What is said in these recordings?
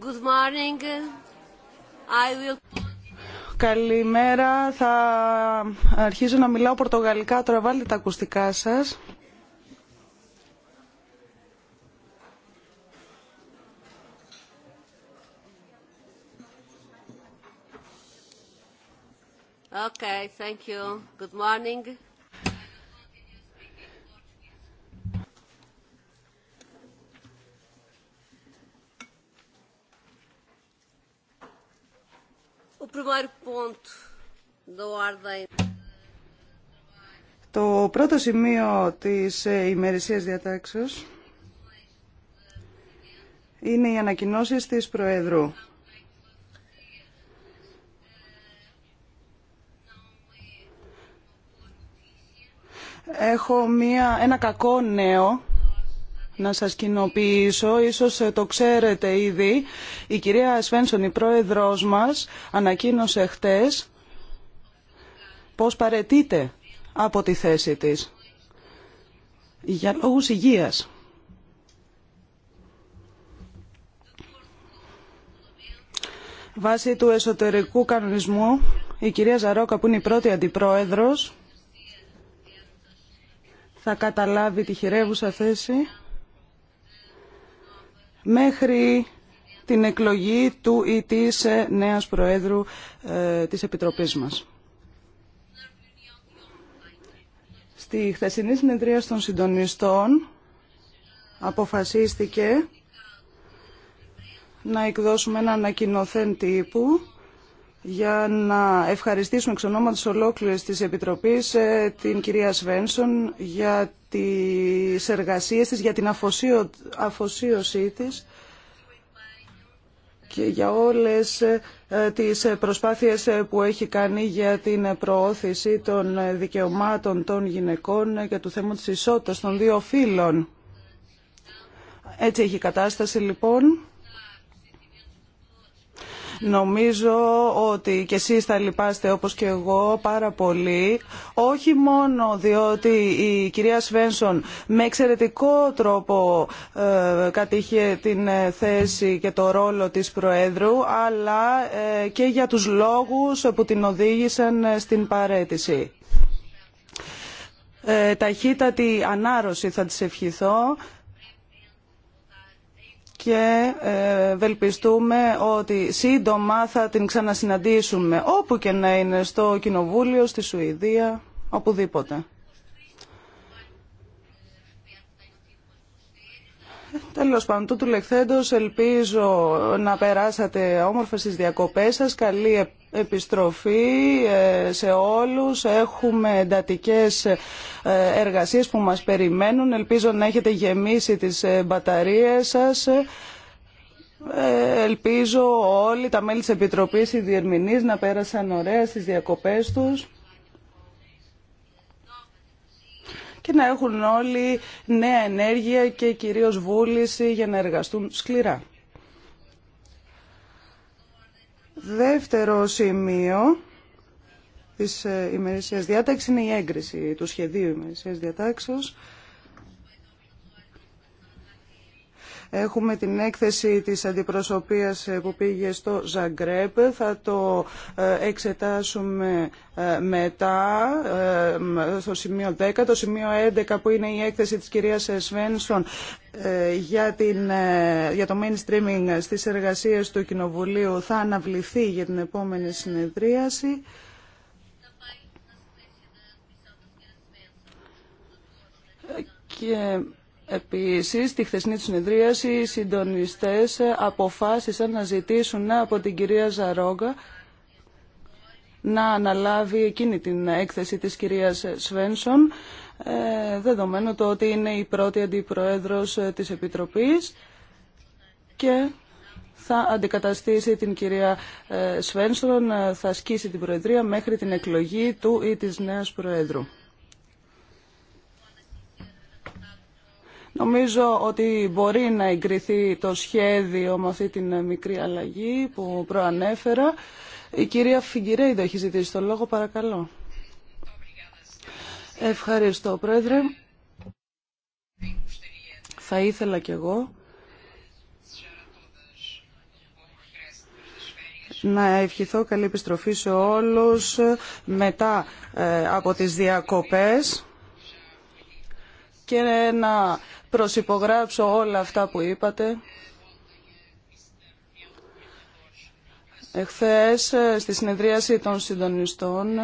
Good morning. I will... Καλημέρα. Θα αρχίζω να μιλάω πορτογαλικά. Τώρα βάλτε τα ακουστικά σας. Okay, thank you. Good morning. Το πρώτο σημείο της ε, ημερησίας διατάξεως είναι οι ανακοινώσεις της Προεδρού. Έχω μία, ένα κακό νέο να σας κοινοποιήσω, ίσως ε, το ξέρετε ήδη, η κυρία Σφένσον, η πρόεδρός μας, ανακοίνωσε χτες πώς παρετείται από τη θέση της για λόγους υγείας. Βάσει του εσωτερικού κανονισμού, η κυρία Ζαρόκα που είναι η πρώτη αντιπρόεδρος θα καταλάβει τη χειρεύουσα θέση μέχρι την εκλογή του ή της ε, νέας Προέδρου ε, της Επιτροπής μας. Στη χθεσινή συνεδρία των συντονιστών αποφασίστηκε να εκδώσουμε ένα ανακοινωθέν τύπου για να ευχαριστήσουμε εξ ονόματος ολόκληρης της Επιτροπής ε, την κυρία Σβένσον για τις εργασίες της, για την αφοσίωσή της και για όλες ε, τις προσπάθειες ε, που έχει κάνει για την προώθηση των δικαιωμάτων των γυναικών και του θέμα της ισότητας των δύο φύλων. Έτσι έχει κατάσταση λοιπόν. Νομίζω ότι και εσείς θα λυπάστε όπως και εγώ πάρα πολύ, όχι μόνο διότι η κυρία Σβένσον με εξαιρετικό τρόπο ε, κατήχε την ε, θέση και το ρόλο της Προέδρου, αλλά ε, και για τους λόγους που την οδήγησαν ε, στην παρέτηση. Ε, ταχύτατη ανάρρωση θα της ευχηθώ και ε, ευελπιστούμε ότι σύντομα θα την ξανασυναντήσουμε όπου και να είναι στο Κοινοβούλιο, στη Σουηδία, οπουδήποτε. Τέλος πάντων, τούτου λεχθέντος ελπίζω να περάσατε όμορφα στις διακοπές σας. Καλή επιστροφή ε, σε όλους. Έχουμε εντατικές ε, εργασίες που μας περιμένουν. Ελπίζω να έχετε γεμίσει τις ε, μπαταρίες σας. Ελπίζω όλοι τα μέλη της Επιτροπής, Ιδιερμηνής να πέρασαν ωραία στις διακοπές τους. και να έχουν όλοι νέα ενέργεια και κυρίως βούληση για να εργαστούν σκληρά. Δεύτερο σημείο της ε, ημερησίας διάταξης είναι η έγκριση του σχεδίου ημερησίας διατάξεως. Έχουμε την έκθεση της αντιπροσωπείας ε, που πήγε στο Ζαγκρέπ. Θα το ε, εξετάσουμε ε, μετά στο σημείο 10. Το σημείο 11 που είναι η έκθεση της κυρίας Σβένσον για, την, για το mainstreaming στις εργασίες του Κοινοβουλίου θα αναβληθεί για την επόμενη συνεδρίαση. Και Επίσης, στη χθεσινή του συνεδρίαση, οι συντονιστές αποφάσισαν να ζητήσουν από την κυρία Ζαρόγκα να αναλάβει εκείνη την έκθεση της κυρίας Σβένσον, ε, δεδομένου το ότι είναι η πρώτη αντιπροέδρος της Επιτροπής και θα αντικαταστήσει την κυρία ε, Σβένσον, ε, θα ασκήσει την Προεδρία μέχρι την εκλογή του ή της νέας Προέδρου. Νομίζω ότι μπορεί να εγκριθεί το σχέδιο με αυτή την μικρή αλλαγή που προανέφερα. Η κυρία Φιγκυρέιδο έχει ζητήσει το λόγο, παρακαλώ. Ευχαριστώ, Πρόεδρε. Θα ήθελα κι εγώ να ευχηθώ καλή επιστροφή σε όλους μετά ε, από τις διακοπές και να προσυπογράψω όλα αυτά που είπατε. Εχθές στη συνεδρίαση των συντονιστών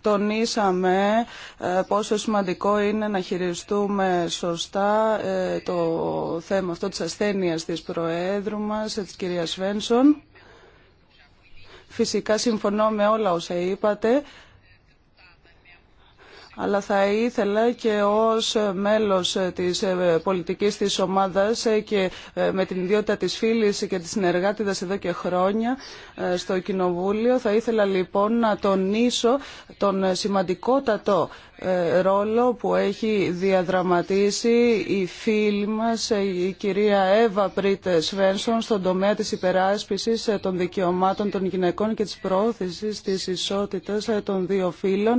τονίσαμε ε, πόσο σημαντικό είναι να χειριστούμε σωστά ε, το θέμα αυτό της ασθένειας της Προέδρου μας, ε, της κυρίας Βένσον. Φυσικά συμφωνώ με όλα όσα είπατε αλλά θα ήθελα και ως μέλος της ε, πολιτικής της ομάδας ε, και ε, με την ιδιότητα της φίλης και της συνεργάτηδας εδώ και χρόνια στο Κοινοβούλιο θα ήθελα λοιπόν να τονίσω τον σημαντικότατο ρόλο που έχει διαδραματίσει η φίλη μας η κυρία Εύα πρίτε Σβένσον στον τομέα της υπεράσπισης των δικαιωμάτων των γυναικών και της πρόθεσης της ισότητας των δύο φίλων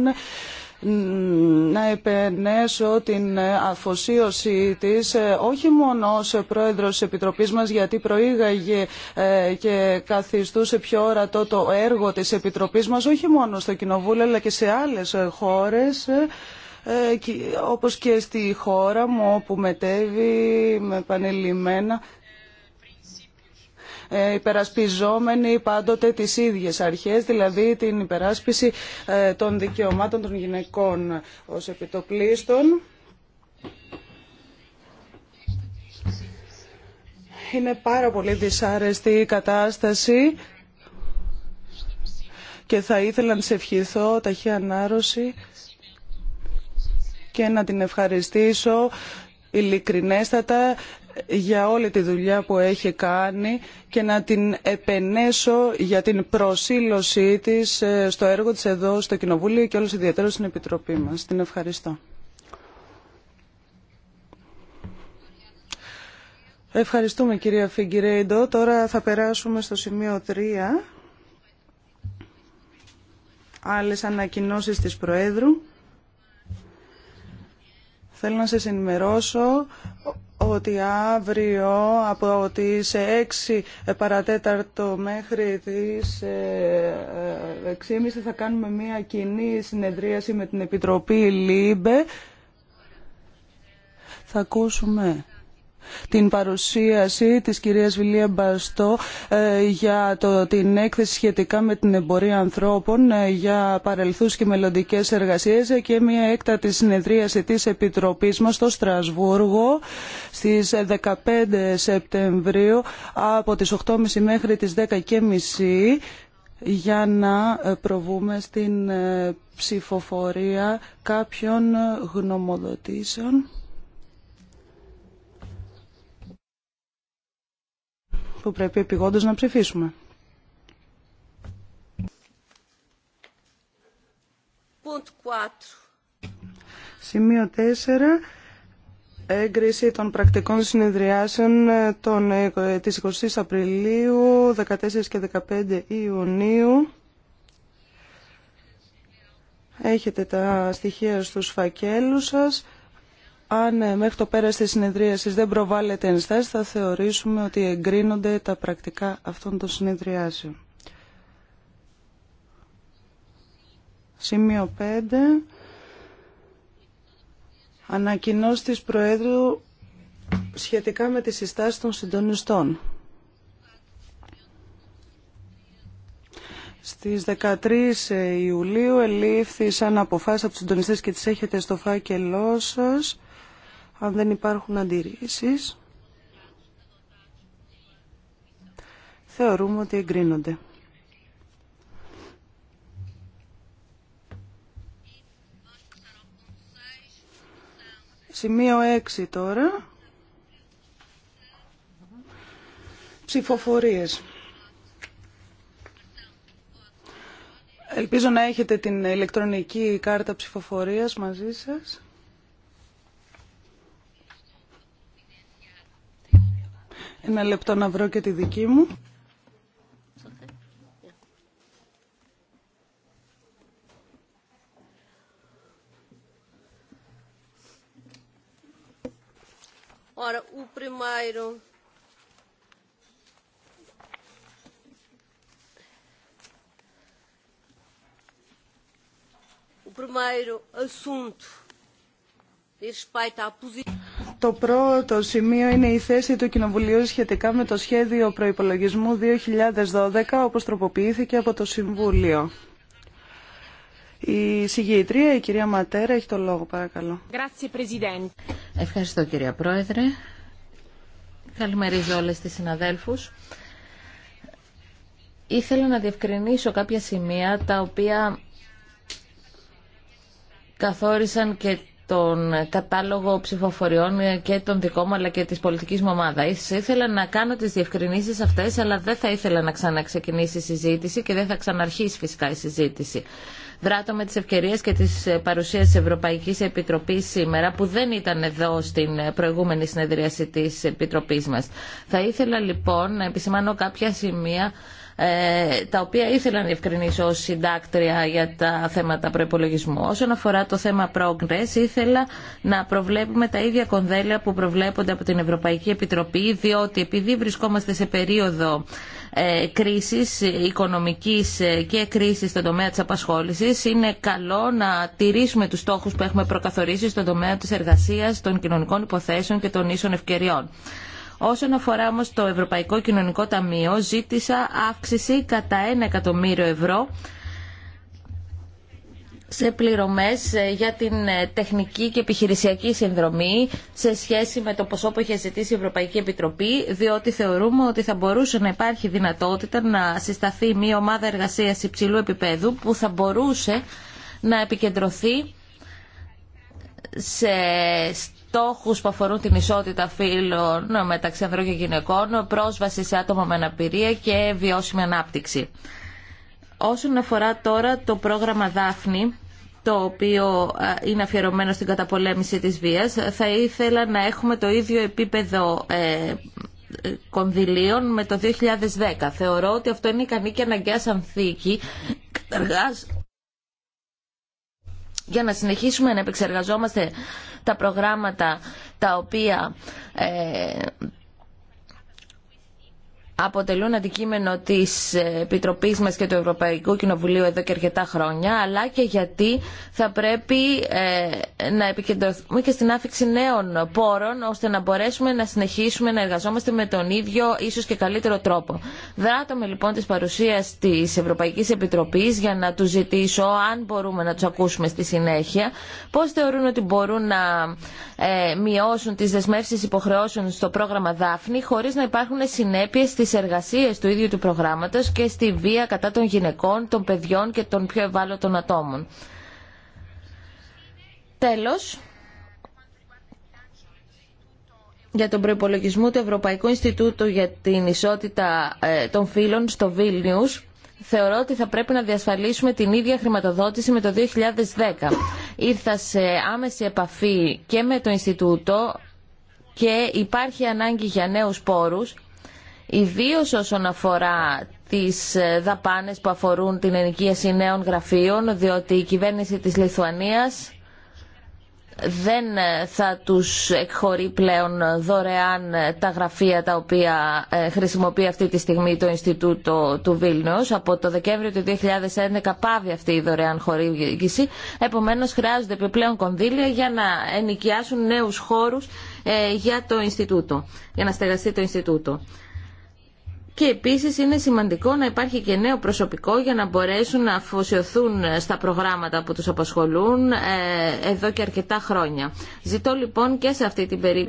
να επενέσω την αφοσίωσή της ε, όχι μόνο ως πρόεδρος της Επιτροπής μας γιατί προήγαγε ε, και καθιστούσε πιο όρατο το έργο της Επιτροπής μας όχι μόνο στο Κοινοβούλιο αλλά και σε άλλες χώρες ε, όπως και στη χώρα μου όπου μετέβει με πανελειμμένα ε, υπερασπιζόμενοι πάντοτε τις ίδιες αρχές, δηλαδή την υπεράσπιση ε, των δικαιωμάτων των γυναικών ως επιτοπλίστων. Είναι πάρα πολύ δυσάρεστη η κατάσταση και θα ήθελα να σε ευχηθώ ταχύ ανάρρωση και να την ευχαριστήσω ειλικρινέστατα για όλη τη δουλειά που έχει κάνει και να την επενέσω για την προσήλωσή της ε, στο έργο της εδώ στο Κοινοβούλιο και όλος ιδιαίτερα στην Επιτροπή μας. Την ευχαριστώ. Ευχαριστούμε κυρία Φιγκυρέντο. Τώρα θα περάσουμε στο σημείο 3. Άλλες ανακοινώσεις της Προέδρου. Θέλω να σας ενημερώσω ότι αύριο από τις 6 παρατέταρτο μέχρι τις 6.30 ε, ε, θα κάνουμε μια κοινή συνεδρίαση με την Επιτροπή ΛΥΜΠΕ. Θα ακούσουμε την παρουσίαση της κυρίας Βιλία Μπαστό ε, για το, την έκθεση σχετικά με την εμπορία ανθρώπων ε, για παρελθούς και μελλοντικέ εργασίες και μια έκτατη συνεδρίαση της Επιτροπής μας στο Στρασβούργο στις 15 Σεπτεμβρίου από τις 8.30 μέχρι τις 10.30 για να ε, προβούμε στην ψηφοφορία κάποιων γνωμοδοτήσεων. που πρέπει επιγόντως να ψηφίσουμε. Σημείο 4. Έγκριση των πρακτικών συνεδριάσεων ε, των, ε, της 20 Απριλίου, 14 και 15 Ιουνίου. Έχετε τα στοιχεία στους φακέλους σας. Αν ε, μέχρι το πέρας της συνεδρίασης δεν προβάλλεται ενστάσεις, θα θεωρήσουμε ότι εγκρίνονται τα πρακτικά αυτών των συνεδριάσεων. Σημείο 5. Ανακοινώσει της Προέδρου σχετικά με τις συστάσεις των συντονιστών. Στις 13 ε, Ιουλίου ελήφθησαν αποφάσεις από τους συντονιστές και τις έχετε στο φάκελό σας. Αν δεν υπάρχουν αντιρρήσεις, θεωρούμε ότι εγκρίνονται. Σημείο 6 τώρα. Ψηφοφορίες. Ελπίζω να έχετε την ηλεκτρονική κάρτα ψηφοφορίας μαζί σας. Ένα λεπτό να βρω και τη δική μου. Ora, o primeiro. O primeiro assunto το πρώτο σημείο είναι η θέση του Κοινοβουλίου σχετικά με το σχέδιο προϋπολογισμού 2012, όπως τροποποιήθηκε από το Συμβούλιο. Η συγγήτρια, η κυρία Ματέρα, έχει το λόγο, παρακαλώ. Ευχαριστώ, κυρία Πρόεδρε. Καλημερίζω όλες τις συναδέλφους. Ήθελα να διευκρινίσω κάποια σημεία τα οποία καθόρισαν και τον κατάλογο ψηφοφοριών και τον δικό μου αλλά και της πολιτικής μου ομάδα. Ήθελα να κάνω τις διευκρινήσεις αυτές αλλά δεν θα ήθελα να ξαναξεκινήσει η συζήτηση και δεν θα ξαναρχίσει φυσικά η συζήτηση. Δράτω με τις ευκαιρίες και τις παρουσίες της Ευρωπαϊκής Επιτροπής σήμερα που δεν ήταν εδώ στην προηγούμενη συνεδρίαση της Επιτροπής μας. Θα ήθελα λοιπόν να επισημάνω κάποια σημεία ε, τα οποία ήθελα να διευκρινίσω ως συντάκτρια για τα θέματα προπολογισμού. Όσον αφορά το θέμα Progress, ήθελα να προβλέπουμε τα ίδια κονδέλια που προβλέπονται από την Ευρωπαϊκή Επιτροπή, διότι επειδή βρισκόμαστε σε περίοδο ε, κρίσης οικονομικής ε, και κρίσης στον τομέα της απασχόλησης είναι καλό να τηρήσουμε τους στόχους που έχουμε προκαθορίσει στον τομέα της εργασίας, των κοινωνικών υποθέσεων και των ίσων ευκαιριών. Όσον αφορά όμως το Ευρωπαϊκό Κοινωνικό Ταμείο, ζήτησα αύξηση κατά 1 εκατομμύριο ευρώ σε πληρωμές ε, για την ε, τεχνική και επιχειρησιακή συνδρομή σε σχέση με το ποσό που είχε ζητήσει η Ευρωπαϊκή Επιτροπή, διότι θεωρούμε ότι θα μπορούσε να υπάρχει δυνατότητα να συσταθεί μια ομάδα εργασίας υψηλού επίπεδου που θα μπορούσε να επικεντρωθεί σε στόχους που αφορούν την ισότητα φύλων μεταξύ ανδρών και γυναικών, πρόσβαση σε άτομα με αναπηρία και βιώσιμη ανάπτυξη. Όσον αφορά τώρα το πρόγραμμα Δάφνη, το οποίο ε, είναι αφιερωμένο στην καταπολέμηση της βίας, θα ήθελα να έχουμε το ίδιο επίπεδο ε, κονδυλίων με το 2010. Θεωρώ ότι αυτό είναι ικανή και αναγκαία θήκη. για να συνεχίσουμε να επεξεργαζόμαστε τα προγράμματα τα οποία ε, αποτελούν αντικείμενο της Επιτροπής μας και του Ευρωπαϊκού Κοινοβουλίου εδώ και αρκετά χρόνια, αλλά και γιατί θα πρέπει ε, να επικεντρωθούμε και στην άφηξη νέων πόρων, ώστε να μπορέσουμε να συνεχίσουμε να εργαζόμαστε με τον ίδιο, ίσως και καλύτερο τρόπο. με λοιπόν της παρουσίας της Ευρωπαϊκής Επιτροπής για να τους ζητήσω, αν μπορούμε να τους ακούσουμε στη συνέχεια, πώς θεωρούν ότι μπορούν να ε, μειώσουν τις δεσμεύσεις υποχρεώσεων στο πρόγραμμα Δάφνη, χωρίς να υπάρχουν συνέπειες στις εργασίες του ίδιου του προγράμματος και στη βία κατά των γυναικών, των παιδιών και των πιο ευάλωτων ατόμων. Τέλος, για τον προϋπολογισμό του Ευρωπαϊκού Ινστιτούτου για την Ισότητα ε, των Φύλων στο Βίλνιους, θεωρώ ότι θα πρέπει να διασφαλίσουμε την ίδια χρηματοδότηση με το 2010. Ήρθα σε άμεση επαφή και με το Ινστιτούτο και υπάρχει ανάγκη για νέους πόρους Ιδίω όσον αφορά τις ε, δαπάνες που αφορούν την ενοικίαση νέων γραφείων, διότι η κυβέρνηση της Λιθουανίας δεν ε, θα τους εκχωρεί πλέον δωρεάν ε, τα γραφεία τα οποία χρησιμοποιεί αυτή τη στιγμή το Ινστιτούτο του Βίλνιος. Από το Δεκέμβριο του 2011 πάβει αυτή η δωρεάν χορήγηση. Επομένως χρειάζονται επιπλέον κονδύλια για να ενοικιάσουν νέους χώρους για το Ινστιτούτο, για να στεγαστεί το Ινστιτούτο και επίσης είναι σημαντικό να υπάρχει και νέο προσωπικό για να μπορέσουν να αφοσιωθούν στα προγράμματα που τους απασχολούν ε, εδώ και αρκετά χρόνια. Ζητώ λοιπόν και σε αυτή την περίπτωση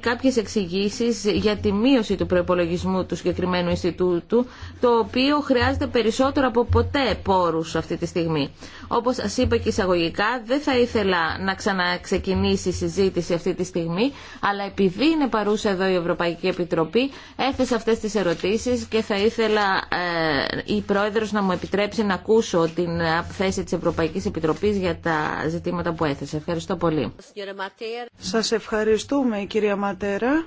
κάποιες εξηγήσει για τη μείωση του προπολογισμού του συγκεκριμένου Ινστιτούτου, το οποίο χρειάζεται περισσότερο από ποτέ πόρους αυτή τη στιγμή. Όπως σας είπα και εισαγωγικά, δεν θα ήθελα να ξαναξεκινήσει η συζήτηση αυτή τη στιγμή, αλλά επειδή είναι παρούσα εδώ η Ευρωπαϊκή Επιτροπή, έθεσε αυτές τις και θα ήθελα ε, η Πρόεδρος να μου επιτρέψει να ακούσω την θέση της Ευρωπαϊκής Επιτροπής για τα ζητήματα που έθεσε. Ευχαριστώ πολύ. Σας ευχαριστούμε κυρία Ματέρα.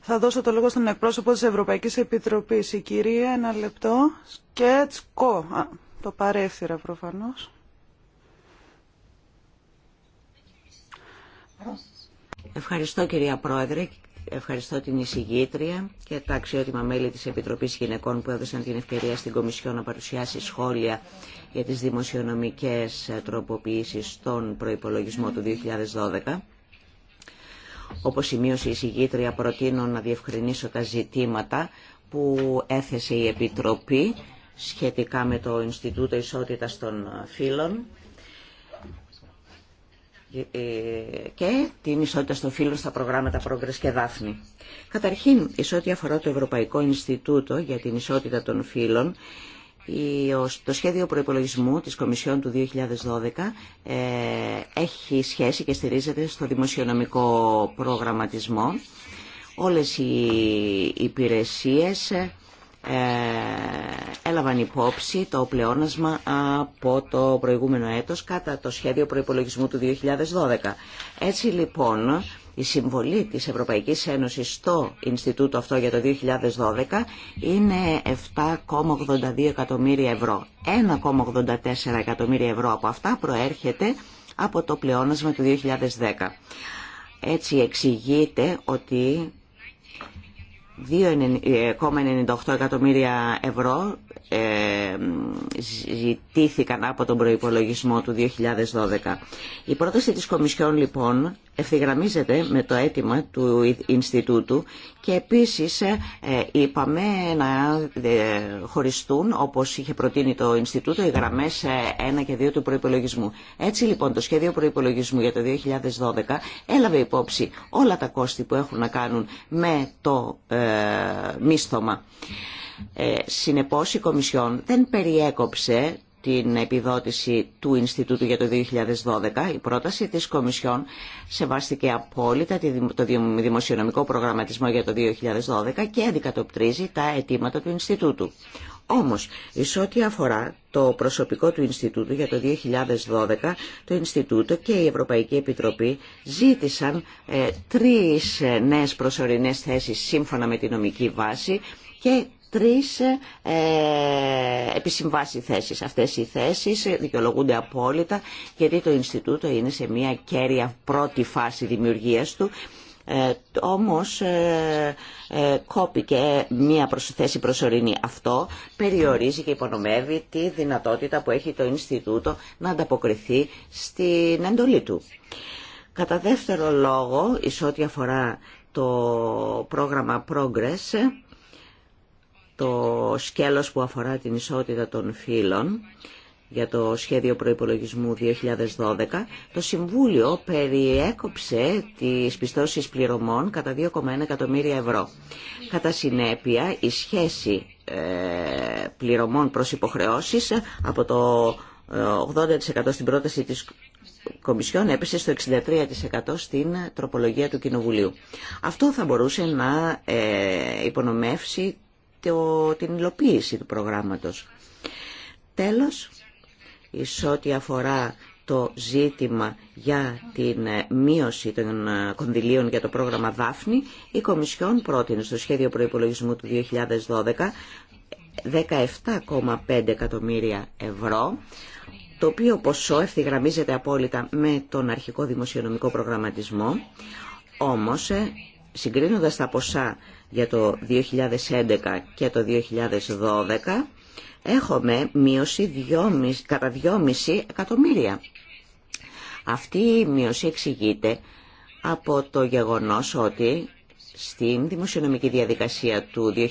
Θα δώσω το λόγο στον εκπρόσωπο της Ευρωπαϊκής Επιτροπής. Η κυρία, ένα λεπτό. Σκέτσκο. Το παρέφθυρα προφανώς. Ευχαριστώ κυρία Πρόεδρε Ευχαριστώ την εισηγήτρια και τα αξιότιμα μέλη της Επιτροπής Γυναικών που έδωσαν την ευκαιρία στην Κομισιό να παρουσιάσει σχόλια για τις δημοσιονομικές τροποποιήσεις στον προϋπολογισμό του 2012. Όπως σημείωσε η εισηγήτρια, προτείνω να διευκρινίσω τα ζητήματα που έθεσε η Επιτροπή σχετικά με το Ινστιτούτο Ισότητας των Φύλων ε, ε, και την ισότητα στο φύλλο στα προγράμματα Progress και Δάφνη. Καταρχήν, εις ό,τι αφορά το Ευρωπαϊκό Ινστιτούτο για την Ισότητα των Φύλων, το σχέδιο προϋπολογισμού της Κομισιόν του 2012 ε, έχει σχέση και στηρίζεται στο δημοσιονομικό προγραμματισμό. Όλες οι υπηρεσίες ε, έλαβαν υπόψη το πλεόνασμα από το προηγούμενο έτος κατά το σχέδιο προϋπολογισμού του 2012. Έτσι λοιπόν η συμβολή της Ευρωπαϊκής Ένωσης στο Ινστιτούτο αυτό για το 2012 είναι 7,82 εκατομμύρια ευρώ. 1,84 εκατομμύρια ευρώ από αυτά προέρχεται από το πλεόνασμα του 2010. Έτσι εξηγείται ότι 2,98 ε, εκατομμύρια ευρώ ζητήθηκαν από τον προϋπολογισμό του 2012. Η πρόταση της Κομισιόν λοιπόν ευθυγραμμίζεται με το αίτημα του Ινστιτούτου και επίσης ε, είπαμε να ε, χωριστούν όπως είχε προτείνει το Ινστιτούτο οι γραμμές 1 ε, και 2 του προϋπολογισμού. Έτσι λοιπόν το σχέδιο προϋπολογισμού για το 2012 έλαβε υπόψη όλα τα κόστη που έχουν να κάνουν με το μίσθωμα. Ε, συνεπώς η Κομισιόν δεν περιέκοψε την επιδότηση του Ινστιτούτου για το 2012, η πρόταση της Κομισιόν σεβάστηκε απόλυτα το δημοσιονομικό προγραμματισμό για το 2012 και αντικατοπτρίζει τα αιτήματα του Ινστιτούτου. Όμως, εις ό,τι αφορά το προσωπικό του Ινστιτούτου για το 2012, το Ινστιτούτο και η Ευρωπαϊκή Επιτροπή ζήτησαν ε, τρεις ε, νέες προσωρινές θέσεις σύμφωνα με τη νομική βάση και τρεις ε, επισυμβάσει θέσεις. Αυτές οι θέσεις δικαιολογούνται απόλυτα γιατί το Ινστιτούτο είναι σε μια κέρια πρώτη φάση δημιουργίας του ε, όμως ε, ε κόπηκε μία θέση προσωρινή. Αυτό περιορίζει και υπονομεύει τη δυνατότητα που έχει το Ινστιτούτο να ανταποκριθεί στην εντολή του. Κατά δεύτερο λόγο, εις ό,τι αφορά το πρόγραμμα Progress, το σκέλος που αφορά την ισότητα των φύλων για το σχέδιο προϋπολογισμού 2012, το Συμβούλιο περιέκοψε τις πιστώσεις πληρωμών κατά 2,1 εκατομμύρια ευρώ. Κατά συνέπεια, η σχέση ε, πληρωμών προς υποχρεώσεις από το 80% ε, στην πρόταση της Κομισιόν έπεσε στο 63% στην τροπολογία του Κοινοβουλίου. Αυτό θα μπορούσε να ε, υπονομεύσει το, την υλοποίηση του προγράμματος. Τέλος, εις ό,τι αφορά το ζήτημα για την ε, μείωση των ε, κονδυλίων για το πρόγραμμα Δάφνη, η Κομισιόν πρότεινε στο σχέδιο προϋπολογισμού του 2012 17,5 εκατομμύρια ευρώ, το οποίο ποσό ευθυγραμμίζεται απόλυτα με τον αρχικό δημοσιονομικό προγραμματισμό, όμως ε, συγκρίνοντας τα ποσά για το 2011 και το 2012 έχουμε μείωση κατά 2,5 εκατομμύρια. Αυτή η μείωση εξηγείται από το γεγονός ότι στην δημοσιονομική διαδικασία του 2011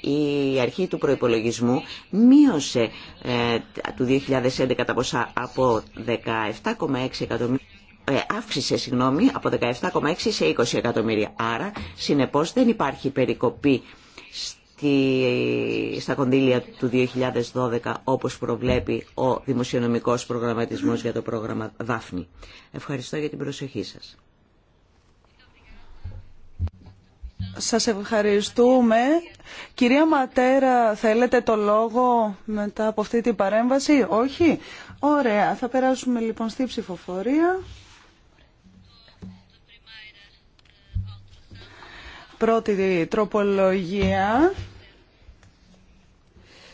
η αρχή του προϋπολογισμού μείωσε ε, του 2011 από 17,6 εκατομμύρια ε, αύξησε συγγνώμη, από 17,6 σε 20 εκατομμύρια. Άρα, συνεπώς, δεν υπάρχει περικοπή στα κονδύλια του 2012 όπως προβλέπει ο δημοσιονομικός προγραμματισμός για το πρόγραμμα Δάφνη. Ευχαριστώ για την προσοχή σας. Σας ευχαριστούμε. Κυρία Ματέρα, θέλετε το λόγο μετά από αυτή την παρέμβαση, όχι. Ωραία, θα περάσουμε λοιπόν στη ψηφοφορία. Πρώτη τροπολογία.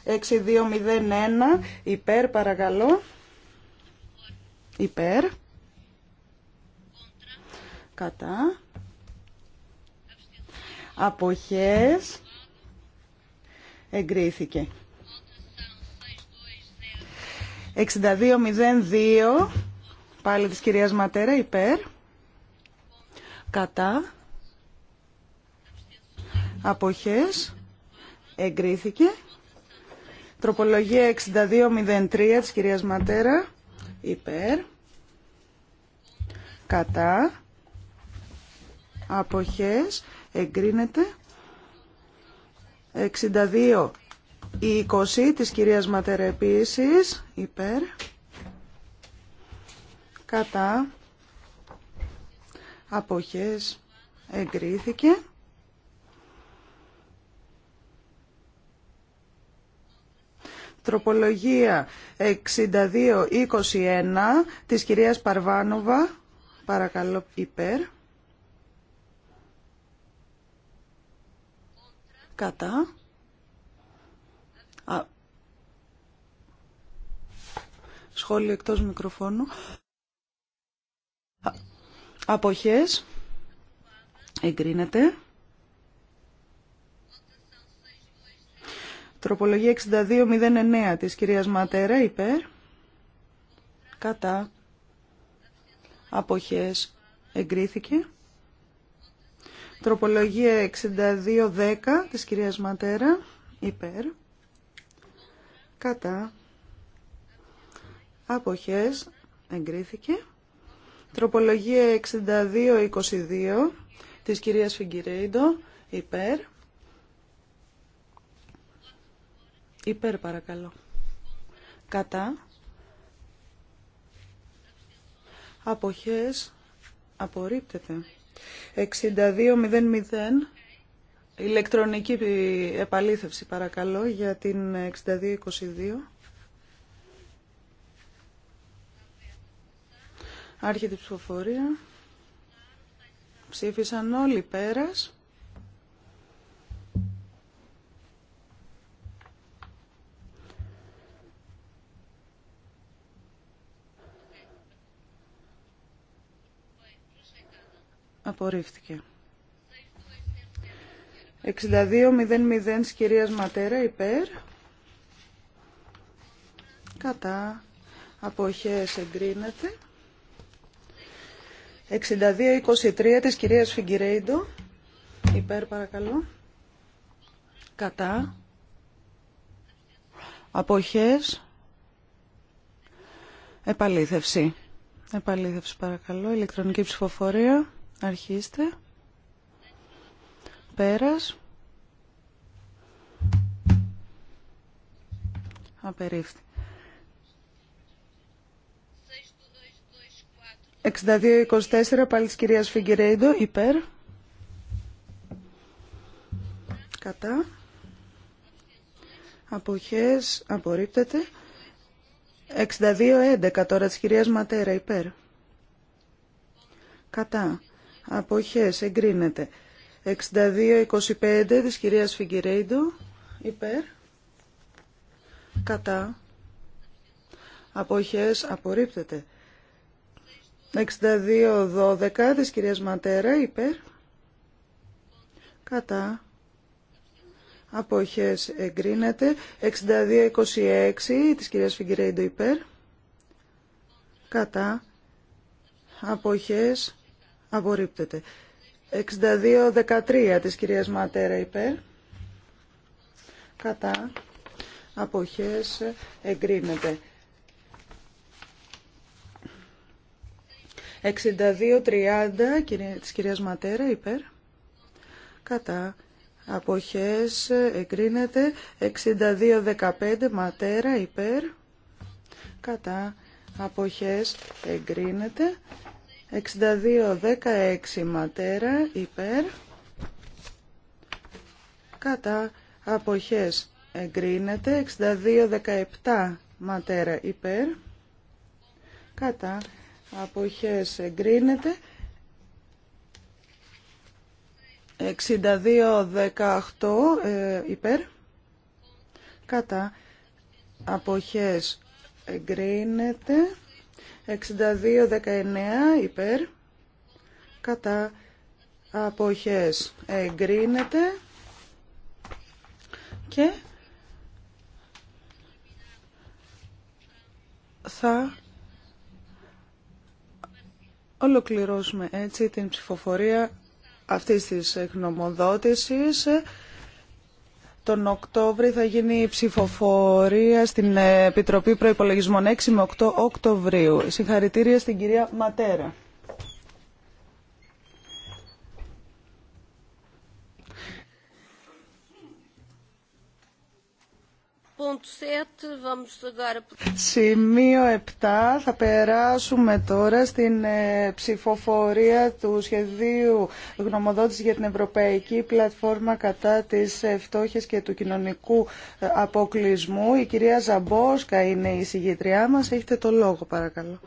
6201 υπέρ παρακαλώ. Υπέρ. Κατά. Αποχές. Εγκρίθηκε. 6202 πάλι της κυρίας Ματέρα υπέρ. Κατά αποχές εγκρίθηκε. Τροπολογία 6203 της κυρίας Ματέρα υπέρ κατά αποχές εγκρίνεται 62 η 20 της κυρίας Ματέρα επίσης υπέρ κατά αποχές εγκρίθηκε Τροπολογία 62-21 της κυρίας Παρβάνοβα. Παρακαλώ υπέρ. Κατά. Α. Σχόλιο εκτός μικροφώνου. Α. Αποχές. Εγκρίνεται. Τροπολογία 6209 της κυρίας Ματέρα υπέρ. Κατά. Αποχές εγκρίθηκε. Τροπολογία 6210 της κυρίας Ματέρα υπέρ. Κατά. Αποχές εγκρίθηκε. Τροπολογία 6222 της κυρίας Φιγκυρέιντο υπέρ. Υπέρ παρακαλώ. Κατά. Αποχές. Απορρίπτεται. 62.00. Ηλεκτρονική επαλήθευση παρακαλώ για την 62.22. Άρχεται η ψηφοφορία. Ψήφισαν όλοι πέρας. Απορρίφθηκε. 62.00 κυρίας Ματέρα υπέρ. Κατά. Αποχές εγκρίνεται. 62.23 της κυρίας Φιγκυρέιντο. Υπέρ παρακαλώ. Κατά. Αποχές. Επαλήθευση. Επαλήθευση παρακαλώ. Ηλεκτρονική ψηφοφορία. Αρχίστε. Πέρας. Απερίφθη. 62-24 πάλι της κυρίας Φιγκυρέιντο, υπέρ. Κατά. Αποχές, απορρίπτεται. 62-11 τώρα της κυρίας Ματέρα, υπέρ. Κατά αποχές εγκρίνεται 62-25 της κυρίας Φιγκυρέιντο υπέρ κατά αποχές απορρίπτεται 62-12 της κυρίας Ματέρα υπέρ κατά αποχές εγκρίνεται 62-26 της κυρίας Φιγκυρέιντο υπέρ κατά αποχές Απορρίπτεται. 62-13 της κυρίας Ματέρα υπέρ. Κατά. Αποχές. Εγκρίνεται. 62-30 της κυρίας Ματέρα υπέρ. Κατά. Αποχές. Εγκρίνεται. 62-15 Ματέρα υπέρ. Κατά. Αποχές. Εγκρίνεται. 62-16 ματέρα υπέρ κατά αποχές εγκρίνεται 62-17 ματέρα υπέρ κατά αποχές εγκρίνεται 62-18 ε, υπέρ κατά αποχές εγκρίνεται 62-19 υπέρ κατά αποχές εγκρίνεται και θα ολοκληρώσουμε έτσι την ψηφοφορία αυτής της εκνομοδότησης τον Οκτώβρη θα γίνει η ψηφοφορία στην Επιτροπή Προϋπολογισμών 6 με 8 Οκτωβρίου. Συγχαρητήρια στην κυρία Ματέρα. Σημείο 7. Θα περάσουμε τώρα στην ε, ψηφοφορία του σχεδίου γνωμοδότησης για την Ευρωπαϊκή Πλατφόρμα κατά της ε, φτώχειας και του κοινωνικού ε, αποκλεισμού. Η κυρία Ζαμπόσκα είναι η συγγετριά μας. Έχετε το λόγο παρακαλώ.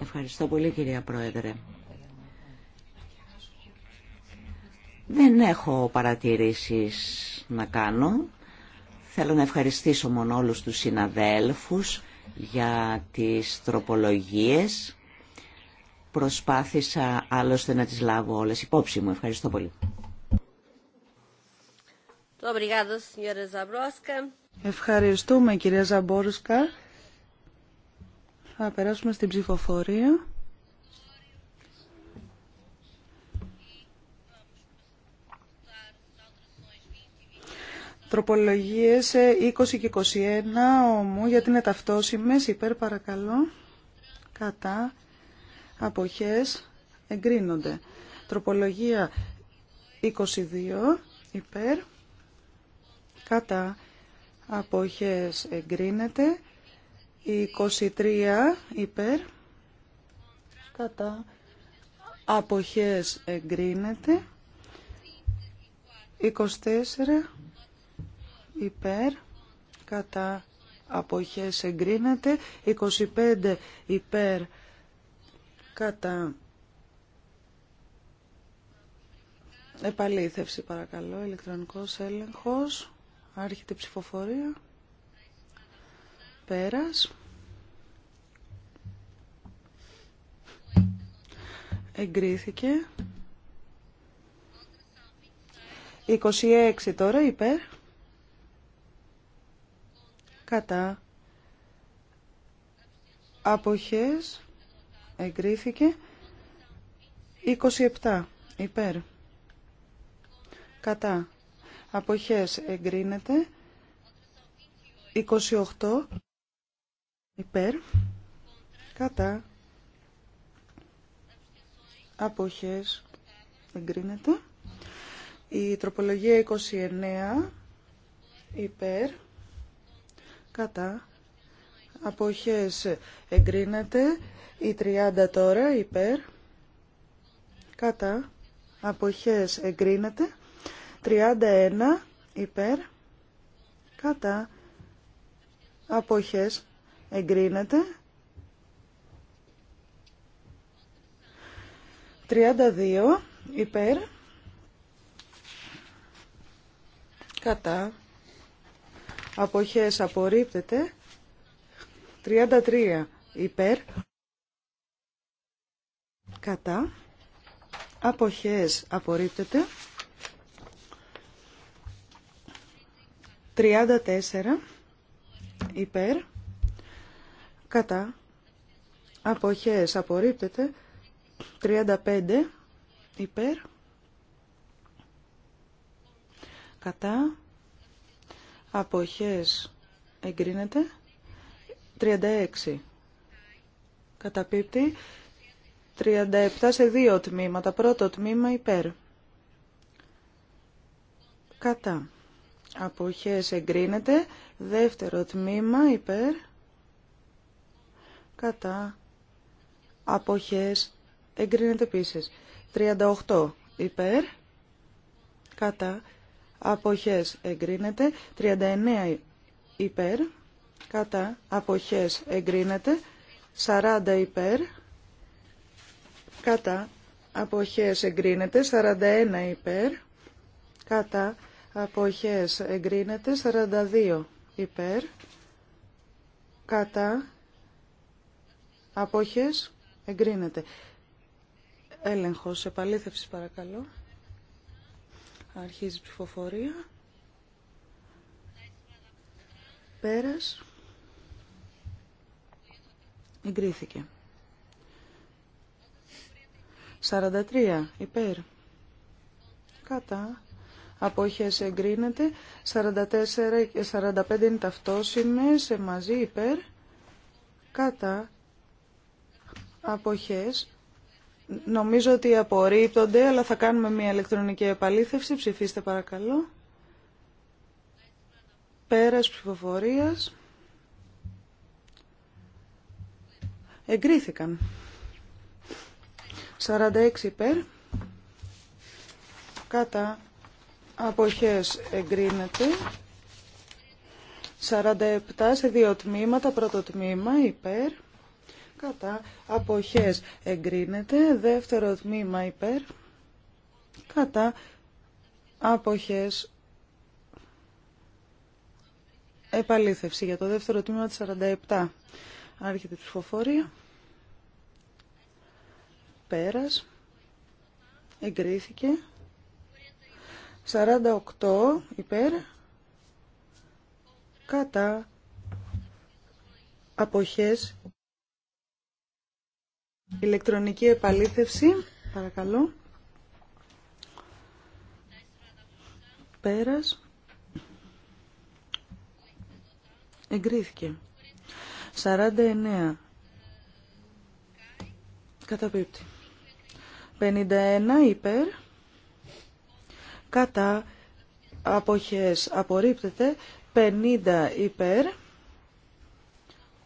Ευχαριστώ πολύ κυρία Πρόεδρε. Δεν έχω παρατηρήσεις να κάνω. Θέλω να ευχαριστήσω μόνο όλους τους συναδέλφους για τις τροπολογίες. Προσπάθησα άλλωστε να τις λάβω όλες υπόψη μου. Ευχαριστώ πολύ. Ευχαριστούμε κυρία Ζαμπόρουσκα. Θα περάσουμε στην ψηφοφορία. Τροπολογίες 20 ε, και 21 ομού γιατί είναι ταυτόσιμες υπέρ παρακαλώ κατά αποχές εγκρίνονται. Τροπολογία 22 υπέρ κατά αποχές εγκρίνεται. 23 υπέρ κατά αποχές εγκρίνεται. 24 υπέρ, κατά αποχές εγκρίνεται, 25 υπέρ, κατά επαλήθευση παρακαλώ, ηλεκτρονικός έλεγχος, άρχεται ψηφοφορία, πέρας. Εγκρίθηκε. 26 τώρα υπέρ κατά αποχές εγκρίθηκε 27 υπέρ κατά αποχές εγκρίνεται 28 υπέρ κατά αποχές εγκρίνεται η τροπολογία 29 υπέρ κατά αποχές εγκρίνεται η 30 τώρα υπέρ κατά αποχές εγκρίνεται 31 υπέρ κατά αποχές εγκρίνεται 32 υπέρ κατά αποχές απορρίπτεται 33 υπέρ κατά αποχές απορρίπτεται 34 υπέρ κατά αποχές απορρίπτεται 35 υπέρ κατά αποχές εγκρίνεται 36 καταπίπτει 37 σε δύο τμήματα πρώτο τμήμα υπέρ κατά αποχές εγκρίνεται δεύτερο τμήμα υπέρ κατά αποχές εγκρίνεται επίσης 38 υπέρ κατά αποχές εγκρίνεται, 39 υπέρ, κατά αποχές εγκρίνεται, 40 υπέρ, κατά αποχές εγκρίνεται, 41 υπέρ, κατά αποχές εγκρίνεται, 42 υπέρ, κατά αποχές εγκρίνεται. Έλεγχος επαλήθευσης παρακαλώ. Αρχίζει η ψηφοφορία. Πέρας. Εγκρίθηκε. 43. Υπέρ. Κατά. Απόχες εγκρίνεται. 44 και 45 είναι ταυτόσιμες. Ε, μαζί υπέρ. Κατά. Απόχες Νομίζω ότι απορρίπτονται, αλλά θα κάνουμε μια ηλεκτρονική επαλήθευση. Ψηφίστε παρακαλώ. Πέρας ψηφοφορίας. Εγκρίθηκαν. 46 υπέρ. Κατά αποχές εγκρίνεται. 47 σε δύο τμήματα. Πρώτο τμήμα υπέρ κατά αποχές εγκρίνεται. Δεύτερο τμήμα υπέρ κατά αποχές επαλήθευση για το δεύτερο τμήμα της 47. Άρχεται η ψηφοφορία. Πέρας. Εγκρίθηκε. 48 υπέρ. Κατά. Αποχές Ηλεκτρονική επαλήθευση, παρακαλώ. Πέρας. Εγκρίθηκε. 49. Καταπίπτει. 51 υπέρ. Κατά αποχές απορρίπτεται. 50 υπέρ.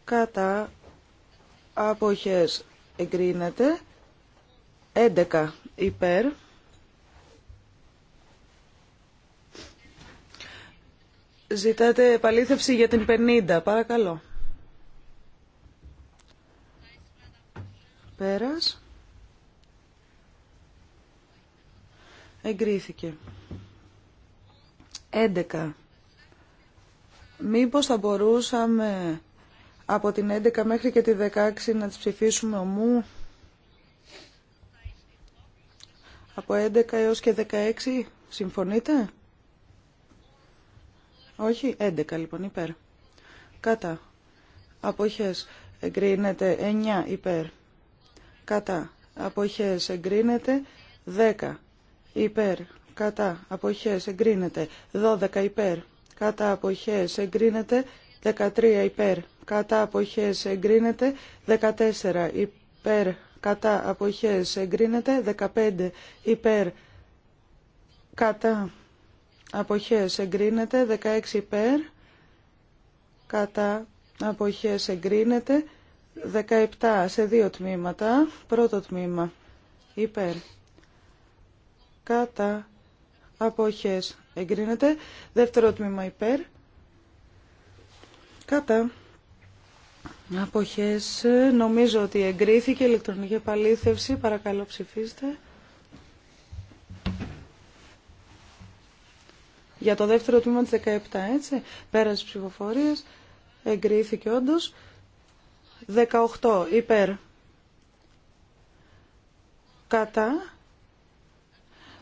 Κατά αποχές εγκρίνεται 11 υπέρ Ζητάτε επαλήθευση για την 50 παρακαλώ Πέρας Εγκρίθηκε 11 Μήπως θα μπορούσαμε από την 11 μέχρι και τη 16 να τις ψηφίσουμε ομού. Από 11 έως και 16 συμφωνείτε. Όχι, 11 λοιπόν υπέρ. Κατά. Αποχές εγκρίνεται 9 υπέρ. Κατά. Αποχές εγκρίνεται 10 υπέρ. Κατά. Αποχές εγκρίνεται 12 υπέρ. Κατά. Αποχές εγκρίνεται 13 υπέρ κατά αποχές εγκρίνεται 14 υπέρ κατά αποχές εγκρίνεται 15 υπέρ κατά αποχές εγκρίνεται 16 υπέρ κατά αποχές εγκρίνεται 17 σε δύο τμήματα πρώτο τμήμα υπέρ κατά αποχές εγκρίνεται δεύτερο τμήμα υπέρ Κατά. Αποχές. Νομίζω ότι εγκρίθηκε ηλεκτρονική επαλήθευση. Παρακαλώ ψηφίστε. Για το δεύτερο τμήμα της 17, έτσι. Πέρασε ψηφοφορίες. Εγκρίθηκε όντως. 18. Υπέρ. Κατά.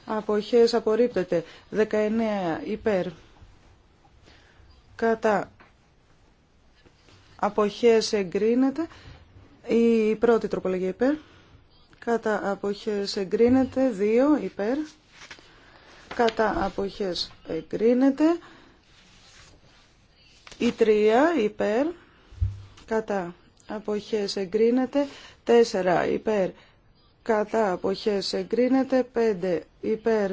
Αποχές απορρίπτεται. 19. Υπέρ. Κατά αποχές εγκρίνεται. Η πρώτη τροπολογία υπέρ. Κατά αποχές εγκρίνεται. 2 υπέρ. Κατά αποχές εγκρίνεται. Η 3 υπέρ. Κατά αποχές εγκρίνεται. 4 υπέρ. Κατά αποχές εγκρίνεται. 5 υπέρ.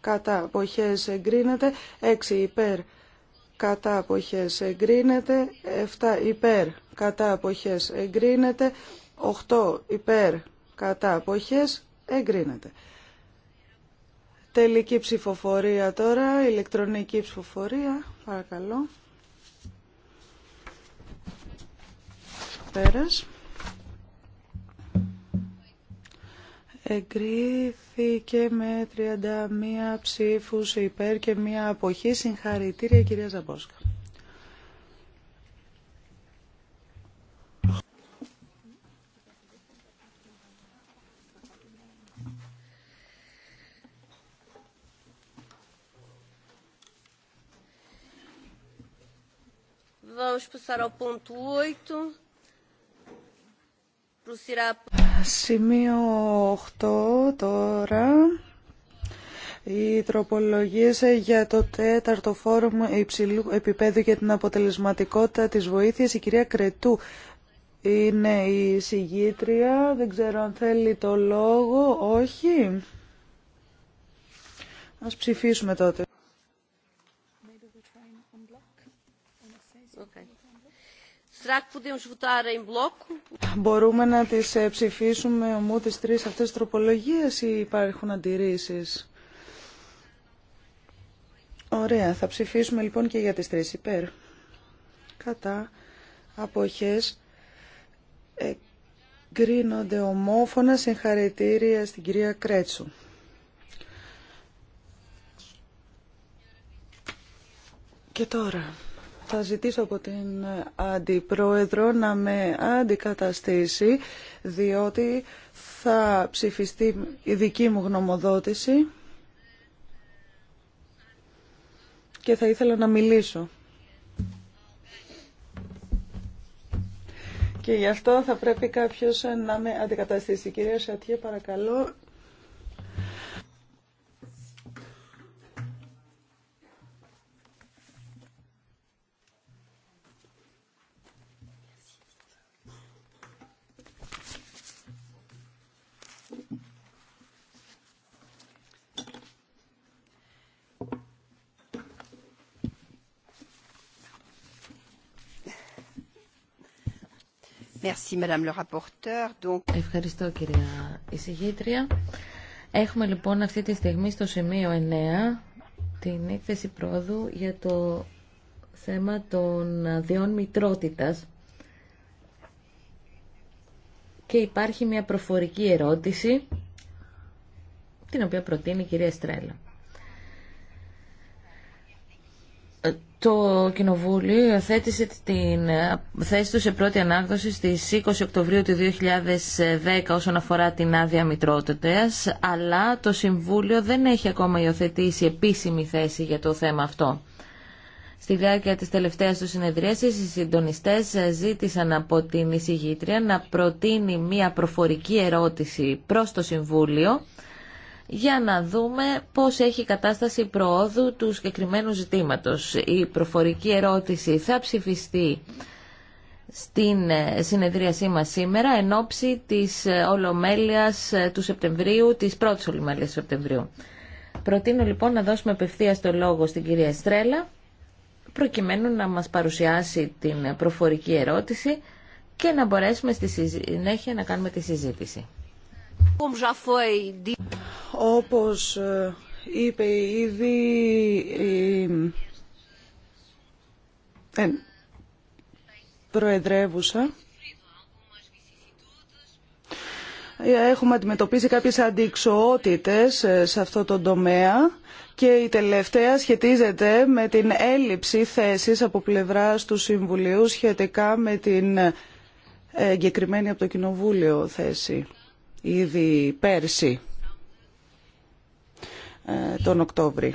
Κατά αποχές εγκρίνεται. 6 υπέρ κατά αποχές εγκρίνεται, 7 υπέρ κατά αποχές εγκρίνεται, 8 υπέρ κατά αποχές εγκρίνεται. Τελική ψηφοφορία τώρα, ηλεκτρονική ψηφοφορία, παρακαλώ. Πέρας. Εγκρίθηκε με 31 ψήφους υπέρ και μία αποχή. Συγχαρητήρια κυρία Ζαμπόσκα. Vamos passar ao ponto 8 Σημείο 8 τώρα. Οι τροπολογίες για το τέταρτο φόρουμ υψηλού επίπεδου για την αποτελεσματικότητα της βοήθειας. Η κυρία Κρετού είναι η συγγήτρια. Δεν ξέρω αν θέλει το λόγο. Όχι. Ας ψηφίσουμε τότε. Μπορούμε να τις ε, ψηφίσουμε ομού τις τρεις αυτές τις τροπολογίες ή υπάρχουν αντιρρήσεις. Ωραία, θα ψηφίσουμε λοιπόν και για τις τρεις υπέρ. Κατά αποχές εγκρίνονται ομόφωνα συγχαρητήρια στην κυρία Κρέτσου. Και τώρα θα ζητήσω από την Αντιπρόεδρο να με αντικαταστήσει, διότι θα ψηφιστεί η δική μου γνωμοδότηση και θα ήθελα να μιλήσω. Και γι' αυτό θα πρέπει κάποιος να με αντικαταστήσει. Κυρία Σατιέ, παρακαλώ, Ευχαριστώ κυρία εισηγήτρια. Έχουμε λοιπόν αυτή τη στιγμή στο σημείο 9 την έκθεση πρόοδου για το θέμα των αδειών μητρότητας και υπάρχει μια προφορική ερώτηση την οποία προτείνει η κυρία Στρέλα. Το Κοινοβούλιο θέτησε την ε, θέση του σε πρώτη ανάγνωση στις 20 Οκτωβρίου του 2010 όσον αφορά την άδεια μητρότητας, αλλά το Συμβούλιο δεν έχει ακόμα υιοθετήσει επίσημη θέση για το θέμα αυτό. Στη διάρκεια της τελευταίας του συνεδρίασης, οι συντονιστές ζήτησαν από την εισηγήτρια να προτείνει μία προφορική ερώτηση προς το Συμβούλιο για να δούμε πώς έχει η κατάσταση προόδου του συγκεκριμένου ζητήματος. Η προφορική ερώτηση θα ψηφιστεί στην ε, συνεδρίασή μας σήμερα εν ώψη της ε, Ολομέλειας ε, του Σεπτεμβρίου, της πρώτης Ολομέλειας του Σεπτεμβρίου. Προτείνω λοιπόν να δώσουμε απευθεία το λόγο στην κυρία Στρέλα προκειμένου να μας παρουσιάσει την προφορική ερώτηση και να μπορέσουμε στη συνέχεια να κάνουμε τη συζήτηση. Όπως ε, είπε ήδη ε, προεδρεύουσα, έχουμε αντιμετωπίσει κάποιες αντιξοότητες ε, σε αυτό το τομέα και η τελευταία σχετίζεται με την έλλειψη θέσης από πλευράς του Συμβουλίου σχετικά με την ε, εγκεκριμένη από το Κοινοβούλιο θέση ήδη πέρσι ε, τον Οκτώβρη.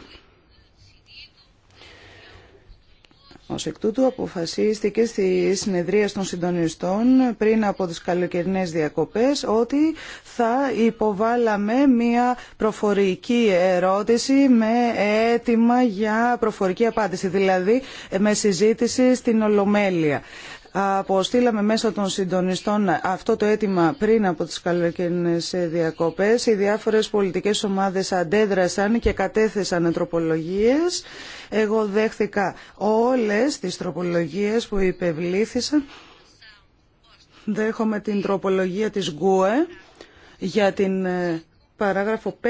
Ω εκ τούτου αποφασίστηκε στη συνεδρία των συντονιστών πριν από τις καλοκαιρινές διακοπές ότι θα υποβάλαμε μία προφορική ερώτηση με αίτημα για προφορική απάντηση, δηλαδή με συζήτηση στην Ολομέλεια. Αποστήλαμε μέσω των συντονιστών αυτό το αίτημα πριν από τις καλοκαιρινές διακοπές. Οι διάφορες πολιτικές ομάδες αντέδρασαν και κατέθεσαν τροπολογίες. Εγώ δέχθηκα όλες τις τροπολογίες που υπευλήθησαν. Δέχομαι την τροπολογία της ΓΚΟΕ για την ε, παράγραφο 5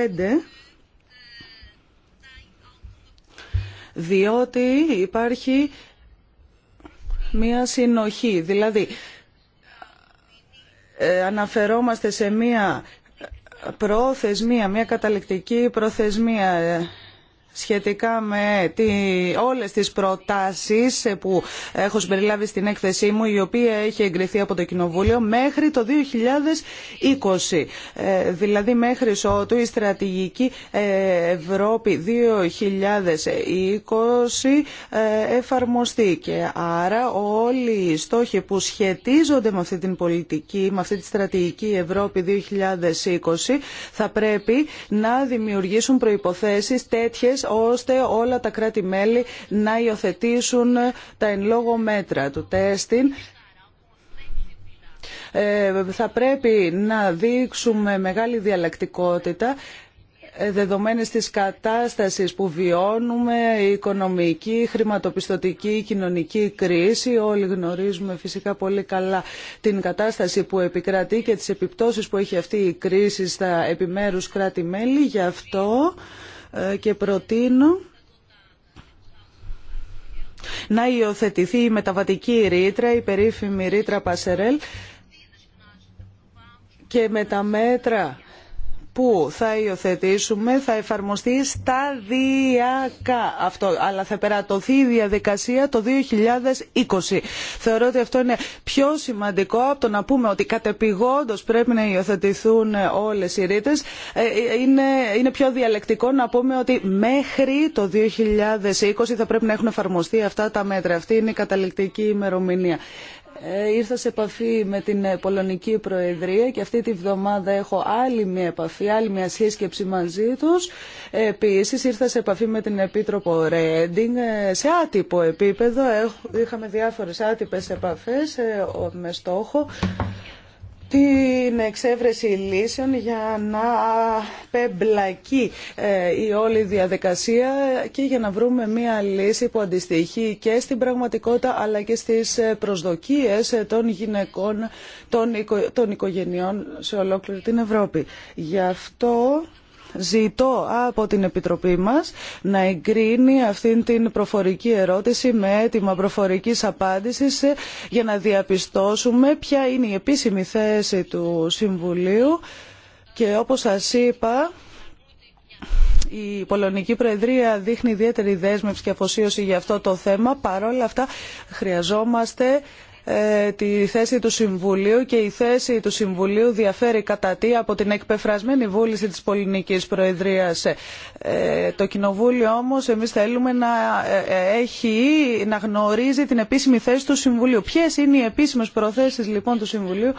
διότι υπάρχει μία συνοχή. Δηλαδή, ε, αναφερόμαστε σε μία προθεσμία, μία καταληκτική προθεσμία ε, σχετικά με όλε όλες τις προτάσεις που έχω συμπεριλάβει στην έκθεσή μου η οποία έχει εγκριθεί από το Κοινοβούλιο μέχρι το 2020. Ε, δηλαδή μέχρι ότου η στρατηγική ε, Ευρώπη 2020 ε, εφαρμοστεί και άρα όλοι οι στόχοι που σχετίζονται με αυτή την πολιτική, με αυτή τη στρατηγική Ευρώπη 2020 θα πρέπει να δημιουργήσουν προϋποθέσεις τέτοιες ώστε όλα τα κράτη-μέλη να υιοθετήσουν τα εν λόγω μέτρα του τέστη ε, θα πρέπει να δείξουμε μεγάλη διαλλακτικότητα ε, δεδομένης της κατάστασης που βιώνουμε, η οικονομική, χρηματοπιστωτική, κοινωνική κρίση. Όλοι γνωρίζουμε φυσικά πολύ καλά την κατάσταση που επικρατεί και τις επιπτώσεις που έχει αυτή η κρίση στα επιμέρους κράτη-μέλη. Γι' αυτό ε, και προτείνω να υιοθετηθεί η μεταβατική ρήτρα, η περίφημη ρήτρα Πασερέλ και με τα μέτρα που θα υιοθετήσουμε θα εφαρμοστεί σταδιακά αυτό, αλλά θα περατωθεί η διαδικασία το 2020. Θεωρώ ότι αυτό είναι πιο σημαντικό από το να πούμε ότι κατεπηγόντως πρέπει να υιοθετηθούν όλες οι ρήτες. Ε, είναι, είναι πιο διαλεκτικό να πούμε ότι μέχρι το 2020 θα πρέπει να έχουν εφαρμοστεί αυτά τα μέτρα. Αυτή είναι η καταληκτική ημερομηνία. Ε, ήρθα σε επαφή με την Πολωνική Προεδρία και αυτή τη βδομάδα έχω άλλη μια επαφή, άλλη μια σύσκεψη μαζί τους. Επίσης ήρθα σε επαφή με την Επίτροπο Ρέντινγκ ε, σε άτυπο επίπεδο. Είχαμε διάφορες άτυπες επαφές ε, με στόχο την εξέβρεση λύσεων για να πεμπλακεί ε, η όλη διαδικασία και για να βρούμε μία λύση που αντιστοιχεί και στην πραγματικότητα αλλά και στις ε, προσδοκίες ε, των γυναικών, των, οικογενειών σε ολόκληρη την Ευρώπη. Γι' αυτό ζητώ από την Επιτροπή μας να εγκρίνει αυτή την προφορική ερώτηση με έτοιμα προφορικής απάντησης για να διαπιστώσουμε ποια είναι η επίσημη θέση του Συμβουλίου και όπως σας είπα η Πολωνική Προεδρία δείχνει ιδιαίτερη δέσμευση και αφοσίωση για αυτό το θέμα. Παρόλα αυτά χρειαζόμαστε ε, τη θέση του Συμβουλίου και η θέση του Συμβουλίου διαφέρει κατά τι από την εκπεφρασμένη βούληση της Πολυνικής Προεδρίας. Ε, το Κοινοβούλιο όμως εμείς θέλουμε να, ε, έχει, να γνωρίζει την επίσημη θέση του Συμβουλίου. Ποιες είναι οι επίσημες προθέσεις λοιπόν του Συμβουλίου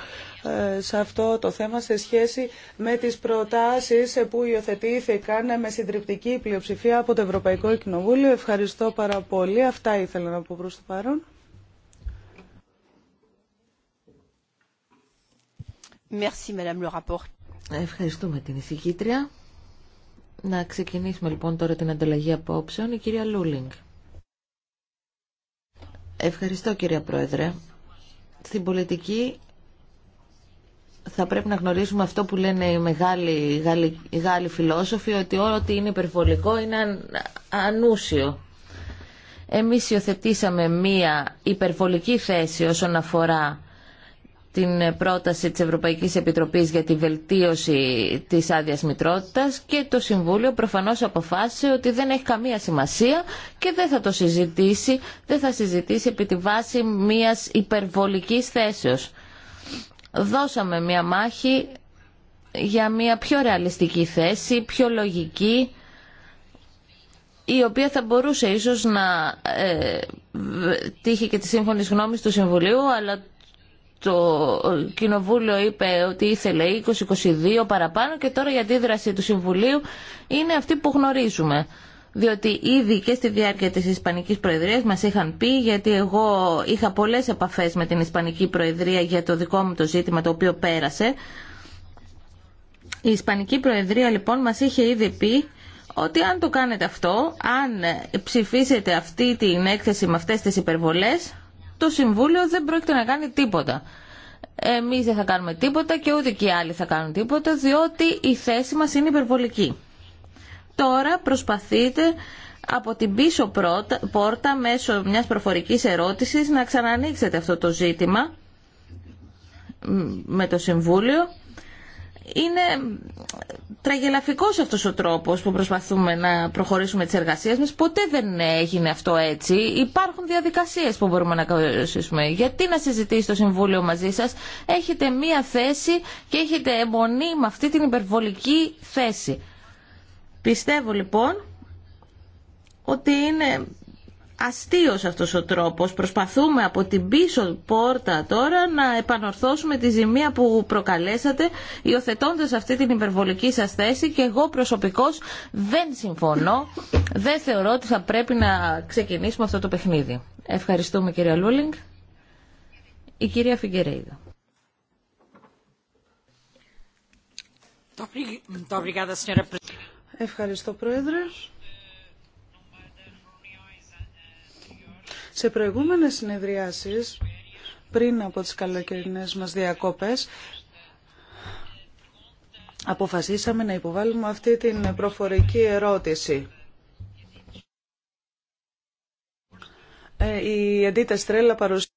σε αυτό το θέμα σε σχέση με τις προτάσεις που υιοθετήθηκαν με συντριπτική πλειοψηφία από το Ευρωπαϊκό Κοινοβούλιο. Ευχαριστώ πάρα πολύ. Αυτά ήθελα να πω προς το παρόν. Ευχαριστούμε την ηθικήτρια. Να ξεκινήσουμε λοιπόν τώρα την ανταλλαγή απόψεων. Η κυρία Λούλινγκ. Ευχαριστώ κυρία Πρόεδρε. Στην πολιτική θα πρέπει να γνωρίζουμε αυτό που λένε οι μεγάλοι οι Γάλλοι φιλόσοφοι ότι ό,τι είναι υπερβολικό είναι ανούσιο. Εμείς υιοθετήσαμε μία υπερβολική θέση όσον αφορά την πρόταση της Ευρωπαϊκής Επιτροπής για τη βελτίωση της άδειας μητρότητας και το Συμβούλιο προφανώς αποφάσισε ότι δεν έχει καμία σημασία και δεν θα το συζητήσει, δεν θα συζητήσει επί τη βάση μιας υπερβολικής θέσεως. Δώσαμε μια μάχη για μια πιο ρεαλιστική θέση, πιο λογική, η οποία θα μπορούσε ίσως να ε, τύχει και τη σύμφωνη γνώμη του Συμβουλίου, αλλά το Κοινοβούλιο είπε ότι ήθελε 20-22 παραπάνω και τώρα η αντίδραση του Συμβουλίου είναι αυτή που γνωρίζουμε. Διότι ήδη και στη διάρκεια της Ισπανικής Προεδρίας μας είχαν πει, γιατί εγώ είχα πολλές επαφές με την Ισπανική Προεδρία για το δικό μου το ζήτημα το οποίο πέρασε. Η Ισπανική Προεδρία λοιπόν μας είχε ήδη πει ότι αν το κάνετε αυτό, αν ψηφίσετε αυτή την έκθεση με αυτές τις υπερβολές, το Συμβούλιο δεν πρόκειται να κάνει τίποτα. Εμείς δεν θα κάνουμε τίποτα και ούτε και οι άλλοι θα κάνουν τίποτα, διότι η θέση μας είναι υπερβολική. Τώρα προσπαθείτε από την πίσω πόρτα, πόρτα μέσω μιας προφορικής ερώτησης να ξανανοίξετε αυτό το ζήτημα με το Συμβούλιο είναι τραγελαφικός αυτός ο τρόπος που προσπαθούμε να προχωρήσουμε τις εργασίες μας. Ποτέ δεν έγινε αυτό έτσι. Υπάρχουν διαδικασίες που μπορούμε να καθορίσουμε. Γιατί να συζητήσει το Συμβούλιο μαζί σας. Έχετε μία θέση και έχετε αιμονή με αυτή την υπερβολική θέση. Πιστεύω λοιπόν ότι είναι αστείος αυτός ο τρόπος. Προσπαθούμε από την πίσω πόρτα τώρα να επανορθώσουμε τη ζημία που προκαλέσατε υιοθετώντα αυτή την υπερβολική σας θέση και εγώ προσωπικώς δεν συμφωνώ. Δεν θεωρώ ότι θα πρέπει να ξεκινήσουμε αυτό το παιχνίδι. Ευχαριστούμε κυρία Λούλινγκ. Η κυρία Φιγκερέιδο. Ευχαριστώ Πρόεδρε. Σε προηγούμενες συνεδριάσεις, πριν από τις καλοκαιρινές μας διακόπες, αποφασίσαμε να υποβάλουμε αυτή την προφορική ερώτηση. Ε, η Αντίτα Στρέλα παρουσίασε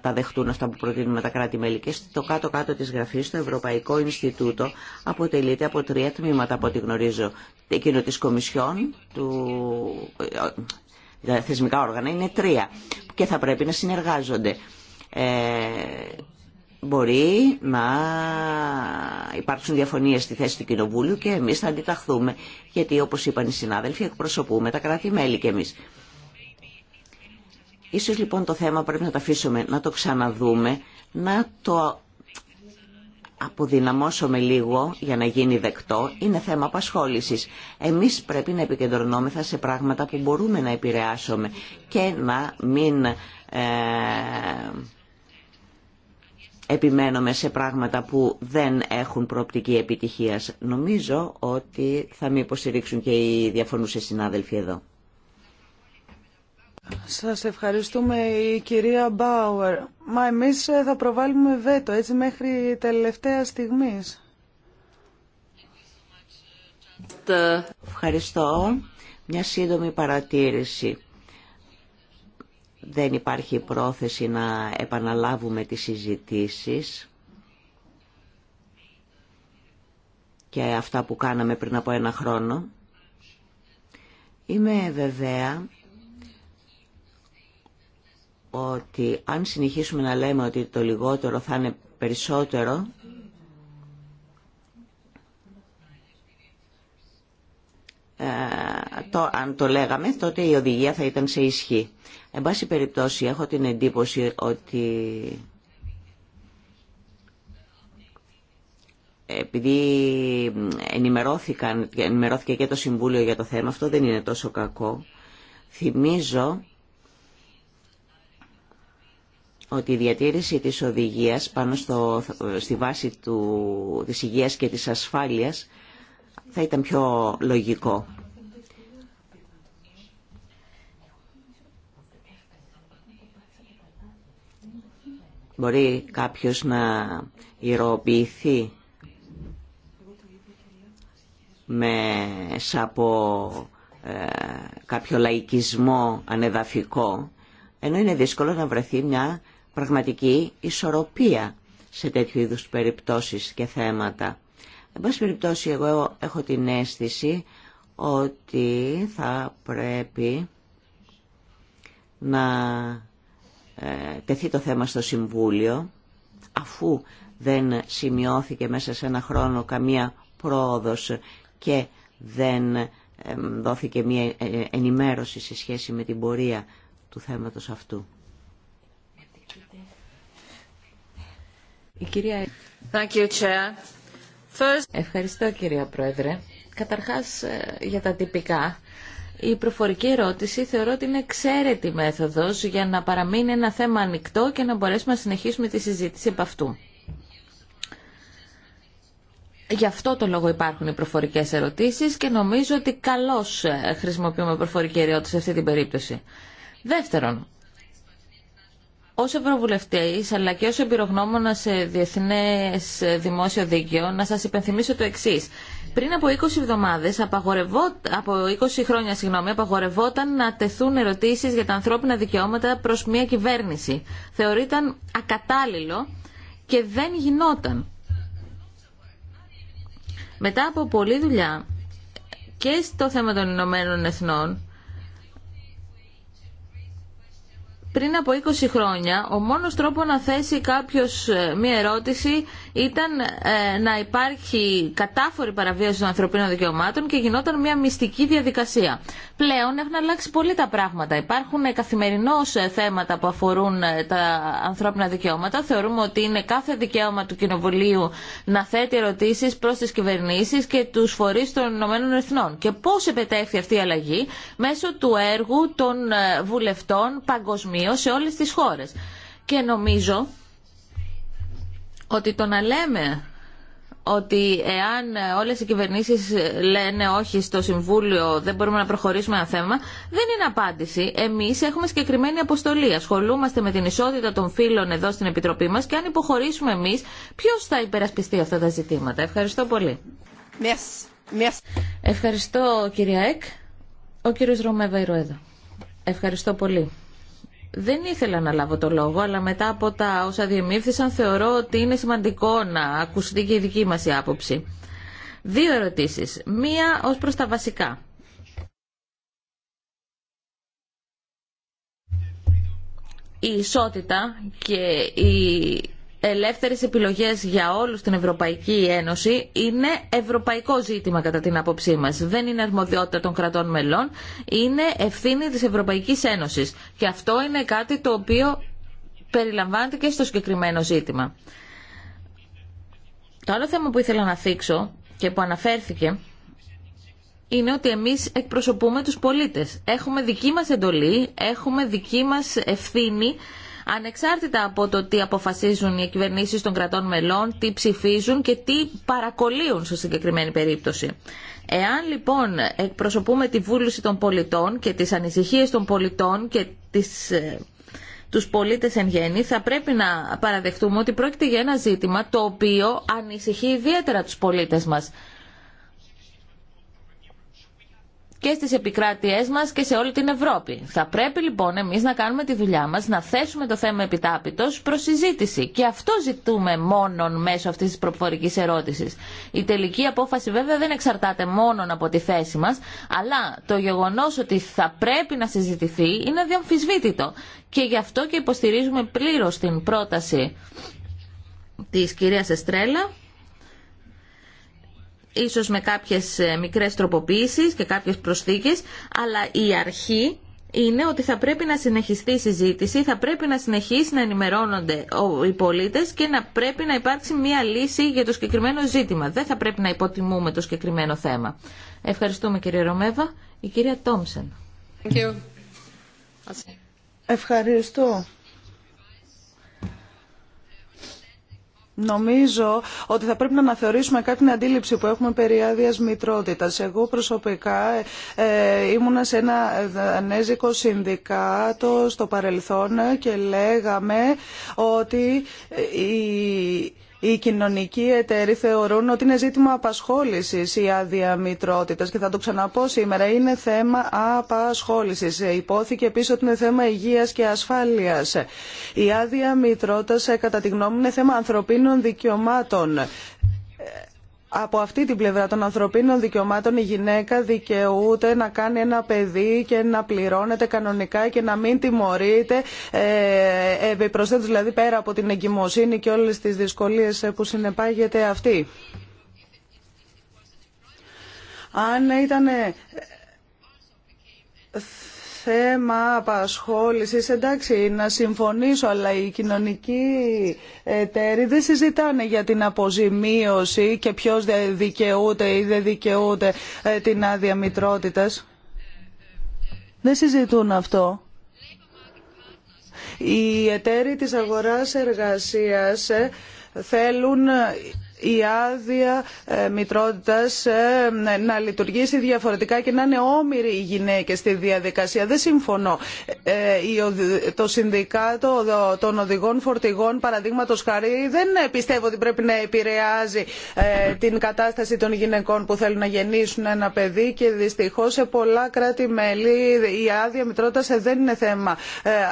τα δεχτούν αυτά που προτείνουμε τα κράτη-μέλη και στο κάτω-κάτω τη γραφής το Ευρωπαϊκό Ινστιτούτο αποτελείται από τρία τμήματα από ό,τι γνωρίζω. Εκείνο της Κομισιόν, του... τα ε, ε, θεσμικά όργανα είναι τρία και θα πρέπει να συνεργάζονται. Ε, μπορεί να υπάρξουν διαφωνίες στη θέση του Κοινοβούλου και εμείς θα αντιταχθούμε γιατί όπως είπαν οι συνάδελφοι εκπροσωπούμε τα κράτη-μέλη και εμείς. Ίσως λοιπόν το θέμα πρέπει να το αφήσουμε, να το ξαναδούμε, να το αποδυναμώσουμε λίγο για να γίνει δεκτό. Είναι θέμα απασχόλησης. Εμείς πρέπει να επικεντρωνόμεθα σε πράγματα που μπορούμε να επηρεάσουμε και να μην ε, επιμένουμε σε πράγματα που δεν έχουν προοπτική επιτυχίας. Νομίζω ότι θα με υποστηρίξουν και οι διαφωνούσες συνάδελφοι εδώ. Σας ευχαριστούμε η κυρία Μπάουερ. Μα εμείς ε, θα προβάλλουμε βέτο έτσι μέχρι τελευταία στιγμής. Ευχαριστώ. Μια σύντομη παρατήρηση. Δεν υπάρχει πρόθεση να επαναλάβουμε τις συζητήσεις και αυτά που κάναμε πριν από ένα χρόνο. Είμαι βεβαία ότι αν συνεχίσουμε να λέμε ότι το λιγότερο θα είναι περισσότερο, ε, το, αν το λέγαμε, τότε η οδηγία θα ήταν σε ισχύ. Εν πάση περιπτώσει, έχω την εντύπωση ότι επειδή ενημερώθηκαν, ενημερώθηκε και το Συμβούλιο για το θέμα, αυτό δεν είναι τόσο κακό. Θυμίζω ότι η διατήρηση της οδηγίας πάνω στο, στη βάση του, της υγείας και της ασφάλειας θα ήταν πιο λογικό. Μπορεί κάποιος να ηρωοποιηθεί με από ε, κάποιο λαϊκισμό ανεδαφικό, ενώ είναι δύσκολο να βρεθεί μια πραγματική ισορροπία σε τέτοιου είδους περιπτώσεις και θέματα. Εν πάση περιπτώσει, εγώ έχω την αίσθηση ότι θα πρέπει να ε, τεθεί το θέμα στο Συμβούλιο, αφού δεν σημειώθηκε μέσα σε ένα χρόνο καμία πρόοδος και δεν δόθηκε μια ε, ενημέρωση σε σχέση με την πορεία του θέματος αυτού. Ευχαριστώ κυρία Πρόεδρε. Καταρχάς ε, για τα τυπικά. Η προφορική ερώτηση θεωρώ ότι είναι εξαίρετη μέθοδος για να παραμείνει ένα θέμα ανοιχτό και να μπορέσουμε να συνεχίσουμε τη συζήτηση από αυτού. Γι' αυτό το λόγο υπάρχουν οι προφορικές ερωτήσεις και νομίζω ότι καλώς ε, χρησιμοποιούμε προφορική ερώτηση σε αυτή την περίπτωση. Δεύτερον, ω Ευρωβουλευτή αλλά και ω εμπειρογνώμονα σε διεθνέ ε, δημόσιο δίκαιο να σας υπενθυμίσω το εξή. Πριν από 20 εβδομάδες, από 20 χρόνια συγγνώμη, απαγορευόταν να τεθούν ερωτήσεις για τα ανθρώπινα δικαιώματα προς μια κυβέρνηση. Θεωρείταν ακατάλληλο και δεν γινόταν. Μετά από πολλή δουλειά και στο θέμα των Ηνωμένων Εθνών πριν από 20 χρόνια ο μόνος τρόπος να θέσει κάποιος ε, μία ερώτηση ήταν ε, να υπάρχει κατάφορη παραβίαση των ανθρωπίνων δικαιωμάτων και γινόταν μία μυστική διαδικασία. Πλέον έχουν αλλάξει πολύ τα πράγματα. Υπάρχουν ε, καθημερινώς θέματα που αφορούν τα ανθρώπινα δικαιώματα. Θεωρούμε ότι είναι κάθε δικαίωμα του Κοινοβουλίου να θέτει ερωτήσεις προς τις κυβερνήσεις και τους φορείς των Ηνωμένων Εθνών. Και πώς επετέφθη αυτή η αλλαγή μέσω του έργου των βουλευτών παγκοσμίων Ταμείο σε όλες τις χώρες. Και νομίζω ότι το να λέμε ότι εάν όλες οι κυβερνήσεις λένε όχι στο Συμβούλιο δεν μπορούμε να προχωρήσουμε ένα θέμα, δεν είναι απάντηση. Εμείς έχουμε συγκεκριμένη αποστολή. Ασχολούμαστε με την ισότητα των φίλων εδώ στην Επιτροπή μας και αν υποχωρήσουμε εμείς, ποιος θα υπερασπιστεί αυτά τα ζητήματα. Ευχαριστώ πολύ. Ευχαριστώ κυρία Εκ. Ο κύριος Ρωμέβα Ιρουέδα. Ευχαριστώ πολύ. Δεν ήθελα να λάβω το λόγο, αλλά μετά από τα όσα διεμήφθησαν θεωρώ ότι είναι σημαντικό να ακουστεί και η δική μας η άποψη. Δύο ερωτήσεις. Μία ως προς τα βασικά. Η ισότητα και η ελεύθερες επιλογές για όλους στην Ευρωπαϊκή Ένωση είναι ευρωπαϊκό ζήτημα κατά την άποψή μας. Δεν είναι αρμοδιότητα των κρατών μελών, είναι ευθύνη της Ευρωπαϊκής Ένωσης. Και αυτό είναι κάτι το οποίο περιλαμβάνεται και στο συγκεκριμένο ζήτημα. Το άλλο θέμα που ήθελα να θίξω και που αναφέρθηκε είναι ότι εμείς εκπροσωπούμε τους πολίτες. Έχουμε δική μας εντολή, έχουμε δική μας ευθύνη ανεξάρτητα από το τι αποφασίζουν οι κυβερνήσει των κρατών μελών, τι ψηφίζουν και τι παρακολύουν σε συγκεκριμένη περίπτωση. Εάν λοιπόν εκπροσωπούμε τη βούληση των πολιτών και τις ανησυχίες των πολιτών και τις ε, τους πολίτες εν γέννη, θα πρέπει να παραδεχτούμε ότι πρόκειται για ένα ζήτημα το οποίο ανησυχεί ιδιαίτερα τους πολίτες μας. και στις επικράτειές μας και σε όλη την Ευρώπη. Θα πρέπει λοιπόν εμείς να κάνουμε τη δουλειά μας, να θέσουμε το θέμα επιτάπητος προς συζήτηση. Και αυτό ζητούμε μόνον μέσω αυτής της προφορικής ερώτησης. Η τελική απόφαση βέβαια δεν εξαρτάται μόνον από τη θέση μας, αλλά το γεγονός ότι θα πρέπει να συζητηθεί είναι αδιαμφισβήτητο. Και γι' αυτό και υποστηρίζουμε πλήρως την πρόταση της κυρίας Εστρέλα ίσως με κάποιες ε, μικρές τροποποίησεις και κάποιες προσθήκες, αλλά η αρχή είναι ότι θα πρέπει να συνεχιστεί η συζήτηση, θα πρέπει να συνεχίσει να ενημερώνονται οι πολίτες και να πρέπει να υπάρξει μία λύση για το συγκεκριμένο ζήτημα. Δεν θα πρέπει να υποτιμούμε το συγκεκριμένο θέμα. Ευχαριστούμε κύριε Ρωμέβα. Η κυρία Τόμσεν. Ευχαριστώ. Νομίζω ότι θα πρέπει να αναθεωρήσουμε κάτι την αντίληψη που έχουμε περί άδειας μητρότητας. Εγώ προσωπικά ε, ήμουνα σε ένα δανέζικο συνδικάτο στο παρελθόν και λέγαμε ότι η οι κοινωνικοί εταίροι θεωρούν ότι είναι ζήτημα απασχόλησης η άδεια και θα το ξαναπώ σήμερα, είναι θέμα απασχόλησης. Υπόθηκε επίσης ότι είναι θέμα υγείας και ασφάλειας. Η άδεια κατά τη γνώμη είναι θέμα ανθρωπίνων δικαιωμάτων από αυτή την πλευρά των ανθρωπίνων δικαιωμάτων η γυναίκα δικαιούται να κάνει ένα παιδί και να πληρώνεται κανονικά και να μην τιμωρείται ε, επιπροσθέτως δηλαδή πέρα από την εγκυμοσύνη και όλες τις δυσκολίες που συνεπάγεται αυτή. Αν ήταν ε, θέμα απασχόλησης, εντάξει, να συμφωνήσω, αλλά οι κοινωνικοί εταίροι δεν συζητάνε για την αποζημίωση και ποιος δικαιούται ή δεν δικαιούται ε, την άδεια μητρότητας. Δεν συζητούν αυτό. Οι εταίροι της αγοράς εργασίας ε, θέλουν η άδεια ε, μητρότητας ε, να λειτουργήσει διαφορετικά και να είναι όμοιροι οι γυναίκε στη διαδικασία. Δεν συμφωνώ. Ε, το Συνδικάτο των Οδηγών Φορτηγών, παραδείγματο χάρη, δεν πιστεύω ότι πρέπει να επηρεάζει την κατάσταση των γυναικών που θέλουν να γεννήσουν ένα παιδί και δυστυχώ σε πολλά κράτη-μέλη η άδεια μητρότητα δεν είναι θέμα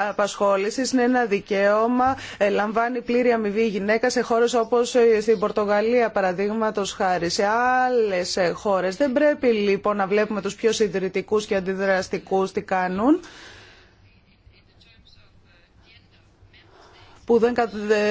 απασχόληση, είναι ένα δικαίωμα. Λαμβάνει πλήρη αμοιβή η γυναίκα σε χώρε όπω στην Πορτογαλία Γαλλία παραδείγματο χάρη σε άλλε χώρε. Δεν πρέπει λοιπόν να βλέπουμε του πιο συντηρητικού και αντιδραστικού τι κάνουν. που δεν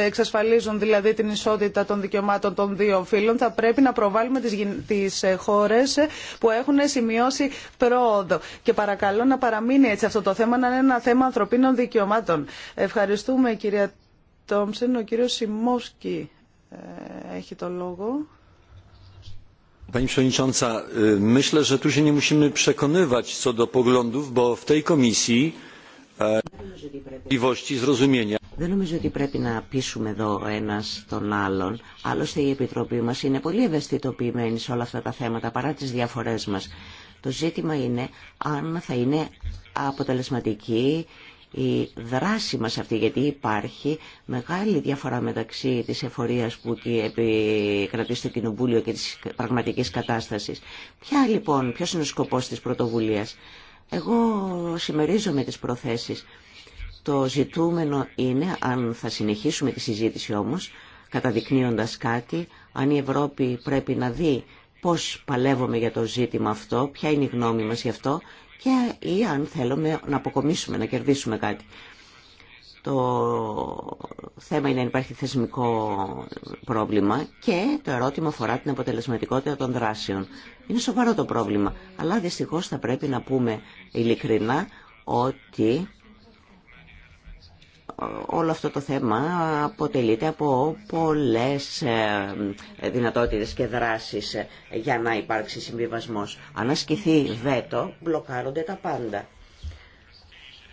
εξασφαλίζουν δηλαδή την ισότητα των δικαιωμάτων των δύο φύλων, θα πρέπει να προβάλλουμε τις ε, χώρες ε, που έχουν σημειώσει πρόοδο. Και παρακαλώ να παραμείνει έτσι αυτό το θέμα, να είναι ένα θέμα ανθρωπίνων δικαιωμάτων. Ευχαριστούμε κυρία Τόμψεν, ο κύριος Σιμόσκι. Ε, έχει το λόγο. Ε, myślę, że tu nie musimy przekonywać co do poglądów, e, Δεν νομίζω ότι πρέπει να πείσουμε εδώ ένας τον άλλον. Άλλωστε η Επιτροπή μας είναι πολύ ευαισθητοποιημένη σε όλα αυτά τα θέματα παρά τις διαφορές μας. Το ζήτημα είναι αν θα είναι αποτελεσματική η δράση μας αυτή, γιατί υπάρχει μεγάλη διαφορά μεταξύ της εφορίας που επικρατεί στο Κοινοβούλιο και της πραγματικής κατάστασης. Ποια λοιπόν, ποιος είναι ο σκοπός της πρωτοβουλίας. Εγώ συμμερίζομαι τις προθέσεις. Το ζητούμενο είναι, αν θα συνεχίσουμε τη συζήτηση όμως, καταδεικνύοντας κάτι, αν η Ευρώπη πρέπει να δει πώς παλεύουμε για το ζήτημα αυτό, ποια είναι η γνώμη μας γι' αυτό και ή αν θέλουμε να αποκομίσουμε, να κερδίσουμε κάτι. Το θέμα είναι αν υπάρχει θεσμικό πρόβλημα και το ερώτημα αφορά την αποτελεσματικότητα των δράσεων. Είναι σοβαρό το πρόβλημα, αλλά δυστυχώς θα πρέπει να πούμε ειλικρινά ότι όλο αυτό το θέμα αποτελείται από πολλές ε, δυνατότητες και δράσεις για να υπάρξει συμβιβασμός. Αν ασκηθεί βέτο, μπλοκάρονται τα πάντα.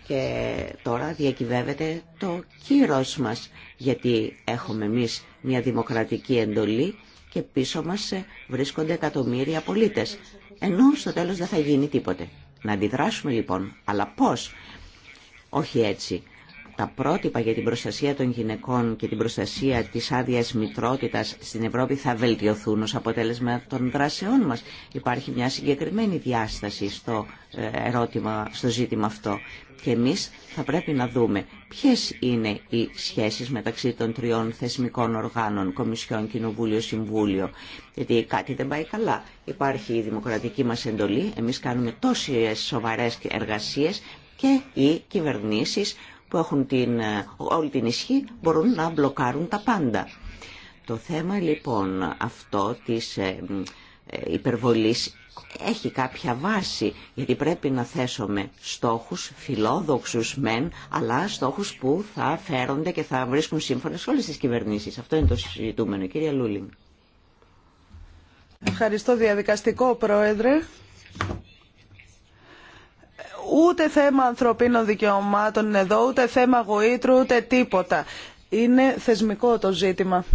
Και τώρα διακυβεύεται το κύρος μας, γιατί έχουμε εμείς μια δημοκρατική εντολή και πίσω μας ε, βρίσκονται εκατομμύρια πολίτες. Ενώ στο τέλος δεν θα γίνει τίποτε. Να αντιδράσουμε λοιπόν, αλλά πώς. Όχι έτσι τα πρότυπα για την προστασία των γυναικών και την προστασία της άδεια μητρότητα στην Ευρώπη θα βελτιωθούν ως αποτέλεσμα των δράσεών μας. Υπάρχει μια συγκεκριμένη διάσταση στο, ε, ερώτημα, στο ζήτημα αυτό. Και εμείς θα πρέπει να δούμε ποιες είναι οι σχέσεις μεταξύ των τριών θεσμικών οργάνων, Κομισιόν, Κοινοβούλιο, Συμβούλιο. Γιατί κάτι δεν πάει καλά. Υπάρχει η δημοκρατική μας εντολή, εμείς κάνουμε τόσες σοβαρές εργασίες και οι κυβερνήσεις που έχουν την, ε, όλη την ισχύ μπορούν να μπλοκάρουν τα πάντα. Το θέμα λοιπόν αυτό της ε, ε, υπερβολής έχει κάποια βάση, γιατί πρέπει να θέσουμε στόχους φιλόδοξους μεν, αλλά στόχους που θα φέρονται και θα βρίσκουν σύμφωνα σε όλες τις κυβερνήσεις. Αυτό είναι το συζητούμενο. Κύριε Λούλιν. Ευχαριστώ διαδικαστικό, Πρόεδρε ούτε θέμα ανθρωπίνων δικαιωμάτων είναι εδώ, ούτε θέμα γοήτρου, ούτε τίποτα. Είναι θεσμικό το ζήτημα.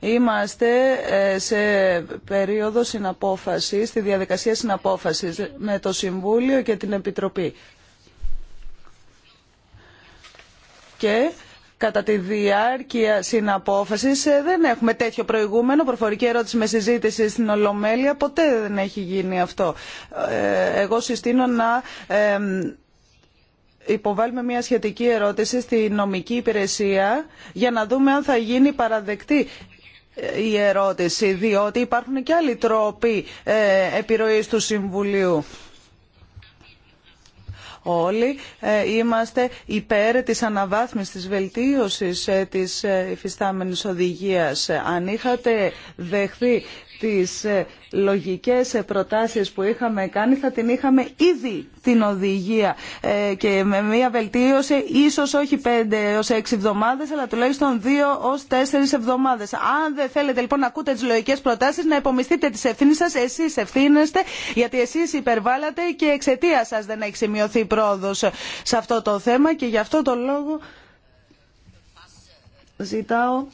Είμαστε ε, σε περίοδο συναπόφασης, στη διαδικασία συναπόφασης με το Συμβούλιο και την Επιτροπή. Και κατά τη διάρκεια συναπόφασης. Ε, δεν έχουμε τέτοιο προηγούμενο, προφορική ερώτηση με συζήτηση στην Ολομέλεια, ποτέ δεν έχει γίνει αυτό. Ε, εγώ συστήνω να υποβάλουμε μια σχετική ερώτηση στη νομική υπηρεσία για να δούμε αν θα γίνει παραδεκτή ε, η ερώτηση, διότι υπάρχουν και άλλοι τρόποι επιρροής του Συμβουλίου όλοι ε, είμαστε υπέρ της αναβάθμισης, της βελτίωσης ε, της ε, υφιστάμενης οδηγίας. Αν είχατε δεχθεί τις ε, λογικές ε, προτάσεις που είχαμε κάνει θα την είχαμε ήδη την οδηγία ε, και με μια βελτίωση ίσως όχι 5 ως 6 εβδομάδες αλλά τουλάχιστον 2 ως 4 εβδομάδες. Αν δεν θέλετε λοιπόν να ακούτε τις λογικές προτάσεις να υπομειστείτε τις ευθύνες σας, εσείς ευθύνεστε γιατί εσείς υπερβάλλατε και εξαιτία σας δεν έχει σημειωθεί πρόοδος σε αυτό το θέμα και γι' αυτό το λόγο ζητάω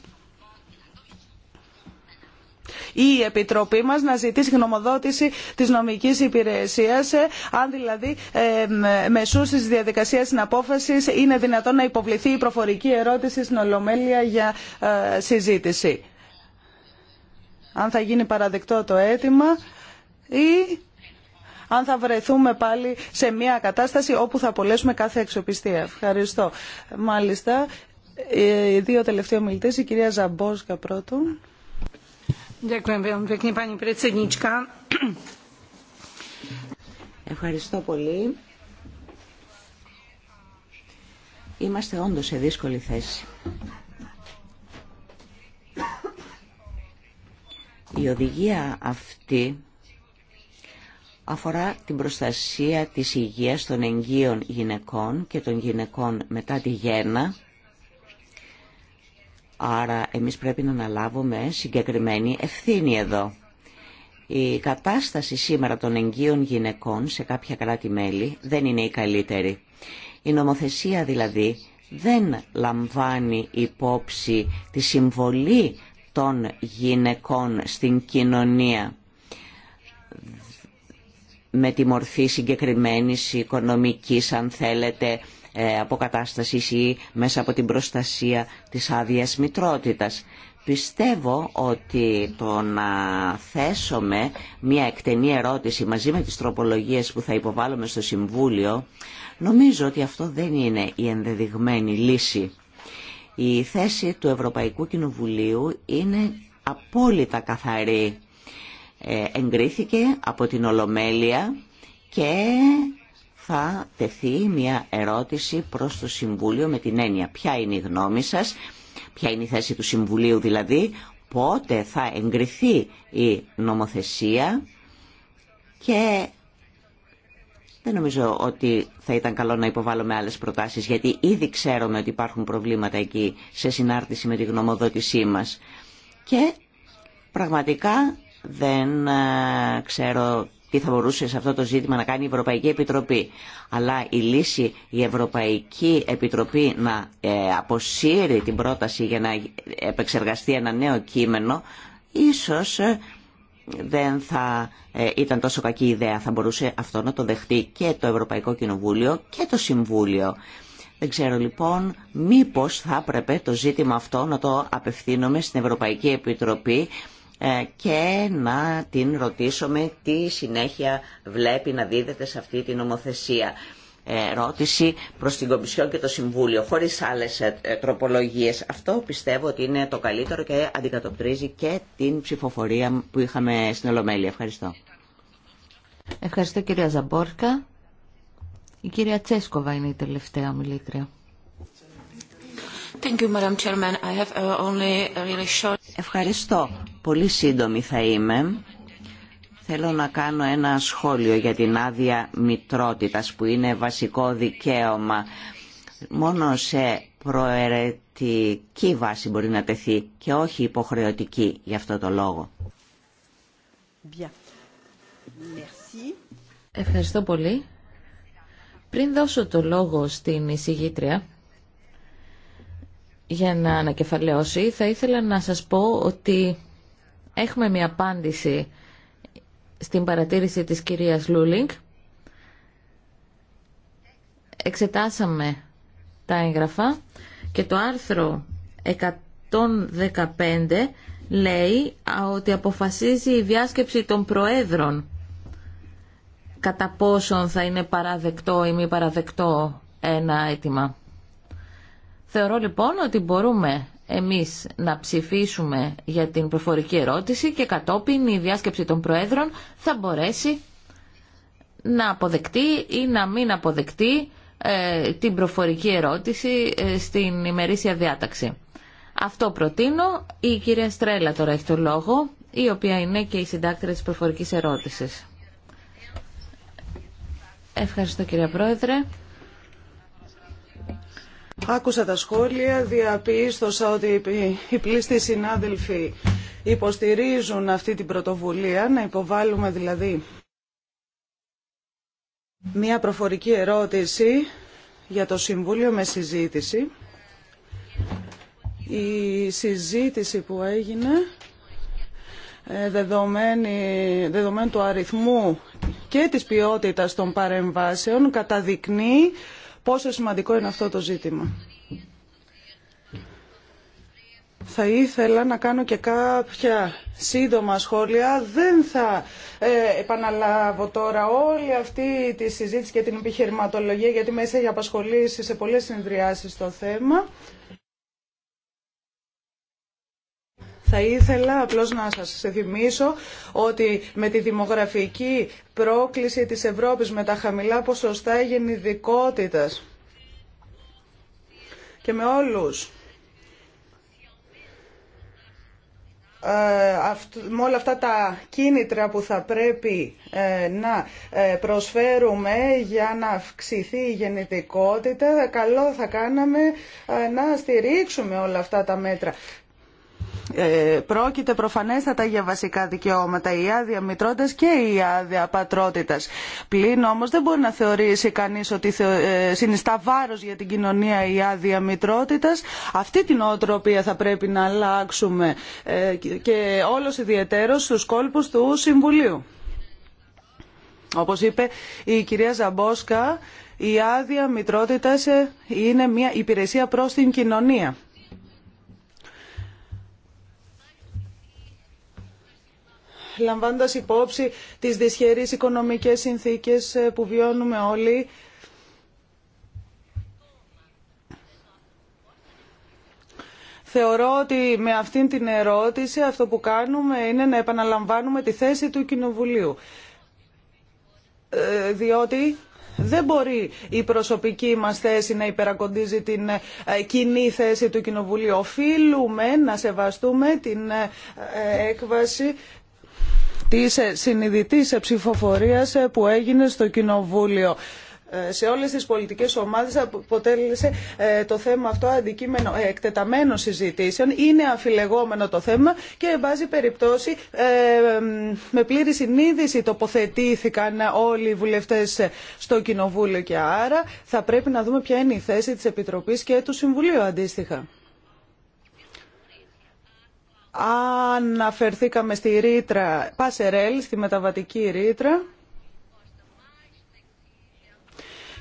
η Επιτροπή μας να ζητήσει γνωμοδότηση της νομικής υπηρεσίας ε, αν δηλαδή ε, τη της διαδικασίας συναπόφασης είναι δυνατόν να υποβληθεί η προφορική ερώτηση στην Ολομέλεια για ε, συζήτηση. Αν θα γίνει παραδεκτό το αίτημα ή αν θα βρεθούμε πάλι σε μια κατάσταση όπου θα απολέσουμε κάθε εξοπιστία. Ευχαριστώ. Μάλιστα, ε, οι δύο τελευταίοι ομιλητές, η κυρία Ζαμπόσκα πρώτον. Ευχαριστώ πολύ. Είμαστε όντως σε δύσκολη θέση. Η οδηγία αυτή αφορά την προστασία της υγείας των εγγύων γυναικών και των γυναικών μετά τη γέννα Άρα εμείς πρέπει να αναλάβουμε συγκεκριμένη ευθύνη εδώ. Η κατάσταση σήμερα των εγγύων γυναικών σε κάποια κράτη-μέλη δεν είναι η καλύτερη. Η νομοθεσία δηλαδή δεν λαμβάνει υπόψη τη συμβολή των γυναικών στην κοινωνία με τη μορφή συγκεκριμένης οικονομικής αν θέλετε ε, αποκατάστασης ή μέσα από την προστασία της άδεια μητρότητας. Πιστεύω ότι το να θέσουμε μια εκτενή ερώτηση μαζί με τις τροπολογίες που θα υποβάλλουμε στο Συμβούλιο, νομίζω ότι αυτό δεν είναι η ενδεδειγμένη λύση. Η θέση του Ευρωπαϊκού Κοινοβουλίου είναι απόλυτα καθαρή. Ε, εγκρίθηκε από την Ολομέλεια και θα τεθεί μια ερώτηση προς το Συμβούλιο με την έννοια ποια είναι η γνώμη σας, ποια είναι η θέση του Συμβουλίου δηλαδή, πότε θα εγκριθεί η νομοθεσία και δεν νομίζω ότι θα ήταν καλό να υποβάλλουμε άλλες προτάσεις γιατί ήδη ξέρουμε ότι υπάρχουν προβλήματα εκεί σε συνάρτηση με τη γνωμοδότησή μας. Και πραγματικά δεν ε, ξέρω τι θα μπορούσε σε αυτό το ζήτημα να κάνει η Ευρωπαϊκή Επιτροπή. Αλλά η λύση η Ευρωπαϊκή Επιτροπή να ε, αποσύρει την πρόταση για να επεξεργαστεί ένα νέο κείμενο, ίσως ε, δεν θα ε, ήταν τόσο κακή ιδέα. Θα μπορούσε αυτό να το δεχτεί και το Ευρωπαϊκό Κοινοβούλιο και το Συμβούλιο. Δεν ξέρω λοιπόν μήπως θα έπρεπε το ζήτημα αυτό να το απευθύνουμε στην Ευρωπαϊκή Επιτροπή ε, και να την ρωτήσουμε τι συνέχεια βλέπει να δίδεται σε αυτή την νομοθεσία. Ε, ρώτηση προς την Κομισιόν και το Συμβούλιο, χωρίς άλλες ε, τροπολογίες. Αυτό πιστεύω ότι είναι το καλύτερο και αντικατοπτρίζει και την ψηφοφορία που είχαμε στην Ολομέλη. Ευχαριστώ. Ευχαριστώ κυρία Ζαμπόρκα. Η κυρία Τσέσκοβα είναι η τελευταία ομιλήτρια. Uh, Ευχαριστώ. Πολύ σύντομη θα είμαι. Θέλω να κάνω ένα σχόλιο για την άδεια μητρότητας που είναι βασικό δικαίωμα. Μόνο σε προαιρετική βάση μπορεί να τεθεί και όχι υποχρεωτική για αυτό το λόγο. Ευχαριστώ πολύ. Πριν δώσω το λόγο στην εισηγήτρια, για να ανακεφαλαιώσει, θα ήθελα να σας πω ότι έχουμε μια απάντηση στην παρατήρηση της κυρίας Λούλινγκ. Εξετάσαμε τα έγγραφα και το άρθρο 115 λέει ότι αποφασίζει η διάσκεψη των προέδρων κατά πόσον θα είναι παραδεκτό ή μη παραδεκτό ένα αίτημα. Θεωρώ λοιπόν ότι μπορούμε εμείς να ψηφίσουμε για την προφορική ερώτηση και κατόπιν η διάσκεψη των Προέδρων θα μπορέσει να αποδεκτεί ή να μην αποδεκτεί ε, την προφορική ερώτηση ε, στην ημερήσια διάταξη. Αυτό προτείνω. Η κυρία Στρέλα τώρα έχει το λόγο, η οποία είναι και η συντάκτρια της προφορικής ερώτησης. Ευχαριστώ κυρία Πρόεδρε. Άκουσα τα σχόλια, διαπίστωσα ότι οι πλήστοι συνάδελφοι υποστηρίζουν αυτή την πρωτοβουλία, να υποβάλουμε δηλαδή μία προφορική ερώτηση για το Συμβούλιο με συζήτηση. Η συζήτηση που έγινε ε, δεδομένου του αριθμού και της ποιότητας των παρεμβάσεων καταδεικνύει πόσο σημαντικό είναι αυτό το ζήτημα. Θα ήθελα να κάνω και κάποια σύντομα σχόλια. Δεν θα ε, επαναλάβω τώρα όλη αυτή τη συζήτηση και την επιχειρηματολογία γιατί μέσα έχει απασχολήσει σε πολλές συνδυάσεις το θέμα. Θα ήθελα απλώς να σας θυμίσω ότι με τη δημογραφική πρόκληση της Ευρώπης με τα χαμηλά ποσοστά γεννηδικότητας και με όλους ε, με όλα αυτά τα κίνητρα που θα πρέπει ε, να ε, προσφέρουμε για να αυξηθεί η γεννητικότητα καλό θα κάναμε να στηρίξουμε όλα αυτά τα μέτρα. Ε, πρόκειται προφανέστατα για βασικά δικαιώματα η άδεια μητρότητας και η άδεια πατρότητας. Πλην όμως δεν μπορεί να θεωρήσει κανείς ότι ε, συνιστά βάρος για την κοινωνία η άδεια μητρότητας. Αυτή την οτροπία θα πρέπει να αλλάξουμε ε, και όλος ιδιαιτέρως στους κόλπους του Συμβουλίου. Όπως είπε η κυρία Ζαμπόσκα, η άδεια μητρότητας είναι μια υπηρεσία προς την κοινωνία. λαμβάνοντας υπόψη τις δυσχερείς οικονομικές συνθήκες ε, που βιώνουμε όλοι, Θεωρώ ότι με αυτήν την ερώτηση αυτό που κάνουμε είναι να επαναλαμβάνουμε τη θέση του Κοινοβουλίου. Ε, διότι δεν μπορεί η προσωπική μας θέση να υπερακοντίζει την ε, κοινή θέση του Κοινοβουλίου. Οφείλουμε να σεβαστούμε την έκβαση της συνειδητής ψηφοφορίας που έγινε στο Κοινοβούλιο ε, σε όλες τις πολιτικές ομάδες αποτέλεσε ε, το θέμα αυτό αντικείμενο ε, εκτεταμένων συζητήσεων. Είναι αφιλεγόμενο το θέμα και εν πάση περιπτώσει με πλήρη συνείδηση τοποθετήθηκαν όλοι οι βουλευτές στο Κοινοβούλιο και άρα θα πρέπει να δούμε ποια είναι η θέση της Επιτροπής και του Συμβουλίου αντίστοιχα. Αναφερθήκαμε στη ρήτρα Πασερέλ, στη μεταβατική ρήτρα.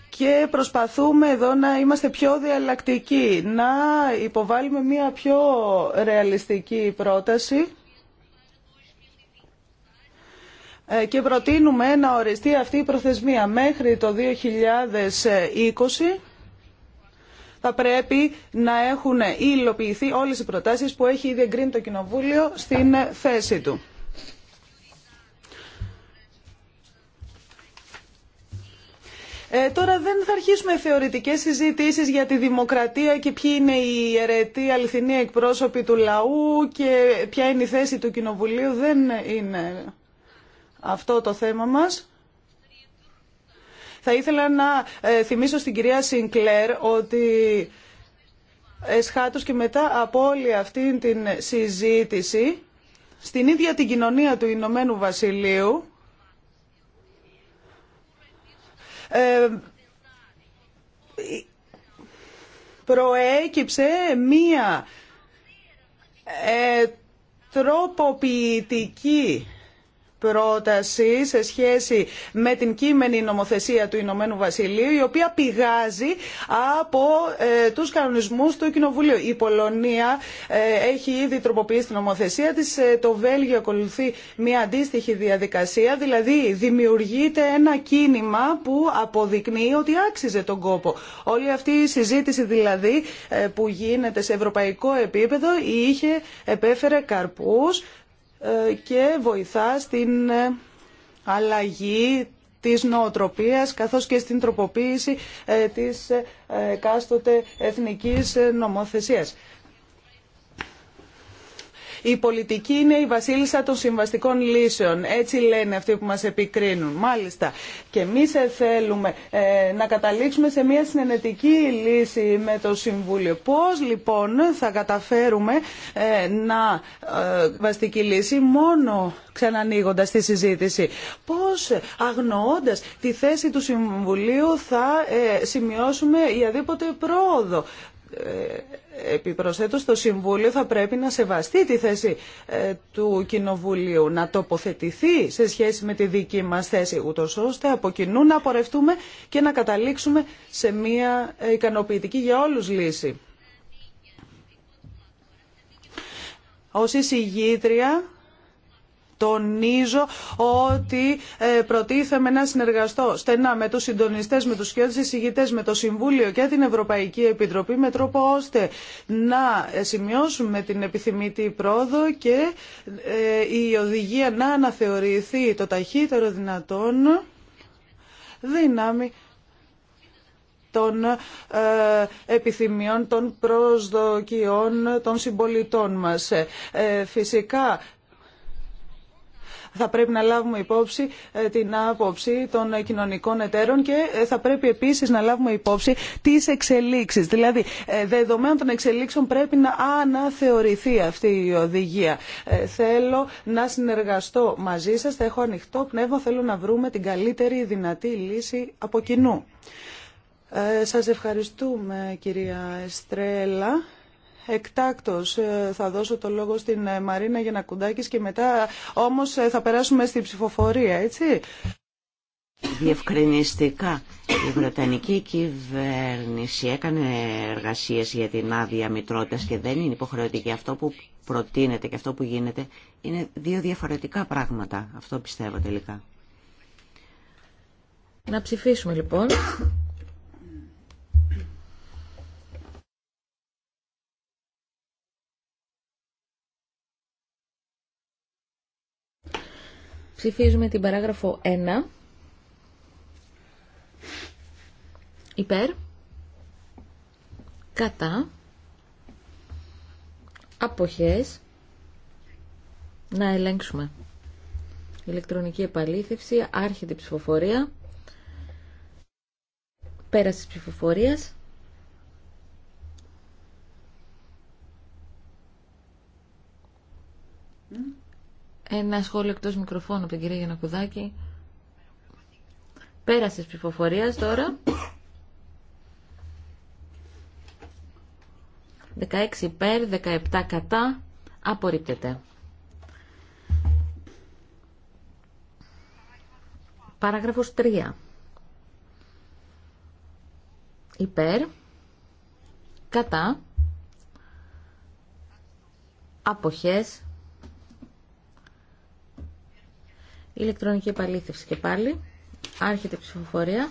και προσπαθούμε εδώ να είμαστε πιο διαλλακτικοί, να υποβάλουμε μια πιο ρεαλιστική πρόταση ε, και προτείνουμε να οριστεί αυτή η προθεσμία μέχρι το 2020 θα πρέπει να έχουν υλοποιηθεί όλες οι προτάσεις που έχει ήδη εγκρίνει το Κοινοβούλιο στην θέση του. Ε, τώρα δεν θα αρχίσουμε θεωρητικέ συζητήσει για τη δημοκρατία και ποιοι είναι οι αιρετοί αληθινοί εκπρόσωποι του λαού και ποια είναι η θέση του Κοινοβουλίου. Δεν είναι αυτό το θέμα μας. Θα ήθελα να ε, θυμίσω στην κυρία Σινκλέρ ότι εσχάτως και μετά από όλη αυτή την συζήτηση στην ίδια την κοινωνία του Ηνωμένου Βασιλείου ε, προέκυψε μία ε, τροποποιητική πρόταση σε σχέση με την κείμενη νομοθεσία του Ηνωμένου Βασιλείου η οποία πηγάζει από ε, τους κανονισμούς του Κοινοβουλίου. Η Πολωνία ε, έχει ήδη τροποποιήσει την νομοθεσία της, ε, το Βέλγιο ακολουθεί μια αντίστοιχη διαδικασία, δηλαδή δημιουργείται ένα κίνημα που αποδεικνύει ότι άξιζε τον κόπο. Όλη αυτή η συζήτηση δηλαδή ε, που γίνεται σε ευρωπαϊκό επίπεδο είχε επέφερε καρπούς ε, και βοηθά στην ε, αλλαγή της νοοτροπίας καθώς και στην τροποποίηση ε, της κάστοτε εθνικής νομοθεσίας. Η πολιτική είναι η βασίλισσα των συμβαστικών λύσεων. Έτσι λένε αυτοί που μας επικρίνουν. Μάλιστα. Και εμεί ε, θέλουμε ε, να καταλήξουμε σε μια συνενετική λύση με το Συμβούλιο. Πώ λοιπόν θα καταφέρουμε ε, να βαστική λύση μόνο ξανανοίγοντας τη συζήτηση. πώ αγνοώντας τη θέση του Συμβουλίου θα σημειώσουμε η πρόοδο. Επιπροσθέτως, το Συμβούλιο θα πρέπει να σεβαστεί τη θέση ε, του Κοινοβουλίου, να τοποθετηθεί σε σχέση με τη δική μας θέση, ούτως ώστε από κοινού να απορρευτούμε και να καταλήξουμε σε μια ε, ικανοποιητική για όλους λύση. Ως εισηγήτρια τονίζω ότι ε, προτίθεμαι να συνεργαστώ στενά με τους συντονιστές, με τους σχέδιους με το Συμβούλιο και την Ευρωπαϊκή Επιτροπή με τρόπο ώστε να ε, σημειώσουμε την επιθυμητή πρόοδο και ε, η οδηγία να αναθεωρηθεί το ταχύτερο δυνατόν δύναμη των επιθυμιών, των προσδοκιών των συμπολιτών μας. Φυσικά θα πρέπει να λάβουμε υπόψη ε, την άποψη των κοινωνικών εταίρων και ε, θα πρέπει επίσης να λάβουμε υπόψη τις εξελίξεις. Δηλαδή, ε, δεδομένων των εξελίξεων πρέπει να αναθεωρηθεί αυτή η οδηγία. Θέλω να συνεργαστώ μαζί σας, θα έχω ανοιχτό πνεύμα, θέλω να βρούμε την καλύτερη δυνατή λύση από κοινού. σας ευχαριστούμε κυρία Εστρέλα. Εκτάκτος ε, θα δώσω το λόγο στην ε, Μαρίνα Γενακουντάκης και μετά όμως ε, θα περάσουμε στην ψηφοφορία, έτσι. Διευκρινιστικά, η Βρετανική κυβέρνηση έκανε εργασίες για την άδεια μητρότητας και δεν είναι υποχρεωτική. Αυτό που προτείνεται και αυτό που γίνεται είναι δύο διαφορετικά πράγματα. Αυτό πιστεύω τελικά. Να ψηφίσουμε λοιπόν. Ψηφίζουμε την παράγραφο 1. Υπέρ. Κατά. Αποχές. Να ελέγξουμε. Ηλεκτρονική επαλήθευση. Άρχεται η ψηφοφορία. Πέραση ψηφοφορίας. Ένα σχόλιο εκτός μικροφώνου από την κυρία Γιανακουδάκη. Πέρασες ψηφοφορία τώρα. 16 υπέρ, 17 κατά. Απορρίπτεται. Παράγραφος 3. Υπέρ. Κατά. Αποχές ηλεκτρονική επαλήθευση και πάλι άρχεται η ψηφοφορία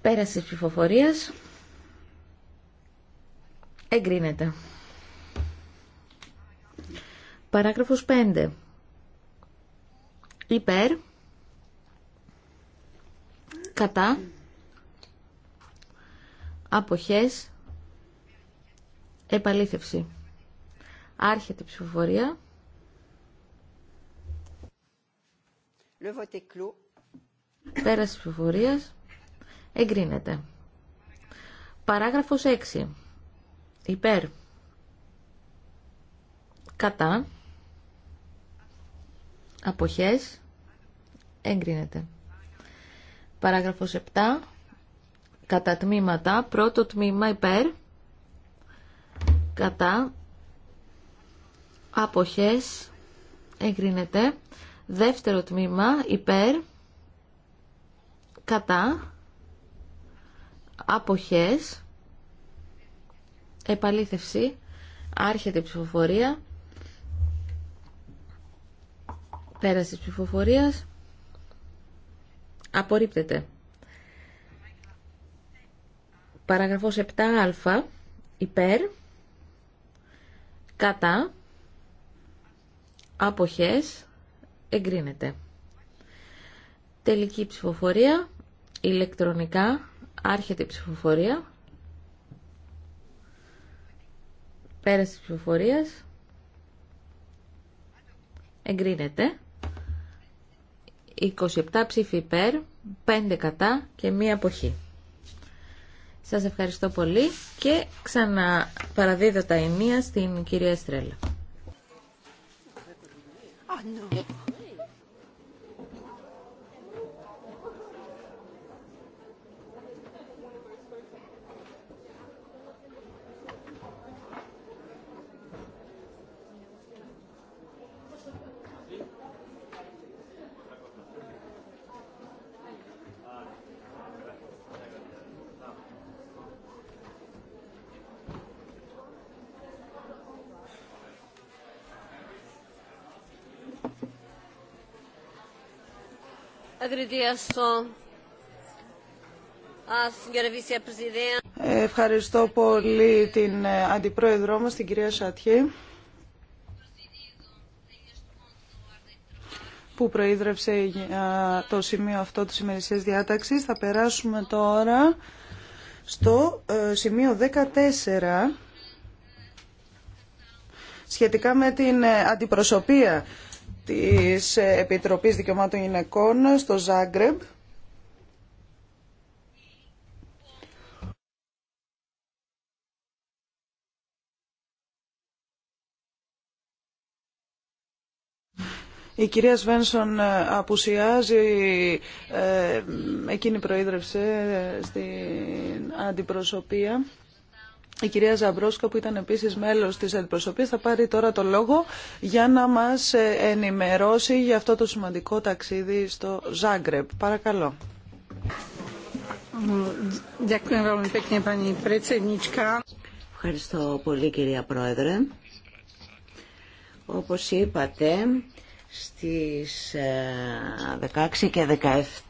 πέραση της ψηφοφορίας εγκρίνεται παράγραφος 5 υπέρ κατά αποχές επαλήθευση άρχεται η ψηφοφορία Le vote est clos. Πέρας της ψηφοφορίας. Εγκρίνεται. Παράγραφος 6. Υπέρ. Κατά. Αποχές. Εγκρίνεται. Παράγραφος 7. Κατά τμήματα. Πρώτο τμήμα υπέρ. Κατά. Αποχές. Εγκρίνεται. Δεύτερο τμήμα υπέρ, κατά, αποχές, επαλήθευση, άρχεται η ψηφοφορία, πέραση της ψηφοφορίας, απορρίπτεται. Παραγραφός 7α, υπέρ, κατά, αποχές, εγκρίνεται. Τελική ψηφοφορία, ηλεκτρονικά, άρχεται η ψηφοφορία, πέραση της ψηφοφορίας, εγκρίνεται. 27 ψήφοι υπέρ, 5 κατά και μία αποχή. Σας ευχαριστώ πολύ και ξαναπαραδίδω τα ενία στην κυρία στρέλα Oh, no. Ευχαριστώ πολύ την ε, Αντιπρόεδρό μας, την κυρία Σατιέ, που προείδρευσε ε, το σημείο αυτό της ημερησίας διάταξης. Θα περάσουμε τώρα στο ε, σημείο 14 σχετικά με την αντιπροσωπεία της Επιτροπής Δικαιωμάτων Γυναικών στο Ζάγκρεμπ. Η κυρία Σβένσον απουσιάζει, ε, εκείνη προείδρευσε στην αντιπροσωπεία. Η κυρία Ζαμπρόσκα που ήταν επίσης μέλος της αντιπροσωπείας θα πάρει τώρα το λόγο για να μας ε, ενημερώσει για αυτό το σημαντικό ταξίδι στο Ζάγκρεπ. Παρακαλώ. Ευχαριστώ πολύ κυρία Πρόεδρε. Όπως είπατε, στις 16 ε, και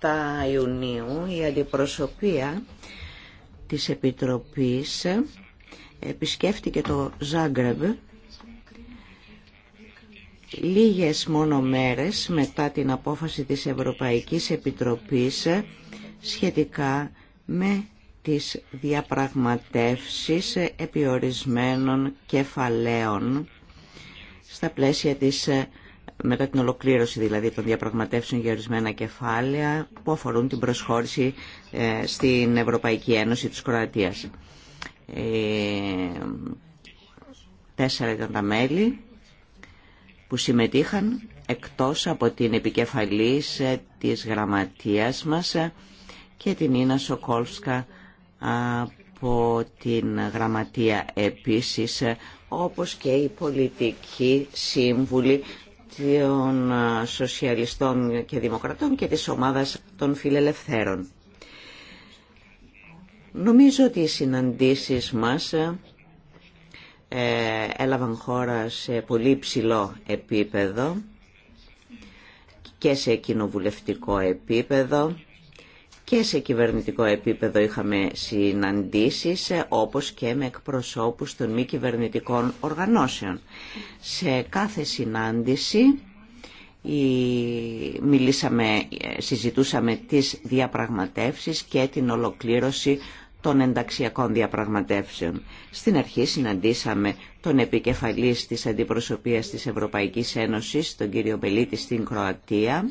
17 Ιουνίου η αντιπροσωπεία της Επιτροπής επισκέφτηκε το Ζάγκρεμπ λίγες μόνο μέρες μετά την απόφαση της Ευρωπαϊκής Επιτροπής σχετικά με τις διαπραγματεύσεις επιορισμένων κεφαλαίων στα πλαίσια της μετά την ολοκλήρωση δηλαδή των διαπραγματεύσεων για ορισμένα κεφάλαια που αφορούν την προσχώρηση ε, στην Ευρωπαϊκή Ένωση της Κροατίας. Ε, τέσσερα ήταν τα μέλη που συμμετείχαν εκτός από την επικεφαλής ε, της γραμματείας μας ε, και την Ίνα Σοκόλσκα από την γραμματεία επίσης όπως και η πολιτική σύμβουλη των σοσιαλιστών και δημοκρατών και της ομάδας των φιλελευθέρων. Νομίζω ότι οι συναντήσεις μας ε, ε, έλαβαν χώρα σε πολύ ψηλό επίπεδο και σε κοινοβουλευτικό επίπεδο και σε κυβερνητικό επίπεδο είχαμε συναντήσεις ε, όπως και με εκπροσώπους των μη κυβερνητικών οργανώσεων. Σε κάθε συνάντηση μιλήσαμε, συζητούσαμε τις διαπραγματεύσεις και την ολοκλήρωση των ενταξιακών διαπραγματεύσεων. Στην αρχή συναντήσαμε τον επικεφαλής της αντιπροσωπείας της Ευρωπαϊκής Ένωσης, τον κύριο Μπελίτη στην Κροατία,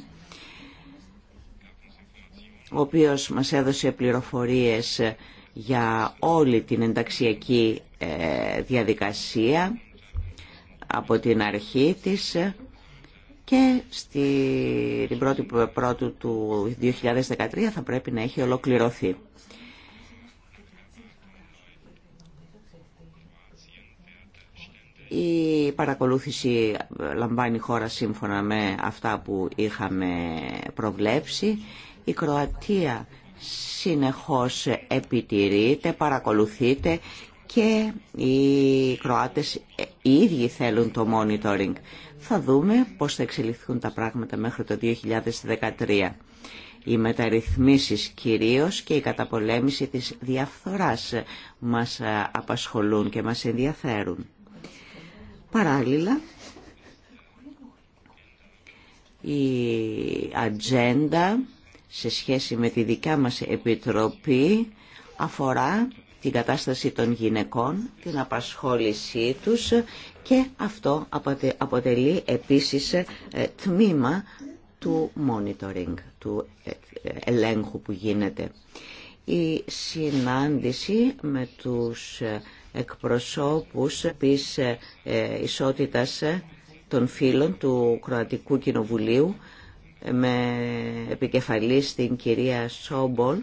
ο οποίος μας έδωσε πληροφορίες για όλη την ενταξιακή ε, διαδικασία από την αρχή της και στην πρώτη πρώτου του 2013 θα πρέπει να έχει ολοκληρωθεί. Η παρακολούθηση λαμβάνει χώρα σύμφωνα με αυτά που είχαμε προβλέψει. Η Κροατία συνεχώς επιτηρείται, παρακολουθείται και οι Κροάτες οι ίδιοι θέλουν το monitoring. Θα δούμε πώς θα εξελιχθούν τα πράγματα μέχρι το 2013. Οι μεταρρυθμίσεις κυρίως και η καταπολέμηση της διαφθοράς μας ε, απασχολούν και μας ενδιαφέρουν. Παράλληλα, η ατζέντα σε σχέση με τη δικιά μας επιτροπή αφορά την κατάσταση των γυναικών, την απασχόλησή τους και αυτό αποτελεί επίσης ε, τμήμα του monitoring, του ε, ελέγχου που γίνεται. Η συνάντηση με τους ε, εκπροσώπους της ισότητας των φίλων του Κροατικού Κοινοβουλίου με επικεφαλή στην κυρία Σόμπολ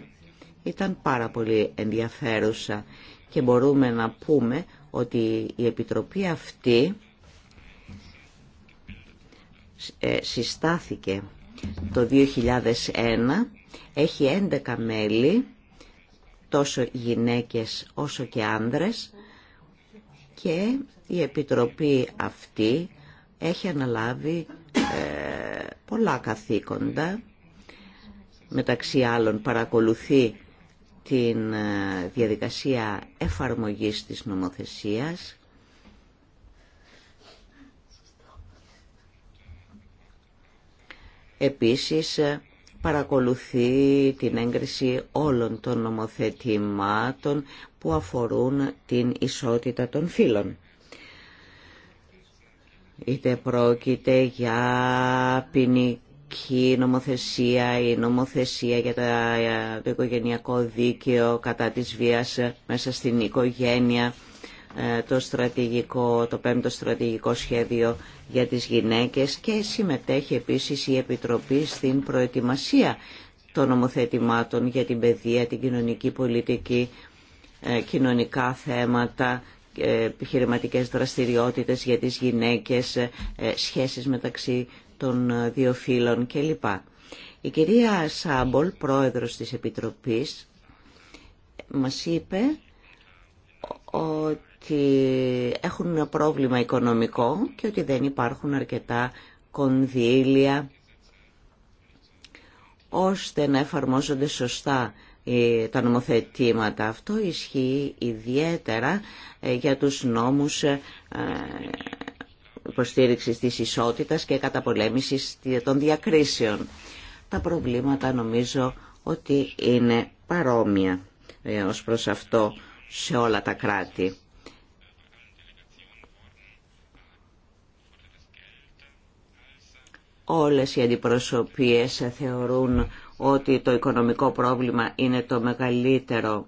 ήταν πάρα πολύ ενδιαφέρουσα και μπορούμε να πούμε ότι η Επιτροπή αυτή ε, συστάθηκε το 2001, έχει 11 μέλη, τόσο γυναίκες όσο και άνδρες και η Επιτροπή αυτή έχει αναλάβει ε, πολλά καθήκοντα, μεταξύ άλλων παρακολουθεί την ε, διαδικασία εφαρμογής της νομοθεσίας Επίσης ε, παρακολουθεί την έγκριση όλων των νομοθετημάτων που αφορούν την ισότητα των φύλων. Είτε πρόκειται για ποινική η νομοθεσία, η νομοθεσία για το οικογενειακό δίκαιο κατά της βίας μέσα στην οικογένεια, ε, το, στρατηγικό, το πέμπτο στρατηγικό σχέδιο για τις γυναίκες και συμμετέχει επίσης η Επιτροπή στην προετοιμασία των νομοθετημάτων για την παιδεία, την κοινωνική πολιτική, ε, κοινωνικά θέματα, ε, επιχειρηματικέ δραστηριότητες για τις γυναίκες, σχέσεις μεταξύ των ε, δύο φύλων κλπ. Η κυρία Σάμπολ, πρόεδρος της Επιτροπής, μας είπε ότι έχουν ένα πρόβλημα οικονομικό και ότι δεν υπάρχουν αρκετά κονδύλια ώστε να εφαρμόζονται σωστά ε, τα νομοθετήματα. Αυτό ισχύει ιδιαίτερα ε, για τους νόμους υποστήριξη της ισότητας και καταπολέμησης των διακρίσεων. Τα προβλήματα νομίζω ότι είναι παρόμοια ε, ως προς αυτό σε όλα τα κράτη. Όλες οι αντιπροσωπείες θεωρούν ότι το οικονομικό πρόβλημα είναι το μεγαλύτερο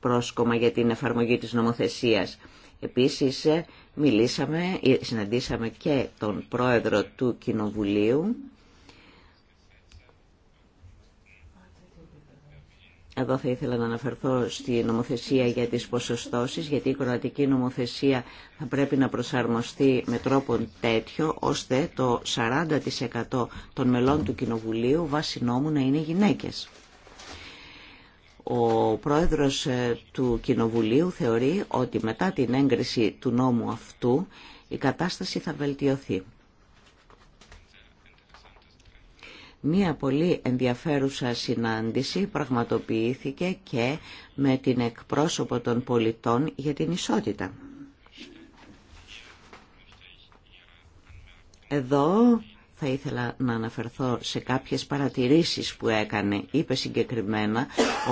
πρόσκομα για την εφαρμογή της νομοθεσίας. Επίσης, ε, Μιλήσαμε, ε, συναντήσαμε και τον πρόεδρο του Κοινοβουλίου. Εδώ θα ήθελα να αναφερθώ στη νομοθεσία για τις ποσοστώσεις, γιατί η κροατική νομοθεσία θα πρέπει να προσαρμοστεί με τρόπο τέτοιο, ώστε το 40% των μελών του Κοινοβουλίου βάσει νόμου να είναι γυναίκες. Ο πρόεδρος ε, του Κοινοβουλίου θεωρεί ότι μετά την έγκριση του νόμου αυτού η κατάσταση θα βελτιωθεί. Μία πολύ ενδιαφέρουσα συνάντηση πραγματοποιήθηκε και με την εκπρόσωπο των πολιτών για την ισότητα. Εδώ θα ήθελα να αναφερθώ σε κάποιες παρατηρήσεις που έκανε. Είπε συγκεκριμένα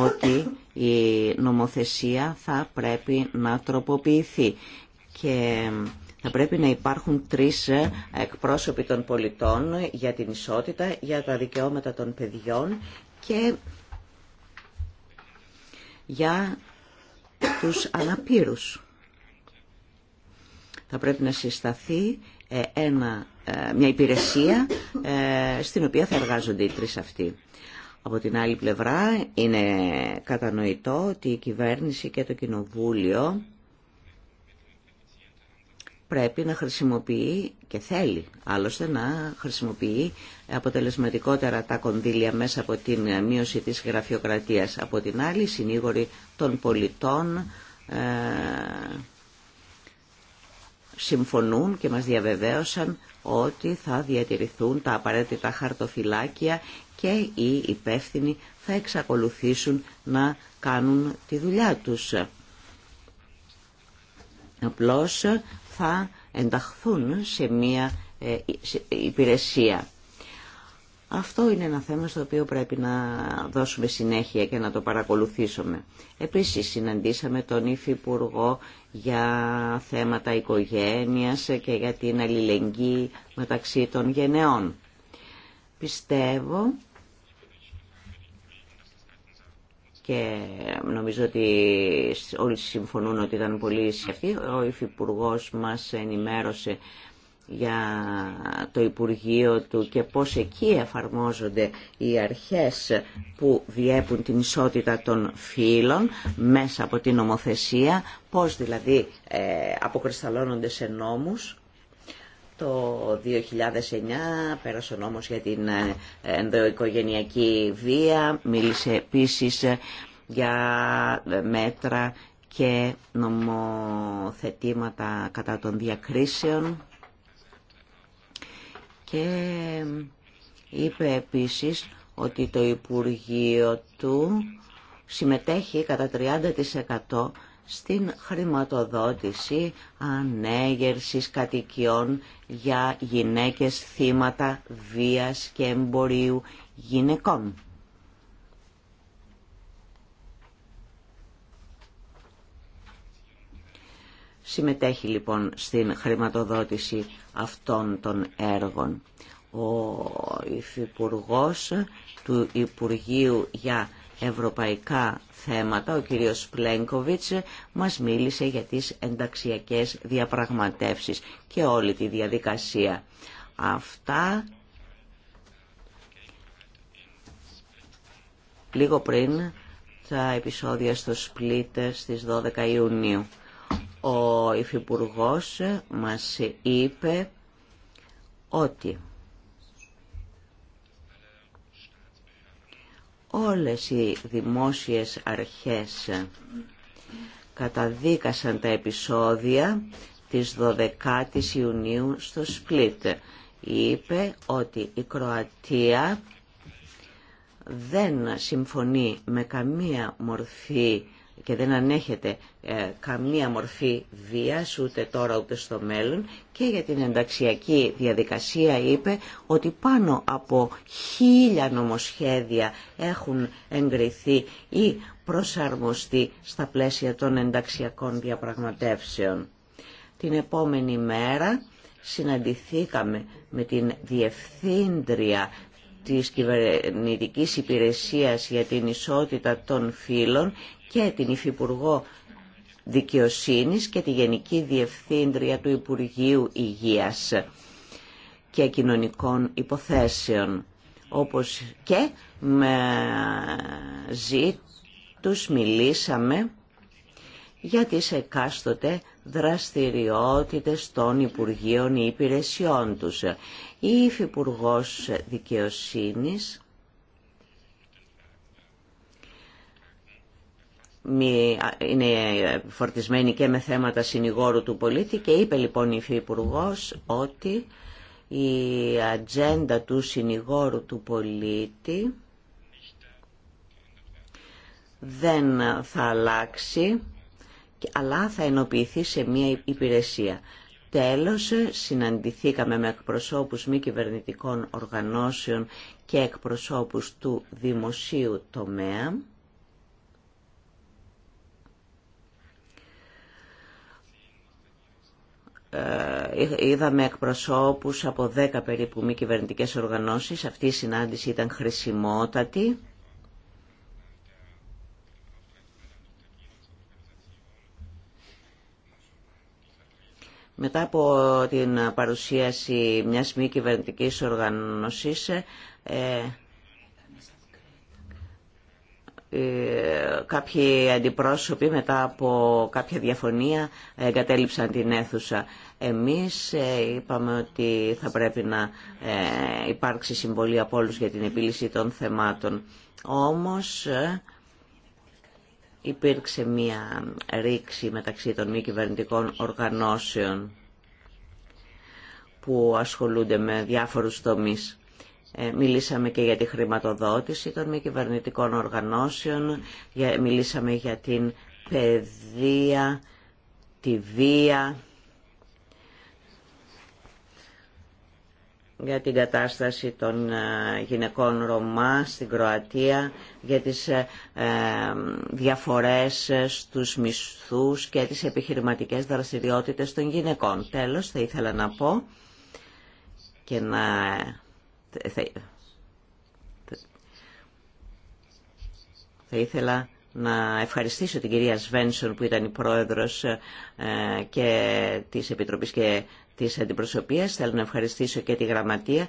ότι η νομοθεσία θα πρέπει να τροποποιηθεί και θα πρέπει να υπάρχουν τρεις ε, εκπρόσωποι των πολιτών για την ισότητα, για τα δικαιώματα των παιδιών και για τους αναπήρους. Θα πρέπει να συσταθεί ε, ένα ε, μια υπηρεσία ε, στην οποία θα εργάζονται οι τρεις αυτοί. Από την άλλη πλευρά είναι κατανοητό ότι η κυβέρνηση και το κοινοβούλιο πρέπει να χρησιμοποιεί και θέλει άλλωστε να χρησιμοποιεί αποτελεσματικότερα τα κονδύλια μέσα από την μείωση της γραφειοκρατίας. Από την άλλη, συνήγοροι των πολιτών ε, συμφωνούν και μας διαβεβαίωσαν ότι θα διατηρηθούν τα απαραίτητα χαρτοφυλάκια και οι υπεύθυνοι θα εξακολουθήσουν να κάνουν τη δουλειά τους. Απλώς θα ενταχθούν σε μία ε, υπηρεσία. Αυτό είναι ένα θέμα στο οποίο πρέπει να δώσουμε συνέχεια και να το παρακολουθήσουμε. Επίσης συναντήσαμε τον Υφυπουργό για θέματα οικογένειας και για την αλληλεγγύη μεταξύ των γενεών. Πιστεύω και νομίζω ότι όλοι συμφωνούν ότι ήταν πολύ σκεφτή. Ο Υφυπουργό μας ενημέρωσε για το Υπουργείο του και πώς εκεί εφαρμόζονται οι αρχές που διέπουν την ισότητα των φύλων μέσα από την νομοθεσία, πώς δηλαδή ε, αποκρισταλώνονται σε νόμους. Το 2009 πέρασε ο νόμος για την ε, ενδοοικογενειακή βία, μίλησε επίσης ε, για μέτρα και νομοθετήματα κατά των διακρίσεων και είπε επίσης ότι το Υπουργείο του συμμετέχει κατά 30% στην χρηματοδότηση ανέγερσης κατοικιών για γυναίκες θύματα βίας και εμπορίου γυναικών. Συμμετέχει λοιπόν στην χρηματοδότηση αυτών των έργων. Ο υφυπουργό του Υπουργείου για Ευρωπαϊκά Θέματα, ο κύριος Πλένκοβιτς, μας μίλησε για τις ενταξιακές διαπραγματεύσεις και όλη τη διαδικασία. Αυτά λίγο πριν τα επεισόδια στο Σπλίτ στις 12 Ιουνίου. Ο υφυπουργό μας είπε ότι όλες οι δημόσιες αρχές καταδίκασαν τα επεισόδια της 12ης Ιουνίου στο Σπλίτ. Είπε ότι η Κροατία δεν συμφωνεί με καμία μορφή και δεν ανέχεται ε, καμία μορφή βίας ούτε τώρα ούτε στο μέλλον και για την ενταξιακή διαδικασία είπε ότι πάνω από χίλια νομοσχέδια έχουν εγκριθεί ή προσαρμοστεί στα πλαίσια των ενταξιακών διαπραγματεύσεων. Την επόμενη μέρα συναντηθήκαμε με την Διευθύντρια της Κυβερνητικής Υπηρεσίας για την Ισότητα των Φύλων και την Υφυπουργό Δικαιοσύνης και τη Γενική Διευθύντρια του Υπουργείου Υγείας και Κοινωνικών Υποθέσεων, όπως και μαζί τους μιλήσαμε για τις εκάστοτε δραστηριότητες των Υπουργείων ή Υπηρεσιών τους. Η Υφυπουργός Δικαιοσύνης είναι φορτισμένη και με θέματα συνηγόρου του πολίτη και είπε λοιπόν η Υφυπουργό ότι η ατζέντα του συνηγόρου του πολίτη δεν θα αλλάξει αλλά θα ενοποιηθεί σε μια υπηρεσία. Τέλος, συναντηθήκαμε με εκπροσώπους μη κυβερνητικών οργανώσεων και εκπροσώπους του δημοσίου τομέα. Ε, είδαμε εκπροσώπους από 10 περίπου μη κυβερνητικέ οργανώσεις. Αυτή η συνάντηση ήταν χρησιμότατη. Μετά από την παρουσίαση μιας μη κυβερνητικής οργανώσης, ε, ε, κάποιοι αντιπρόσωποι μετά από κάποια διαφωνία εγκατέλειψαν την αίθουσα. Εμείς ε, είπαμε ότι θα πρέπει να ε, υπάρξει συμβολή από όλους για την επίλυση των θεμάτων. Όμως υπήρξε μία ρήξη μεταξύ των μη κυβερνητικών οργανώσεων που ασχολούνται με διάφορους τομείς. Ε, μιλήσαμε και για τη χρηματοδότηση των μη κυβερνητικών οργανώσεων, μιλήσαμε για την παιδεία, τη βία, για την κατάσταση των ε, γυναικών Ρωμά στην Κροατία, για τις ε, διαφορές στους μισθούς και τις επιχειρηματικές δραστηριότητες των γυναικών. Τέλος, θα ήθελα να πω και να θα ήθελα να ευχαριστήσω την κυρία Σβένσον που ήταν η πρόεδρος ε, και της Επιτροπής και της αντιπροσωπείας. Θέλω να ευχαριστήσω και τη Γραμματεία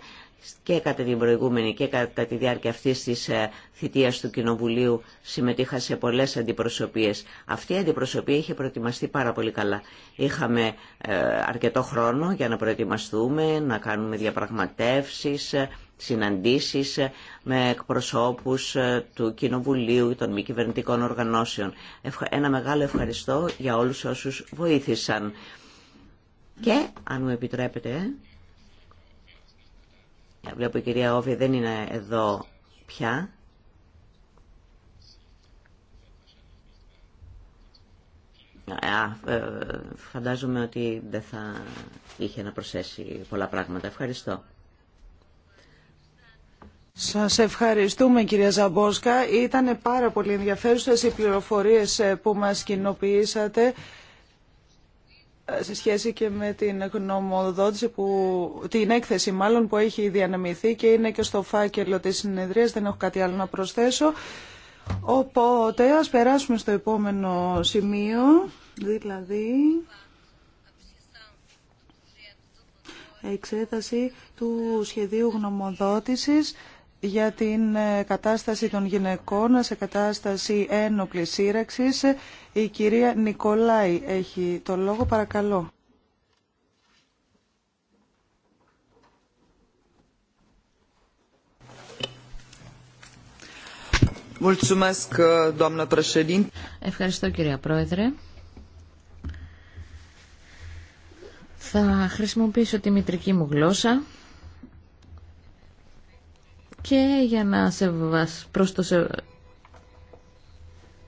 και κατά την προηγούμενη και κατά τη διάρκεια αυτής της ε, θητείας του Κοινοβουλίου συμμετείχα σε πολλές αντιπροσωπείες. Αυτή η αντιπροσωπεία είχε προετοιμαστεί πάρα πολύ καλά. Είχαμε ε, αρκετό χρόνο για να προετοιμαστούμε, να κάνουμε διαπραγματεύσεις, ε, συναντήσεις με εκπροσώπους του Κοινοβουλίου, των μη κυβερνητικών οργανώσεων. Ένα μεγάλο ευχαριστώ για όλους όσους βοήθησαν. Και, αν μου επιτρέπετε, ε, βλέπω η κυρία Όβη δεν είναι εδώ πια. Α, ε, φαντάζομαι ότι δεν θα είχε να προσέσει πολλά πράγματα. Ευχαριστώ. Σας ευχαριστούμε κυρία Ζαμπόσκα. Ήταν πάρα πολύ ενδιαφέρουσες οι πληροφορίες ε, που μας κοινοποιήσατε σε σχέση και με την γνωμοδότηση που, την έκθεση μάλλον που έχει διανεμηθεί και είναι και στο φάκελο της συνεδρίας, δεν έχω κάτι άλλο να προσθέσω. Οπότε ας περάσουμε στο επόμενο σημείο, δηλαδή εξέταση του σχεδίου γνωμοδότησης για την ε, κατάσταση των γυναικών σε κατάσταση ένοπλη σύραξη. Η κυρία Νικολάη έχει το λόγο, παρακαλώ. Uh, Ευχαριστώ κυρία Πρόεδρε. Θα χρησιμοποιήσω τη μητρική μου γλώσσα και για να προς το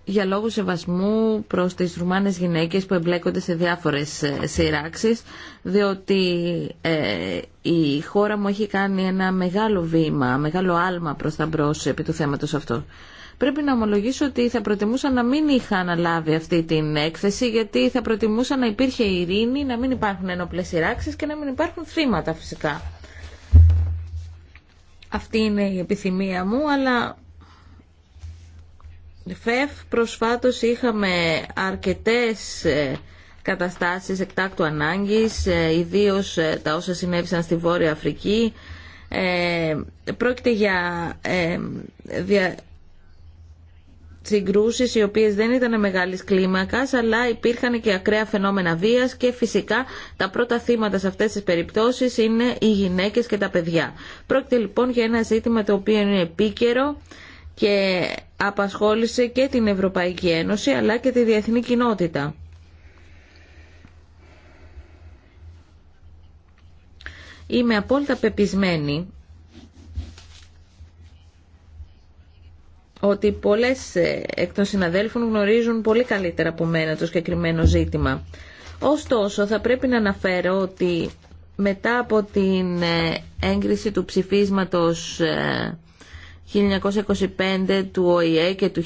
για λόγους σεβασμού προς τις Ρουμάνες γυναίκες που εμπλέκονται σε διάφορες ε, σειράξεις διότι ε, η χώρα μου έχει κάνει ένα μεγάλο βήμα, μεγάλο άλμα προς τα μπρος επί του θέματος αυτό. Πρέπει να ομολογήσω ότι θα προτιμούσα να μην είχα αναλάβει αυτή την έκθεση γιατί θα προτιμούσα να υπήρχε ειρήνη, να μην υπάρχουν ενόπλες σειράξεις και να μην υπάρχουν θύματα φυσικά. Αυτή είναι η επιθυμία μου, αλλά ΦΕΦ προσφάτως είχαμε αρκετές ε, καταστάσεις εκτάκτου ανάγκης, ε, ιδίως ε, τα όσα συνέβησαν στη Βόρεια Αφρική. Ε, πρόκειται για Συγκρούσει οι οποίες δεν ήταν μεγάλη κλίμακα, αλλά υπήρχαν και ακραία φαινόμενα βία. και φυσικά τα πρώτα θύματα σε αυτές τις περιπτώσεις είναι οι γυναίκες και τα παιδιά. Πρόκειται λοιπόν για ένα ζήτημα το οποίο είναι επίκαιρο και απασχόλησε και την Ευρωπαϊκή Ένωση αλλά και τη διεθνή κοινότητα. Είμαι απόλυτα πεπισμένη ότι πολλές ε, εκ των συναδέλφων γνωρίζουν πολύ καλύτερα από μένα το συγκεκριμένο ζήτημα. Ωστόσο, θα πρέπει να αναφέρω ότι μετά από την ε, έγκριση του ψηφίσματος 1925 ε, του ΟΗΕ και του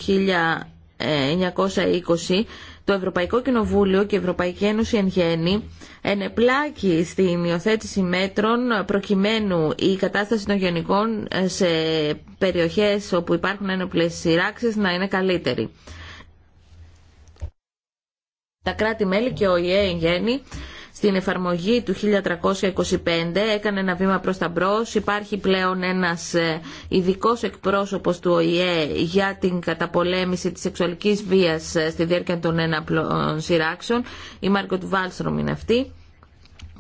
1920 το Ευρωπαϊκό Κοινοβούλιο και η Ευρωπαϊκή Ένωση εν γέννη ενεπλάκει στην υιοθέτηση μέτρων προκειμένου η κατάσταση των γενικών ε, σε περιοχές όπου υπάρχουν ένοπλες σειράξεις να είναι καλύτερη. Τα κράτη-μέλη και ο ΙΕ εν γέννη στην εφαρμογή του 1325 έκανε ένα βήμα προς τα μπρος. Υπάρχει πλέον ένας ε, ειδικό εκπρόσωπος του ΟΗΕ για την καταπολέμηση της σεξουαλικής βίας ε, στη διάρκεια των έναπλων σειράξεων. Η Μάρκο του Βάλστρομ είναι αυτή.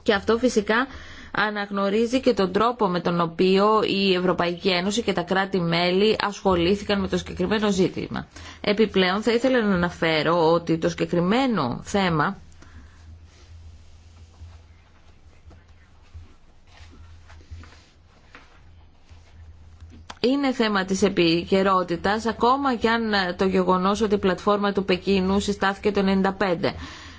Και αυτό φυσικά αναγνωρίζει και τον τρόπο με τον οποίο η Ευρωπαϊκή Ένωση και τα κράτη-μέλη ασχολήθηκαν με το συγκεκριμένο ζήτημα. Επιπλέον θα ήθελα να αναφέρω ότι το συγκεκριμένο θέμα είναι θέμα της επικαιρότητα, ακόμα και αν το γεγονός ότι η πλατφόρμα του Πεκίνου συστάθηκε το 1995.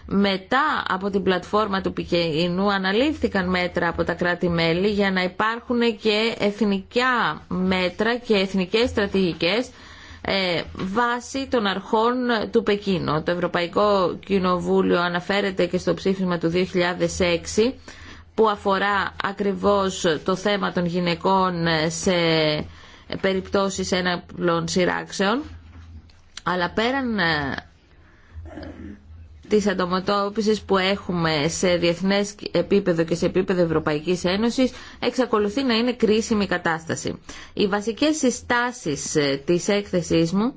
Μετά από την πλατφόρμα του Πεκίνου αναλήφθηκαν μέτρα από τα κράτη-μέλη για να υπάρχουν και εθνικά μέτρα και εθνικές στρατηγικές ε, βάσει των αρχών του Πεκίνου. Το Ευρωπαϊκό Κοινοβούλιο αναφέρεται και στο ψήφισμα του 2006 που αφορά ακριβώς το θέμα των γυναικών σε περιπτώσεις έναπλων σειράξεων, αλλά πέραν ε, της αντιμετώπισης που έχουμε σε διεθνές επίπεδο και σε επίπεδο Ευρωπαϊκής Ένωσης εξακολουθεί να είναι κρίσιμη κατάσταση. Οι βασικές συστάσεις ε, της έκθεσής μου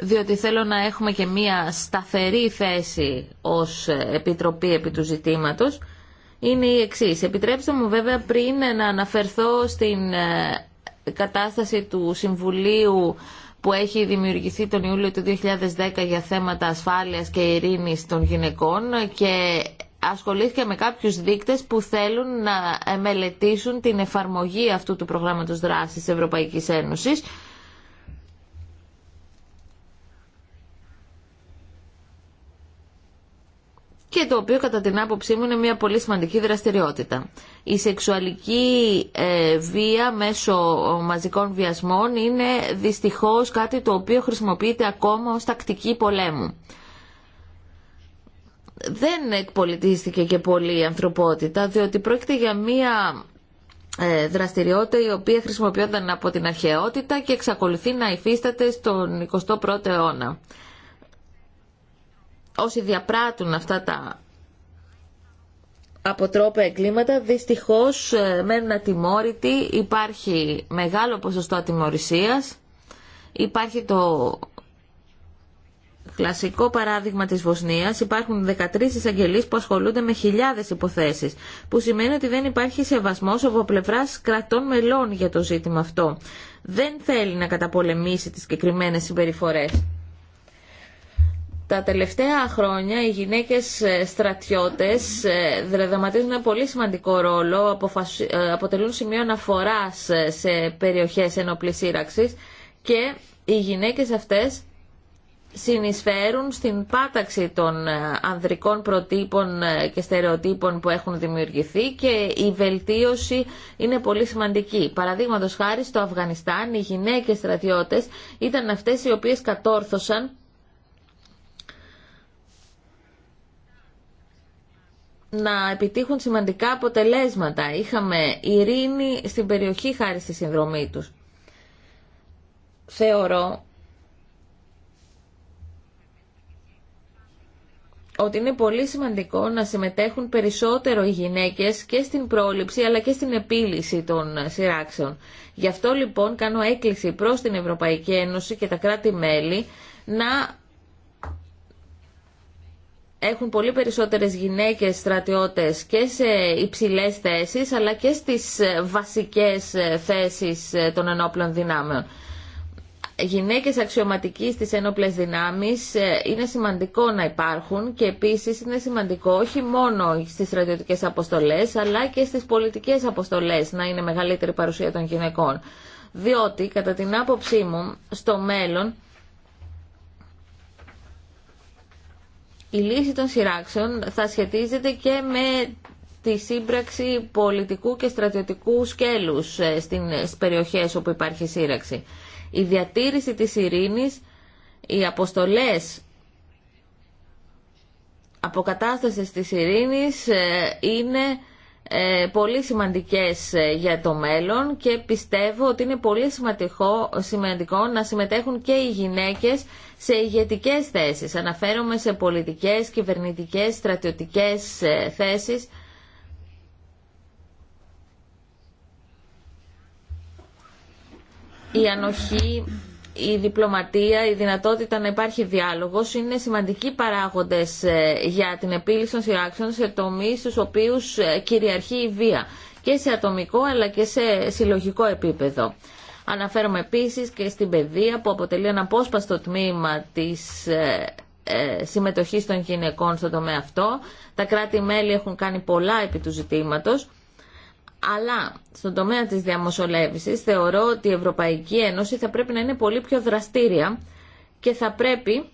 διότι θέλω να έχουμε και μία σταθερή θέση ως Επιτροπή επί του ζητήματος, είναι η εξής. Επιτρέψτε μου βέβαια πριν να αναφερθώ στην ε, κατάσταση του Συμβουλίου που έχει δημιουργηθεί τον Ιούλιο του 2010 για θέματα ασφάλειας και ειρήνης των γυναικών και ασχολήθηκε με κάποιους δείκτες που θέλουν να μελετήσουν την εφαρμογή αυτού του προγράμματος δράσης Ευρωπαϊκής Ένωσης και το οποίο κατά την άποψή μου είναι μια πολύ σημαντική δραστηριότητα. Η σεξουαλική ε, βία μέσω μαζικών βιασμών είναι δυστυχώς κάτι το οποίο χρησιμοποιείται ακόμα ως τακτική πολέμου. Δεν εκπολιτίστηκε και πολύ η ανθρωπότητα, διότι πρόκειται για μια ε, δραστηριότητα η οποία χρησιμοποιόταν από την αρχαιότητα και εξακολουθεί να υφίσταται στον 21ο αιώνα όσοι διαπράττουν αυτά τα αποτρόπαια εγκλήματα δυστυχώς ε, μένουν ατιμόρυτοι, υπάρχει μεγάλο ποσοστό ατιμορρησίας, υπάρχει το κλασικό παράδειγμα της Βοσνίας υπάρχουν 13 εισαγγελείς που ασχολούνται με χιλιάδες υποθέσεις, που σημαίνει ότι δεν υπάρχει σεβασμός από πλευρά κρατών μελών για το ζήτημα αυτό. Δεν θέλει να καταπολεμήσει τις συγκεκριμένε συμπεριφορές. Τα τελευταία χρόνια οι γυναίκες ε, στρατιώτες ε, δραματίζουν ένα πολύ σημαντικό ρόλο, ε, αποτελούν σημείο αναφοράς σε περιοχές ενόπλης σύραξης και οι γυναίκες αυτές συνεισφέρουν στην πάταξη των ανδρικών προτύπων και στερεοτύπων που έχουν δημιουργηθεί και η βελτίωση είναι πολύ σημαντική. Παραδείγματος χάρη στο Αφγανιστάν οι γυναίκες στρατιώτες ήταν αυτές οι οποίες κατόρθωσαν να επιτύχουν σημαντικά αποτελέσματα. Είχαμε ειρήνη στην περιοχή χάρη στη συνδρομή τους. Θεωρώ ότι είναι πολύ σημαντικό να συμμετέχουν περισσότερο οι γυναίκες και στην πρόληψη αλλά και στην επίλυση των σειράξεων. Γι' αυτό λοιπόν κάνω έκκληση προς την Ευρωπαϊκή Ένωση και τα κράτη-μέλη να έχουν πολύ περισσότερες γυναίκες στρατιώτες και σε υψηλές θέσεις αλλά και στις ε, βασικές ε, θέσεις ε, των ενόπλων δυνάμεων. Γυναίκες αξιωματικοί στις ενόπλες δυνάμεις είναι σημαντικό να υπάρχουν και επίσης είναι σημαντικό όχι μόνο στις στρατιωτικές αποστολές αλλά και στις πολιτικές αποστολές να είναι μεγαλύτερη παρουσία των γυναικών. Διότι κατά την άποψή μου στο μέλλον η λύση των σειράξεων θα σχετίζεται και με τη σύμπραξη πολιτικού και στρατιωτικού σκέλους ε, στις περιοχές όπου υπάρχει σύραξη. Η διατήρηση της ειρήνης, οι αποστολές αποκατάσταση της ειρήνης ε, είναι ε, πολύ σημαντικές για το μέλλον και πιστεύω ότι είναι πολύ σημαντικό, σημαντικό να συμμετέχουν και οι γυναίκες σε ηγετικές θέσεις. Αναφέρομαι σε πολιτικές, κυβερνητικές, στρατιωτικές ε, θέσεις. Η ανοχή, η διπλωματία, η δυνατότητα να υπάρχει διάλογος είναι σημαντικοί παράγοντες ε, για την επίλυση των σειράξεων σε τομείς στους οποίους ε, κυριαρχεί η βία και σε ατομικό αλλά και σε συλλογικό επίπεδο. Αναφέρομαι επίσης και στην παιδεία που αποτελεί ένα απόσπαστο τμήμα της ε, ε, συμμετοχής των γυναικών στο τομέα αυτό. Τα κράτη-μέλη έχουν κάνει πολλά επί του ζητήματος. Αλλά στον τομέα της διαμοσολεύησης θεωρώ ότι η Ευρωπαϊκή Ένωση θα πρέπει να είναι πολύ πιο δραστήρια και θα πρέπει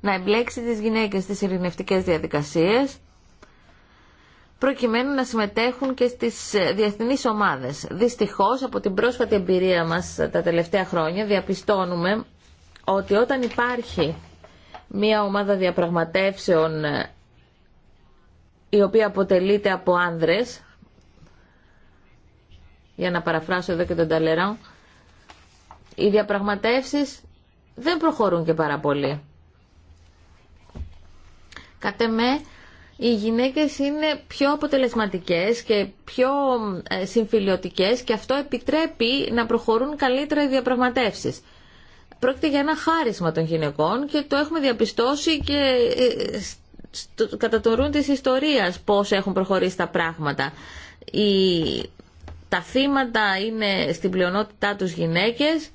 να εμπλέξει τις γυναίκες στις ειρηνευτικές διαδικασίες προκειμένου να συμμετέχουν και στις διεθνείς ομάδες. Δυστυχώς, από την πρόσφατη εμπειρία μας τα τελευταία χρόνια, διαπιστώνουμε ότι όταν υπάρχει μία ομάδα διαπραγματεύσεων ε, η οποία αποτελείται από άνδρες, για να παραφράσω εδώ και τον Ταλερά οι διαπραγματεύσεις δεν προχωρούν και πάρα πολύ οι γυναίκες είναι πιο αποτελεσματικές και πιο ε, συμφιλιωτικές και αυτό επιτρέπει να προχωρούν καλύτερα οι διαπραγματεύσεις. Πρόκειται για ένα χάρισμα των γυναικών και το έχουμε διαπιστώσει και ε, κατά το ρούν της ιστορίας πώς έχουν προχωρήσει τα πράγματα. Η... Τα θύματα είναι στην πλειονότητά τους γυναίκες.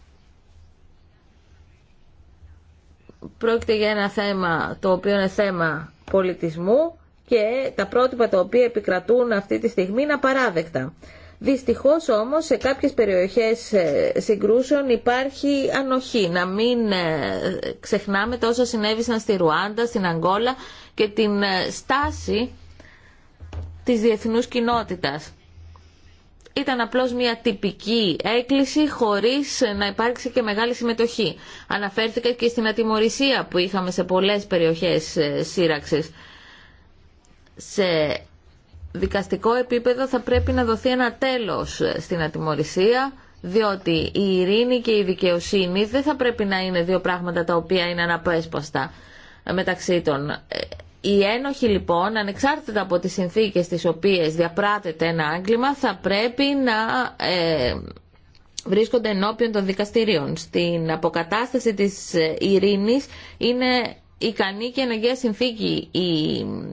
Πρόκειται για ένα θέμα το οποίο είναι θέμα πολιτισμού και τα πρότυπα τα οποία επικρατούν αυτή τη στιγμή είναι απαράδεκτα. Δυστυχώς όμως σε κάποιες περιοχές ε, συγκρούσεων υπάρχει ανοχή. Να μην ε, ξεχνάμε τα όσα συνέβησαν στη Ρουάντα, στην Αγγόλα και την ε, στάση της διεθνούς κοινότητας. Ήταν απλώς μια τυπική έκκληση χωρίς να υπάρξει και μεγάλη συμμετοχή. Αναφέρθηκα και στην ατιμορρησία που είχαμε σε πολλές περιοχές σύραξης σε δικαστικό επίπεδο θα πρέπει να δοθεί ένα τέλος στην ατιμορρησία διότι η ειρήνη και η δικαιοσύνη δεν θα πρέπει να είναι δύο πράγματα τα οποία είναι αναπέσπαστα μεταξύ των. Οι ε, ένοχοι λοιπόν, ανεξάρτητα από τις συνθήκες τις οποίες διαπράτεται ένα άγκλημα, θα πρέπει να ε, βρίσκονται ενώπιον των δικαστηρίων. Στην αποκατάσταση της ε, ειρήνης είναι ικανή και αναγκαία συνθήκη η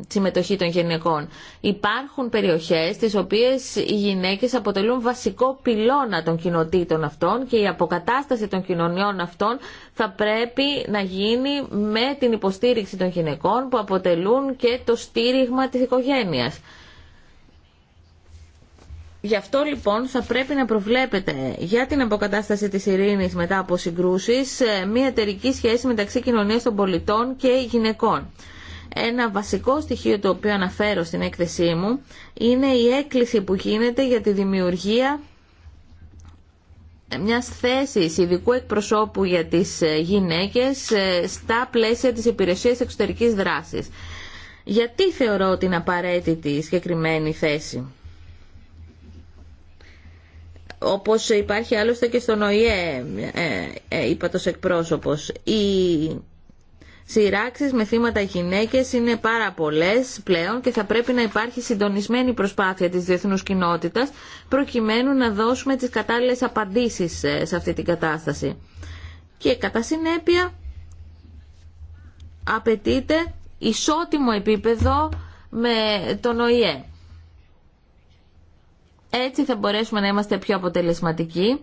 συμμετοχή των γυναικών. Υπάρχουν περιοχές στις οποίες οι γυναίκες αποτελούν βασικό πυλώνα των κοινοτήτων αυτών και η αποκατάσταση των κοινωνιών αυτών θα πρέπει να γίνει με την υποστήριξη των γυναικών που αποτελούν και το στήριγμα της οικογένειας. Γι' αυτό λοιπόν θα πρέπει να προβλέπετε για την αποκατάσταση της ειρήνης μετά από συγκρούσεις ε, μια εταιρική σχέση μεταξύ κοινωνίας των πολιτών και γυναικών. Ένα βασικό στοιχείο το οποίο αναφέρω στην έκθεσή μου είναι η έκκληση που γίνεται για τη δημιουργία μια θέση ειδικού εκπροσώπου για τις ε, γυναίκες ε, στα πλαίσια της υπηρεσίας εξωτερικής δράσης. Γιατί θεωρώ την απαραίτητη η συγκεκριμένη θέση όπως υπάρχει άλλωστε και στον ΟΗΕ, ε, ε, είπα το εκπρόσωπος. Οι σειράξεις με θύματα γυναίκες είναι πάρα πολλές πλέον και θα πρέπει να υπάρχει συντονισμένη προσπάθεια της διεθνούς κοινότητας προκειμένου να δώσουμε τις κατάλληλες απαντήσεις ε, σε αυτή την κατάσταση. Και κατά συνέπεια απαιτείται ισότιμο επίπεδο με τον ΟΗΕ. Έτσι θα μπορέσουμε να είμαστε πιο αποτελεσματικοί.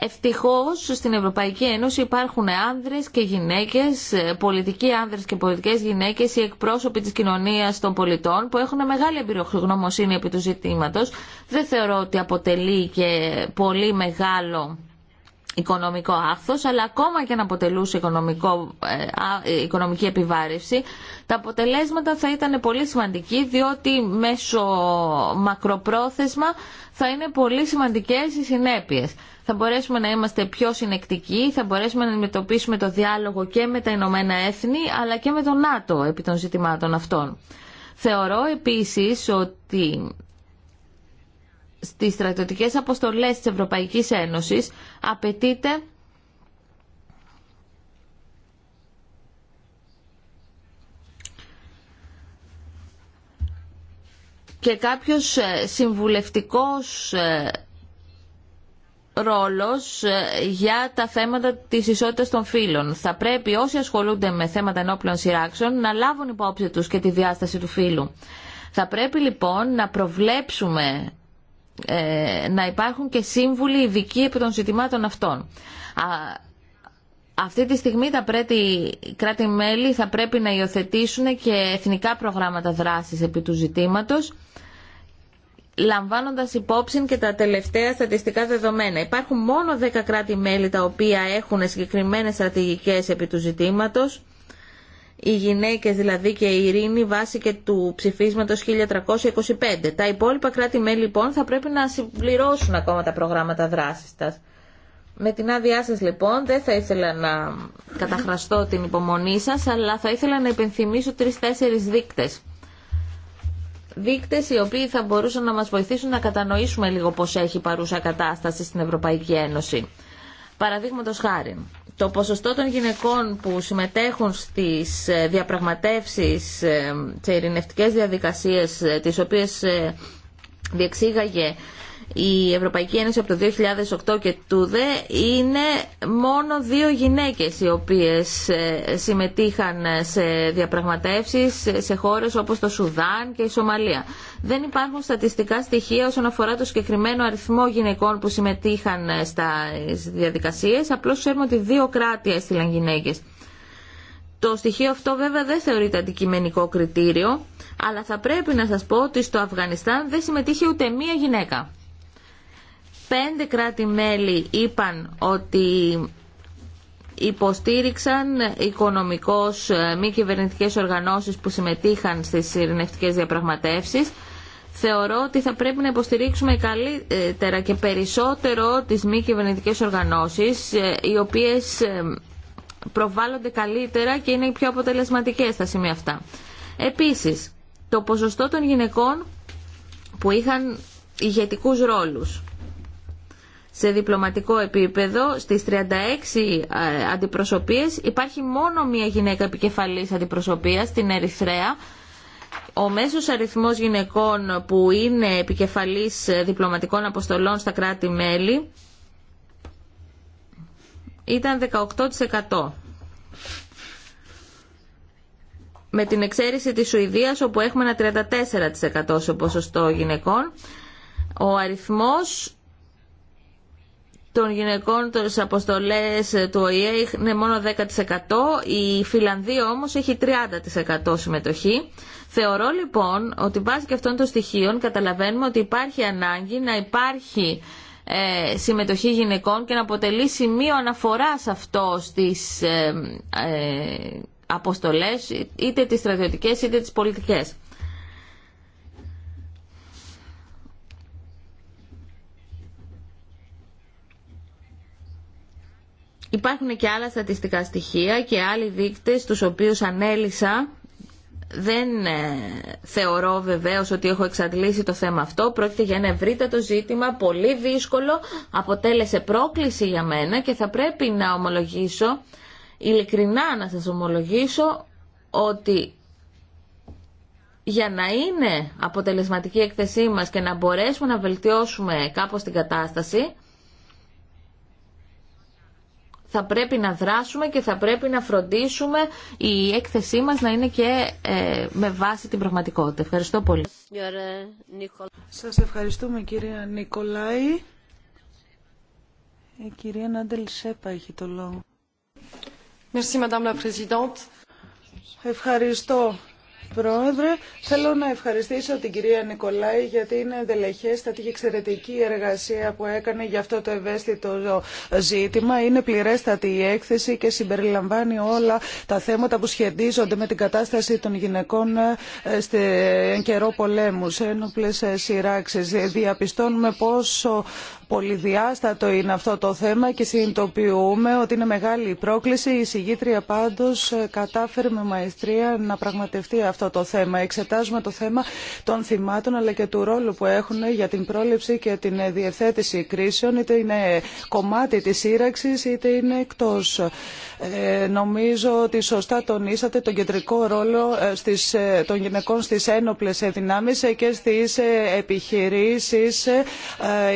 Ευτυχώς στην Ευρωπαϊκή Ένωση υπάρχουν άνδρες και γυναίκες, ε, πολιτικοί άνδρες και πολιτικές γυναίκες ή εκπρόσωποι της κοινωνίας των πολιτών που έχουν μεγάλη εμπειρογνωμοσύνη επί του ζητήματος. Δεν θεωρώ ότι αποτελεί και πολύ μεγάλο οικονομικό άχθος, αλλά ακόμα και να αποτελούσε οικονομικό, ε, ε, οικονομική επιβάρευση, τα αποτελέσματα θα ήταν πολύ σημαντική, διότι μέσω μακροπρόθεσμα θα είναι πολύ σημαντικές οι συνέπειες. Θα μπορέσουμε να είμαστε πιο συνεκτικοί, θα μπορέσουμε να αντιμετωπίσουμε το διάλογο και με τα Ηνωμένα Έθνη, αλλά και με τον ΝΑΤΟ επί των ζητημάτων αυτών. Θεωρώ επίσης ότι στις στρατιωτικές αποστολές της Ευρωπαϊκής Ένωσης απαιτείται και κάποιος ε, συμβουλευτικός ε, ρόλος ε, για τα θέματα της ισότητας των φύλων. Θα πρέπει όσοι ασχολούνται με θέματα ενόπλων σειράξεων να λάβουν υπόψη τους και τη διάσταση του φύλου. Θα πρέπει λοιπόν να προβλέψουμε ε, να υπάρχουν και σύμβουλοι ειδικοί επί των ζητημάτων αυτών. αυτή τη στιγμή τα κράτη-μέλη θα πρέπει να υιοθετήσουν και εθνικά προγράμματα δράσης επί του ζητήματος λαμβάνοντας υπόψη και τα τελευταία στατιστικά δεδομένα. Υπάρχουν μόνο 10 κράτη-μέλη τα οποία έχουν συγκεκριμένες στρατηγικές επί του ζητήματος οι γυναίκες δηλαδή και η ειρήνη βάσει και του ψηφίσματος 1325. Τα υπόλοιπα κράτη-μέλη λοιπόν θα πρέπει να συμπληρώσουν ακόμα τα προγράμματα δράσης σας. Με την άδειά σα λοιπόν δεν θα ήθελα να καταχραστώ την υπομονή σας αλλά θα ήθελα να υπενθυμισω τρει τρει-τέσσερι δείκτες. Δείκτες οι οποίοι θα μπορούσαν να μας βοηθήσουν να κατανοήσουμε λίγο πώς έχει παρούσα κατάσταση στην Ευρωπαϊκή Ένωση. Παραδείγματος χάρη, το ποσοστό των γυναικών που συμμετέχουν στις ε, διαπραγματεύσεις ε, σε ειρηνευτικές διαδικασίες ε, τις οποίες διεξήγαγε η Ευρωπαϊκή Ένωση από το 2008 και τούδε είναι μόνο δύο γυναίκες οι οποίες ε, συμμετείχαν σε διαπραγματεύσεις σε χώρες όπως το Σουδάν και η Σομαλία. Δεν υπάρχουν στατιστικά στοιχεία όσον αφορά το συγκεκριμένο αριθμό γυναικών που συμμετείχαν ε, στα διαδικασίες, απλώς ξέρουμε ότι δύο κράτη έστειλαν γυναίκες. Το στοιχείο αυτό βέβαια δεν θεωρείται αντικειμενικό κριτήριο, αλλά θα πρέπει να σας πω ότι στο Αφγανιστάν δεν συμμετείχε ούτε μία γυναίκα. Πέντε κράτη-μέλη είπαν ότι υποστήριξαν οικονομικώς μη κυβερνητικές οργανώσεις που συμμετείχαν στις ειρηνευτικές διαπραγματεύσεις. Θεωρώ ότι θα πρέπει να υποστηρίξουμε καλύτερα και περισσότερο τις μη κυβερνητικές οργανώσεις, ε, οι οποίες ε, προβάλλονται καλύτερα και είναι οι πιο αποτελεσματικές στα σημεία αυτά. Επίσης, το ποσοστό των γυναικών που είχαν ηγετικούς ρόλους σε διπλωματικό επίπεδο στις 36 ε, αντιπροσωπείες υπάρχει μόνο μία γυναίκα επικεφαλής αντιπροσωπείας στην Ερυθρέα ο μέσος αριθμός γυναικών που είναι επικεφαλής διπλωματικών αποστολών στα κράτη-μέλη ήταν 18%. Με την εξαίρεση της Σουηδίας όπου έχουμε ένα 34% σε ποσοστό γυναικών, ο αριθμός των γυναικών στις αποστολές του ΟΗΕ είναι μόνο 10%, η Φιλανδία όμως έχει 30% συμμετοχή. Θεωρώ λοιπόν ότι βάσει και αυτών των στοιχείων καταλαβαίνουμε ότι υπάρχει ανάγκη να υπάρχει ε, συμμετοχή γυναικών και να αποτελεί σημείο αναφοράς αυτό στις ε, ε αποστολές είτε τις στρατιωτικές είτε τις πολιτικές. Υπάρχουν και άλλα στατιστικά στοιχεία και άλλοι δείκτες τους οποίους ανέλησα. Δεν ε, θεωρώ βεβαίως ότι έχω εξαντλήσει το θέμα αυτό. Πρόκειται για ένα ευρύτατο ζήτημα, πολύ δύσκολο, αποτέλεσε πρόκληση για μένα και θα πρέπει να ομολογήσω, ειλικρινά να σας ομολογήσω, ότι για να είναι αποτελεσματική η έκθεσή μας και να μπορέσουμε να βελτιώσουμε κάπως την κατάσταση, θα πρέπει να δράσουμε και θα πρέπει να φροντίσουμε η έκθεσή μας να είναι και ε, με βάση την πραγματικότητα. Ευχαριστώ πολύ. Σας ευχαριστούμε κυρία Νικολάη. Η κυρία Νάντελ Σέπα έχει το λόγο. Merci, Ευχαριστώ Πρόεδρε, θέλω να ευχαριστήσω την κυρία Νικολάη γιατί είναι δελεχέστατη και εξαιρετική η εργασία που έκανε για αυτό το ευαίσθητο ζήτημα. Είναι πληρέστατη η έκθεση και συμπεριλαμβάνει όλα τα θέματα που σχετίζονται με την κατάσταση των γυναικών ε, εν καιρό πολέμου, σε ένοπλε σειράξει. Διαπιστώνουμε πόσο πολυδιάστατο είναι αυτό το θέμα και συνειδητοποιούμε ότι είναι μεγάλη η πρόκληση. Η συγγήτρια πάντως ε, κατάφερε με μαεστρία να πραγματευτεί αυτό το θέμα. Εξετάζουμε το θέμα των θυμάτων αλλά και του ρόλου που έχουν για την πρόληψη και την ε, διευθέτηση κρίσεων είτε είναι κομμάτι της σύραξης είτε είναι εκτός. Ε, νομίζω ότι σωστά τονίσατε τον κεντρικό ρόλο στις, των γυναικών στις ένοπλες δυνάμεις και στις επιχειρήσεις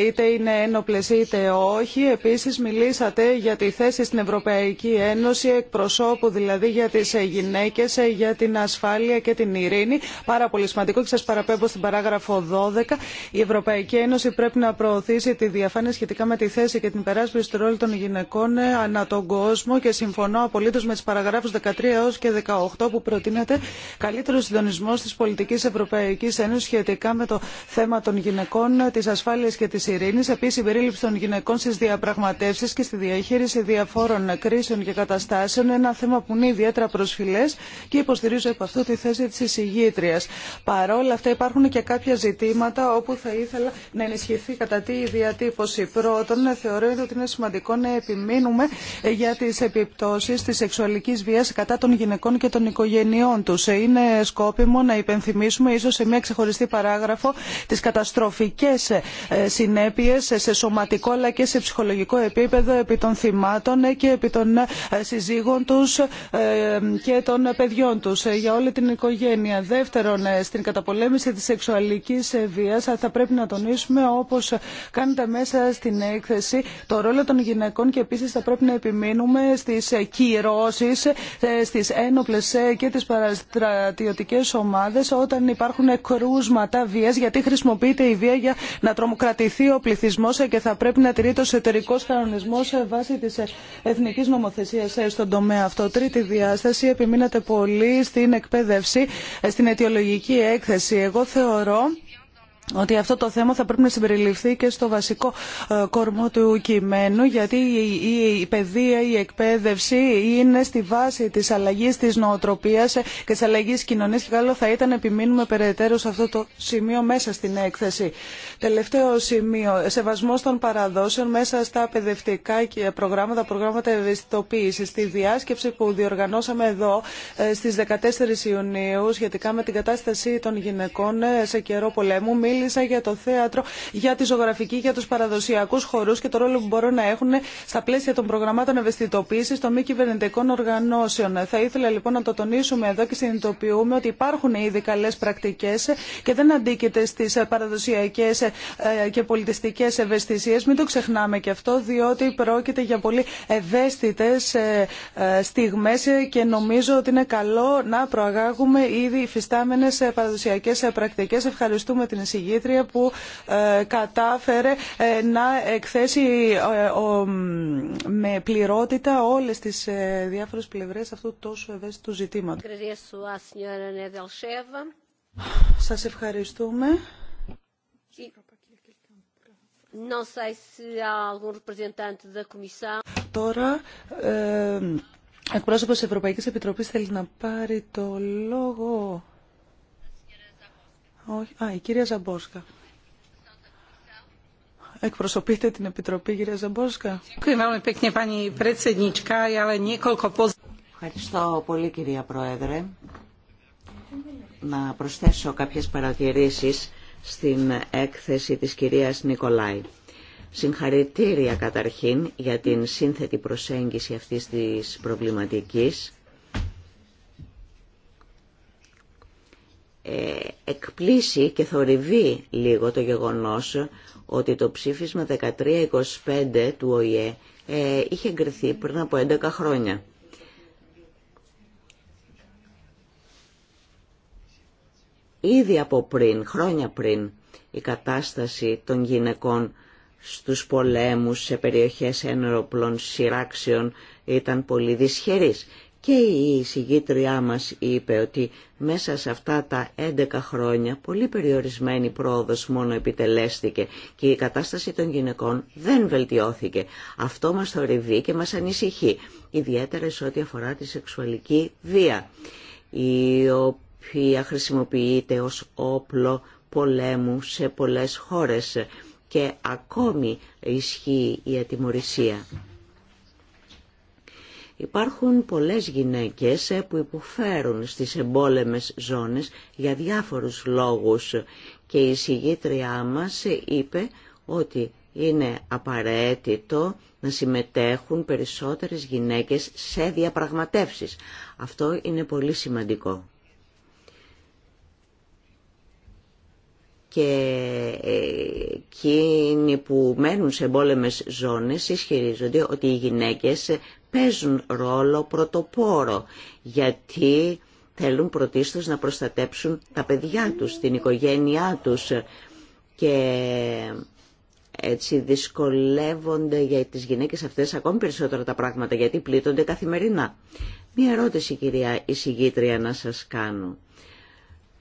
είτε είναι ένοπλες είτε όχι. Επίσης μιλήσατε για τη θέση στην Ευρωπαϊκή Ένωση, εκπροσώπου δηλαδή για τις ε, γυναίκες, ε, για την ασφάλεια και την ειρήνη. Πάρα πολύ σημαντικό και σας παραπέμπω στην παράγραφο 12. Η Ευρωπαϊκή Ένωση πρέπει να προωθήσει τη διαφάνεια σχετικά με τη θέση και την περάσπιση του ρόλου των γυναικών ε, ανά τον κόσμο και συμφωνώ απολύτω με τις παραγράφους 13 έως και 18 που προτείνεται καλύτερο συντονισμό τη πολιτική Ευρωπαϊκή Ένωση σχετικά με το θέμα των γυναικών, τη ασφάλεια και τη Ειρηνή συμπερίληψη των γυναικών στι διαπραγματεύσει και στη διαχείριση διαφόρων κρίσεων και καταστάσεων, ένα θέμα που είναι ιδιαίτερα προσφυλέ και υποστηρίζω από αυτού τη θέση της εισηγήτριας. Παρόλα αυτά υπάρχουν και κάποια ζητήματα όπου θα ήθελα να ενισχυθεί κατά τη διατύπωση. Πρώτον, θεωρώ ότι είναι σημαντικό να επιμείνουμε για τι επιπτώσει τη σεξουαλική βία κατά των γυναικών και των οικογενειών του. Είναι σκόπιμο να υπενθυμίσουμε ίσω σε μια ξεχωριστή παράγραφο τι καταστροφικέ ε, συνέπειε σε σωματικό αλλά και σε ψυχολογικό επίπεδο επί των θυμάτων και επί των ε, συζύγων του ε, και των παιδιών τους ε, για όλη την οικογένεια. Δεύτερον, στην καταπολέμηση της σεξουαλικής βίας θα πρέπει να τονίσουμε όπως κάνετε μέσα στην έκθεση το ρόλο των γυναικών και επίσης θα πρέπει να επιμείνουμε στις κυρώσεις, στις ένοπλες και τις παραστρατιωτικές ομάδες όταν υπάρχουν κρούσματα βίας γιατί χρησιμοποιείται η βία για να τρομοκρατηθεί ο πληθυσμό ε, και θα πρέπει να τηρείται ο εσωτερικό κανονισμό ε, βάση τη ε, εθνική νομοθεσία στον τομέα αυτό. Τρίτη διάσταση, επιμείνατε πολύ στην εκπαίδευση, στην αιτιολογική έκθεση. Εγώ θεωρώ ότι αυτό το θέμα θα πρέπει να συμπεριληφθεί και στο βασικό ε, κορμό του κειμένου γιατί η παιδεία, η εκπαίδευση είναι στη βάση της αλλαγής της νοοτροπίας και της αλλαγής της κοινωνίας και καλό θα ήταν να επιμείνουμε περαιτέρω σε αυτό το σημείο μέσα στην έκθεση. Τελευταίο σημείο, σεβασμός των παραδόσεων μέσα στα παιδευτικά προγράμματα, προγράμματα ευαισθητοποίησης. Στη διάσκεψη που διοργανώσαμε εδώ ε, στις 14 Ιουνίου σχετικά με την κατάσταση των γυναικών ε, σε καιρό πολέμου, μίλησα για το θέατρο, για τη ζωγραφική, για του παραδοσιακού χορού και το ρόλο που μπορούν να έχουν στα πλαίσια των προγραμμάτων ευαισθητοποίηση των μη κυβερνητικών οργανώσεων. Θα ήθελα λοιπόν να το τονίσουμε εδώ και συνειδητοποιούμε ότι υπάρχουν ήδη καλέ πρακτικέ και δεν αντίκειται στι παραδοσιακέ ε, και πολιτιστικέ ευαισθησίε. Μην το ξεχνάμε και αυτό, διότι πρόκειται για πολύ ευαίσθητε ε, ε, στιγμέ και νομίζω ότι είναι καλό να προαγάγουμε ήδη υφιστάμενε παραδοσιακέ πρακτικέ. Ευχαριστούμε την εισηγήτρια που ε, κατάφερε ε, να εκθέσει ε, με πληρότητα όλες τις διάφορες πλευρές αυτού τόσο ευαίσθητου ζητήματος. Σας ευχαριστούμε. Τώρα, εκπρόσωπο εκπρόσωπος της Ευρωπαϊκής Επιτροπής θέλει να πάρει το λόγο. Όχι. Α, η κυρία Ζαμπόσκα. Εκπροσωπείτε την Επιτροπή, κυρία Ζαμπόσκα. Ευχαριστώ πολύ, κυρία Πρόεδρε. Να προσθέσω κάποιες παρατηρήσεις στην έκθεση της κυρίας Νικολάη. Συγχαρητήρια καταρχήν για την σύνθετη προσέγγιση αυτής της προβληματικής Ε, εκπλήσει και θορυβεί λίγο το γεγονός ότι το ψήφισμα 1325 του ΟΗΕ ε, είχε εγκριθεί πριν από 11 χρόνια. Ήδη από πριν, χρόνια πριν, η κατάσταση των γυναικών στους πολέμους σε περιοχές ένοπλων σειράξεων ήταν πολύ δυσχερής και η συγγήτριά μας είπε ότι μέσα σε αυτά τα 11 χρόνια πολύ περιορισμένη πρόοδος μόνο επιτελέστηκε και η κατάσταση των γυναικών δεν βελτιώθηκε. Αυτό μας θορυβεί και μας ανησυχεί, ιδιαίτερα σε ό,τι αφορά τη σεξουαλική βία, η οποία χρησιμοποιείται ως όπλο πολέμου σε πολλές χώρες και ακόμη ισχύει η ατιμορρησία. Υπάρχουν πολλές γυναίκες ε, που υποφέρουν στις εμπόλεμες ζώνες για διάφορους λόγους και η συγγήτριά μας είπε ότι είναι απαραίτητο να συμμετέχουν περισσότερες γυναίκες σε διαπραγματεύσεις. Αυτό είναι πολύ σημαντικό. και ε, εκείνοι που μένουν σε εμπόλεμες ζώνες ισχυρίζονται ότι οι γυναίκες παίζουν ρόλο πρωτοπόρο γιατί θέλουν πρωτίστως να προστατέψουν τα παιδιά τους, την οικογένειά τους και έτσι δυσκολεύονται για τις γυναίκες αυτές ακόμη περισσότερα τα πράγματα γιατί πλήττονται καθημερινά. Μία ερώτηση κυρία εισηγήτρια να σας κάνω.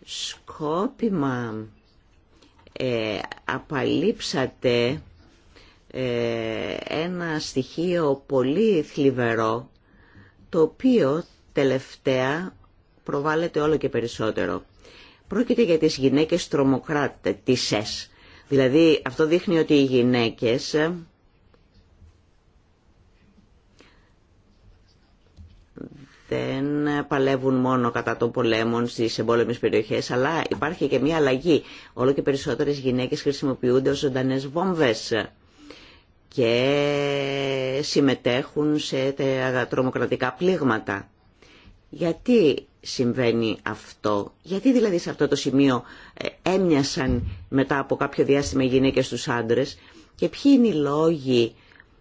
Σκόπιμα ε, απαλείψατε ε, ένα στοιχείο πολύ θλιβερό το οποίο τελευταία προβάλλεται όλο και περισσότερο. Πρόκειται για τις γυναίκες τρομοκράτε, τις Δηλαδή αυτό δείχνει ότι οι γυναίκες δεν παλεύουν μόνο κατά των πολέμων στις εμπόλεμες περιοχές, αλλά υπάρχει και μια αλλαγή. Όλο και περισσότερες γυναίκες χρησιμοποιούνται ως ζωντανές βόμβες και συμμετέχουν σε τρομοκρατικά πλήγματα. Γιατί συμβαίνει αυτό, γιατί δηλαδή σε αυτό το σημείο ε, έμοιασαν μετά από κάποιο διάστημα οι γυναίκες τους άντρες και ποιοι είναι οι λόγοι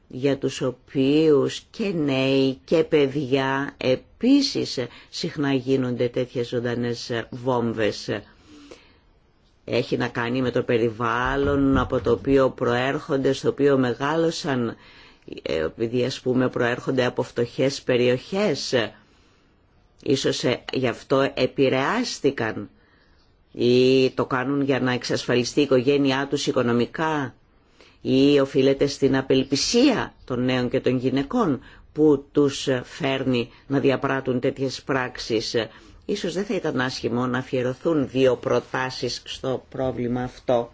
για τους οποίους και νέοι και παιδιά επίσης συχνά γίνονται τέτοιες ζωντανές βόμβες έχει να κάνει με το περιβάλλον από το οποίο προέρχονται, στο οποίο μεγάλωσαν, ε, επειδή ας πούμε προέρχονται από φτωχές περιοχές. Ίσως ε, γι' αυτό επηρεάστηκαν ή το κάνουν για να εξασφαλιστεί η οικογένειά τους οικονομικά ή οφείλεται στην απελπισία των νέων και των γυναικών που τους φέρνει να διαπράττουν τέτοιες πράξεις Ίσως δεν θα ήταν άσχημο να αφιερωθούν δύο προτάσεις στο πρόβλημα αυτό,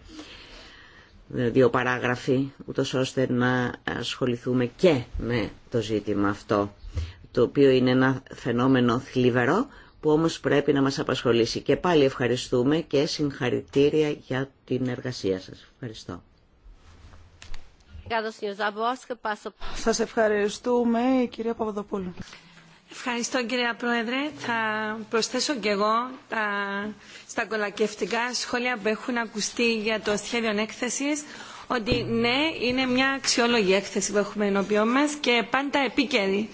ε, δύο παράγραφοι, ούτως ώστε να ασχοληθούμε και με το ζήτημα αυτό, το οποίο είναι ένα φαινόμενο θλιβερό, που όμως πρέπει να μας απασχολήσει. Και πάλι ευχαριστούμε και συγχαρητήρια για την εργασία σας. Ευχαριστώ. Σας ευχαριστούμε, κυρία Παπαδοπούλου. Ευχαριστώ κύριε Πρόεδρε. Θα προσθέσω και εγώ τα, στα κολακευτικά σχόλια που έχουν ακουστεί για το σχέδιο έκθεση ότι ναι, είναι μια αξιόλογη έκθεση που έχουμε ενωπιό μα και πάντα επίκαιρη.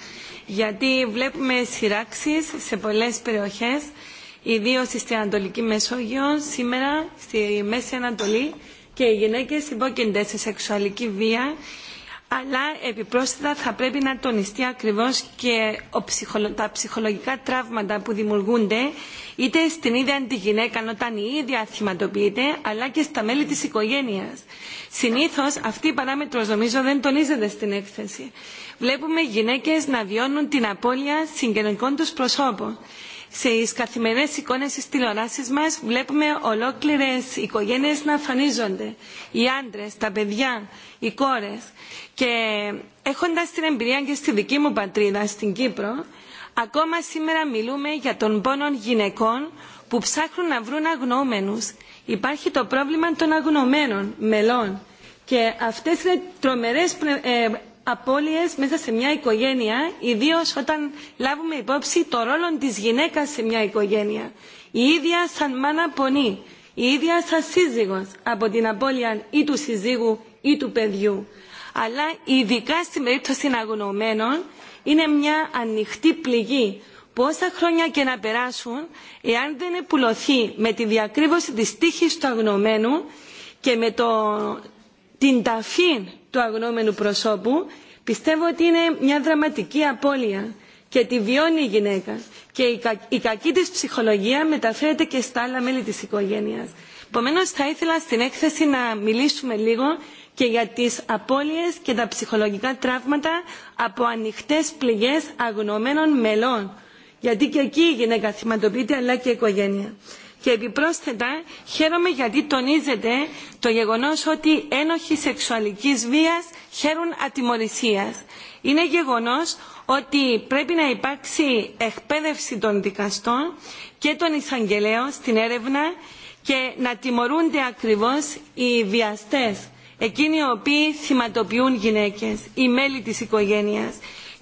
Γιατί βλέπουμε σειράξει σε πολλέ περιοχέ, ιδίω στην Ανατολική Μεσόγειο, σήμερα στη Μέση Ανατολή και οι γυναίκε υπόκεινται σε σεξουαλική βία αλλά επιπρόσθετα θα πρέπει να τονιστεί ακριβώς και τα ψυχολογικά τραύματα που δημιουργούνται είτε στην ίδια τη γυναίκα όταν η ίδια θυματοποιείται, αλλά και στα μέλη της οικογένειας. Συνήθως αυτή η παράμετρος νομίζω δεν τονίζεται στην έκθεση. Βλέπουμε γυναίκες να βιώνουν την απώλεια συγγενικών τους προσώπων. Σε τις καθημερινέ εικόνε τη τηλεοράση μα βλέπουμε ολόκληρε οικογένειε να αφανίζονται, Οι άντρες, τα παιδιά, οι κόρε. Και έχοντα την εμπειρία και στη δική μου πατρίδα, στην Κύπρο, ακόμα σήμερα μιλούμε για τον πόνο γυναικών που ψάχνουν να βρουν αγνοούμενου. Υπάρχει το πρόβλημα των αγνωμένων μελών. Και αυτέ είναι τρομερές ε, απώλειες μέσα σε μια οικογένεια, ιδίω όταν λάβουμε υπόψη το ρόλο της γυναίκα σε μια οικογένεια. Η ίδια σαν μάνα πονή, η ίδια σαν σύζυγος από την απώλεια ή του συζύγου ή του παιδιού αλλά ειδικά στην περίπτωση αγνοωμένων είναι μια ανοιχτή πληγή. Πόσα χρόνια και να περάσουν, εάν δεν επουλωθεί με τη διακρύβωση της τύχης του αγνωμένου και με την ταφή του αγνώμενου προσώπου, πιστεύω ότι είναι μια δραματική απώλεια και τη βιώνει η γυναίκα και η, κακή της ψυχολογία μεταφέρεται και στα άλλα μέλη της οικογένειας. Επομένω, θα ήθελα στην έκθεση να μιλήσουμε λίγο και για τις απώλειες και τα ψυχολογικά τραύματα από ανοιχτές πληγές αγνωμένων μελών. Γιατί και εκεί η γυναίκα θυματοποιείται αλλά και η οικογένεια. Και επιπρόσθετα χαίρομαι γιατί τονίζεται το γεγονός ότι ένοχοι σεξουαλικής βίας χαίρουν ατιμορρησίας. Είναι γεγονός ότι πρέπει να υπάρξει εκπαίδευση των δικαστών και των εισαγγελέων στην έρευνα και να τιμωρούνται ακριβώς οι βιαστές εκείνοι οι οποίοι θυματοποιούν γυναίκες, οι μέλη της οικογένειας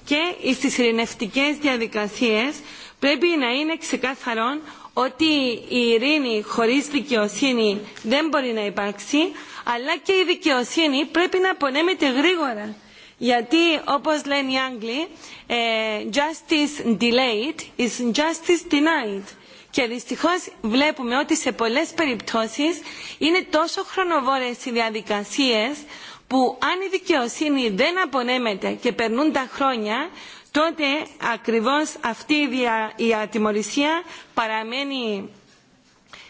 και στις ειρηνευτικές διαδικασίες πρέπει να είναι ξεκάθαρον ότι η ειρήνη χωρίς δικαιοσύνη δεν μπορεί να υπάρξει, αλλά και η δικαιοσύνη πρέπει να πονέμεται γρήγορα. Γιατί, όπως λένε οι Άγγλοι, ε, «Justice delayed is justice denied» και δυστυχώς βλέπουμε ότι σε πολλές περιπτώσεις είναι τόσο χρονοβόρες οι διαδικασίες που αν η δικαιοσύνη δεν απονέμεται και περνούν τα χρόνια τότε ακριβώς αυτή η ατιμορρησία παραμένει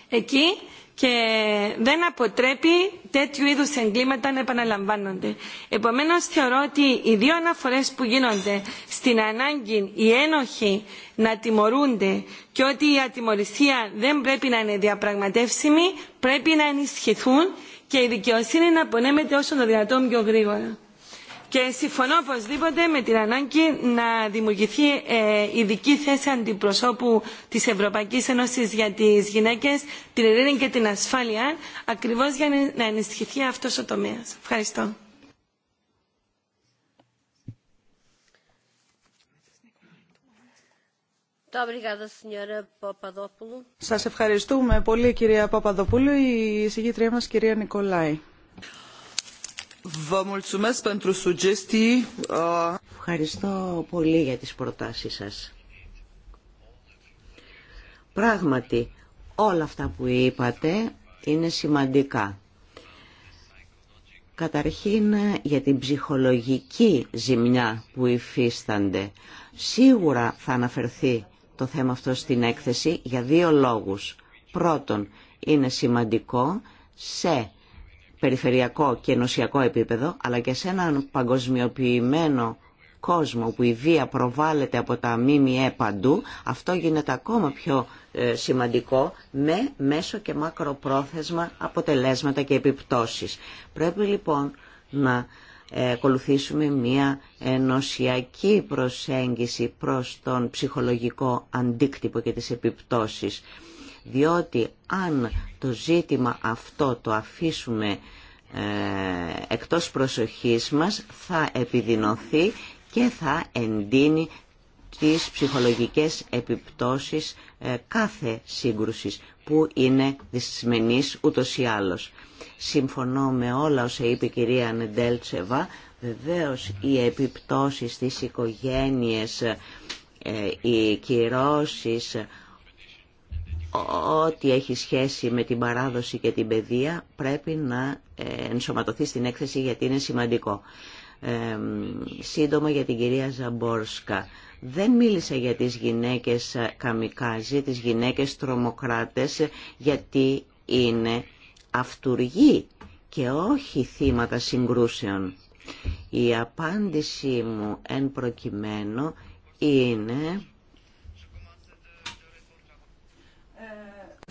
εκεί και δεν αποτρέπει τέτοιου είδους εγκλήματα να επαναλαμβάνονται. Επομένως θεωρώ ότι οι δύο αναφορές που γίνονται στην ανάγκη οι ένοχοι να τιμωρούνται και ότι η ατιμορρησία δεν πρέπει να είναι διαπραγματεύσιμη πρέπει να ενισχυθούν και η δικαιοσύνη να απονέμεται όσο το δυνατόν πιο γρήγορα και συμφωνώ οπωσδήποτε με την ανάγκη να δημιουργηθεί ε, ειδική θέση αντιπροσώπου της Ευρωπαϊκής Ένωσης για τις γυναίκες, την ειρήνη και την ασφάλεια, ακριβώς για να ενισχυθεί αυτός ο τομέας. Ευχαριστώ. Σας ευχαριστούμε πολύ κυρία Παπαδοπούλου, η συγγητρία μας κυρία Νικολάη. Uh, Ευχαριστώ πολύ για τις προτάσεις σας. Πράγματι, όλα αυτά που είπατε είναι σημαντικά. Καταρχήν για την ψυχολογική ζημιά που υφίστανται. Σίγουρα θα αναφερθεί το θέμα αυτό στην έκθεση για δύο λόγους. Πρώτον, είναι σημαντικό σε περιφερειακό και ενωσιακό επίπεδο, αλλά και σε έναν παγκοσμιοποιημένο κόσμο που η βία προβάλλεται από τα ΜΜΕ παντού, αυτό γίνεται ακόμα πιο ε, σημαντικό με μέσο και μακροπρόθεσμα αποτελέσματα και επιπτώσεις. Πρέπει λοιπόν να ε, ακολουθήσουμε μια ενωσιακή προσέγγιση προς τον ψυχολογικό αντίκτυπο και τις επιπτώσεις διότι αν το ζήτημα αυτό το αφήσουμε ε, εκτός προσοχής μας θα επιδεινωθεί και θα εντείνει τις ψυχολογικές επιπτώσεις ε, κάθε σύγκρουσης που είναι δυσμενής ούτως ή άλλως. Συμφωνώ με όλα όσα είπε η κυρία Νεντέλτσεβα, βεβαίως οι επιπτώσεις στις οικογένειες, ε, οι κυρώσεις ό,τι έχει σχέση με την παράδοση και την παιδεία πρέπει να ε, ενσωματωθεί στην έκθεση γιατί είναι σημαντικό. Ε, σύντομα για την κυρία Ζαμπόρσκα. Δεν μίλησα για τις γυναίκες καμικάζι, τις γυναίκες τρομοκράτες, γιατί είναι αυτουργοί και όχι θύματα συγκρούσεων. Η απάντησή μου εν προκειμένου είναι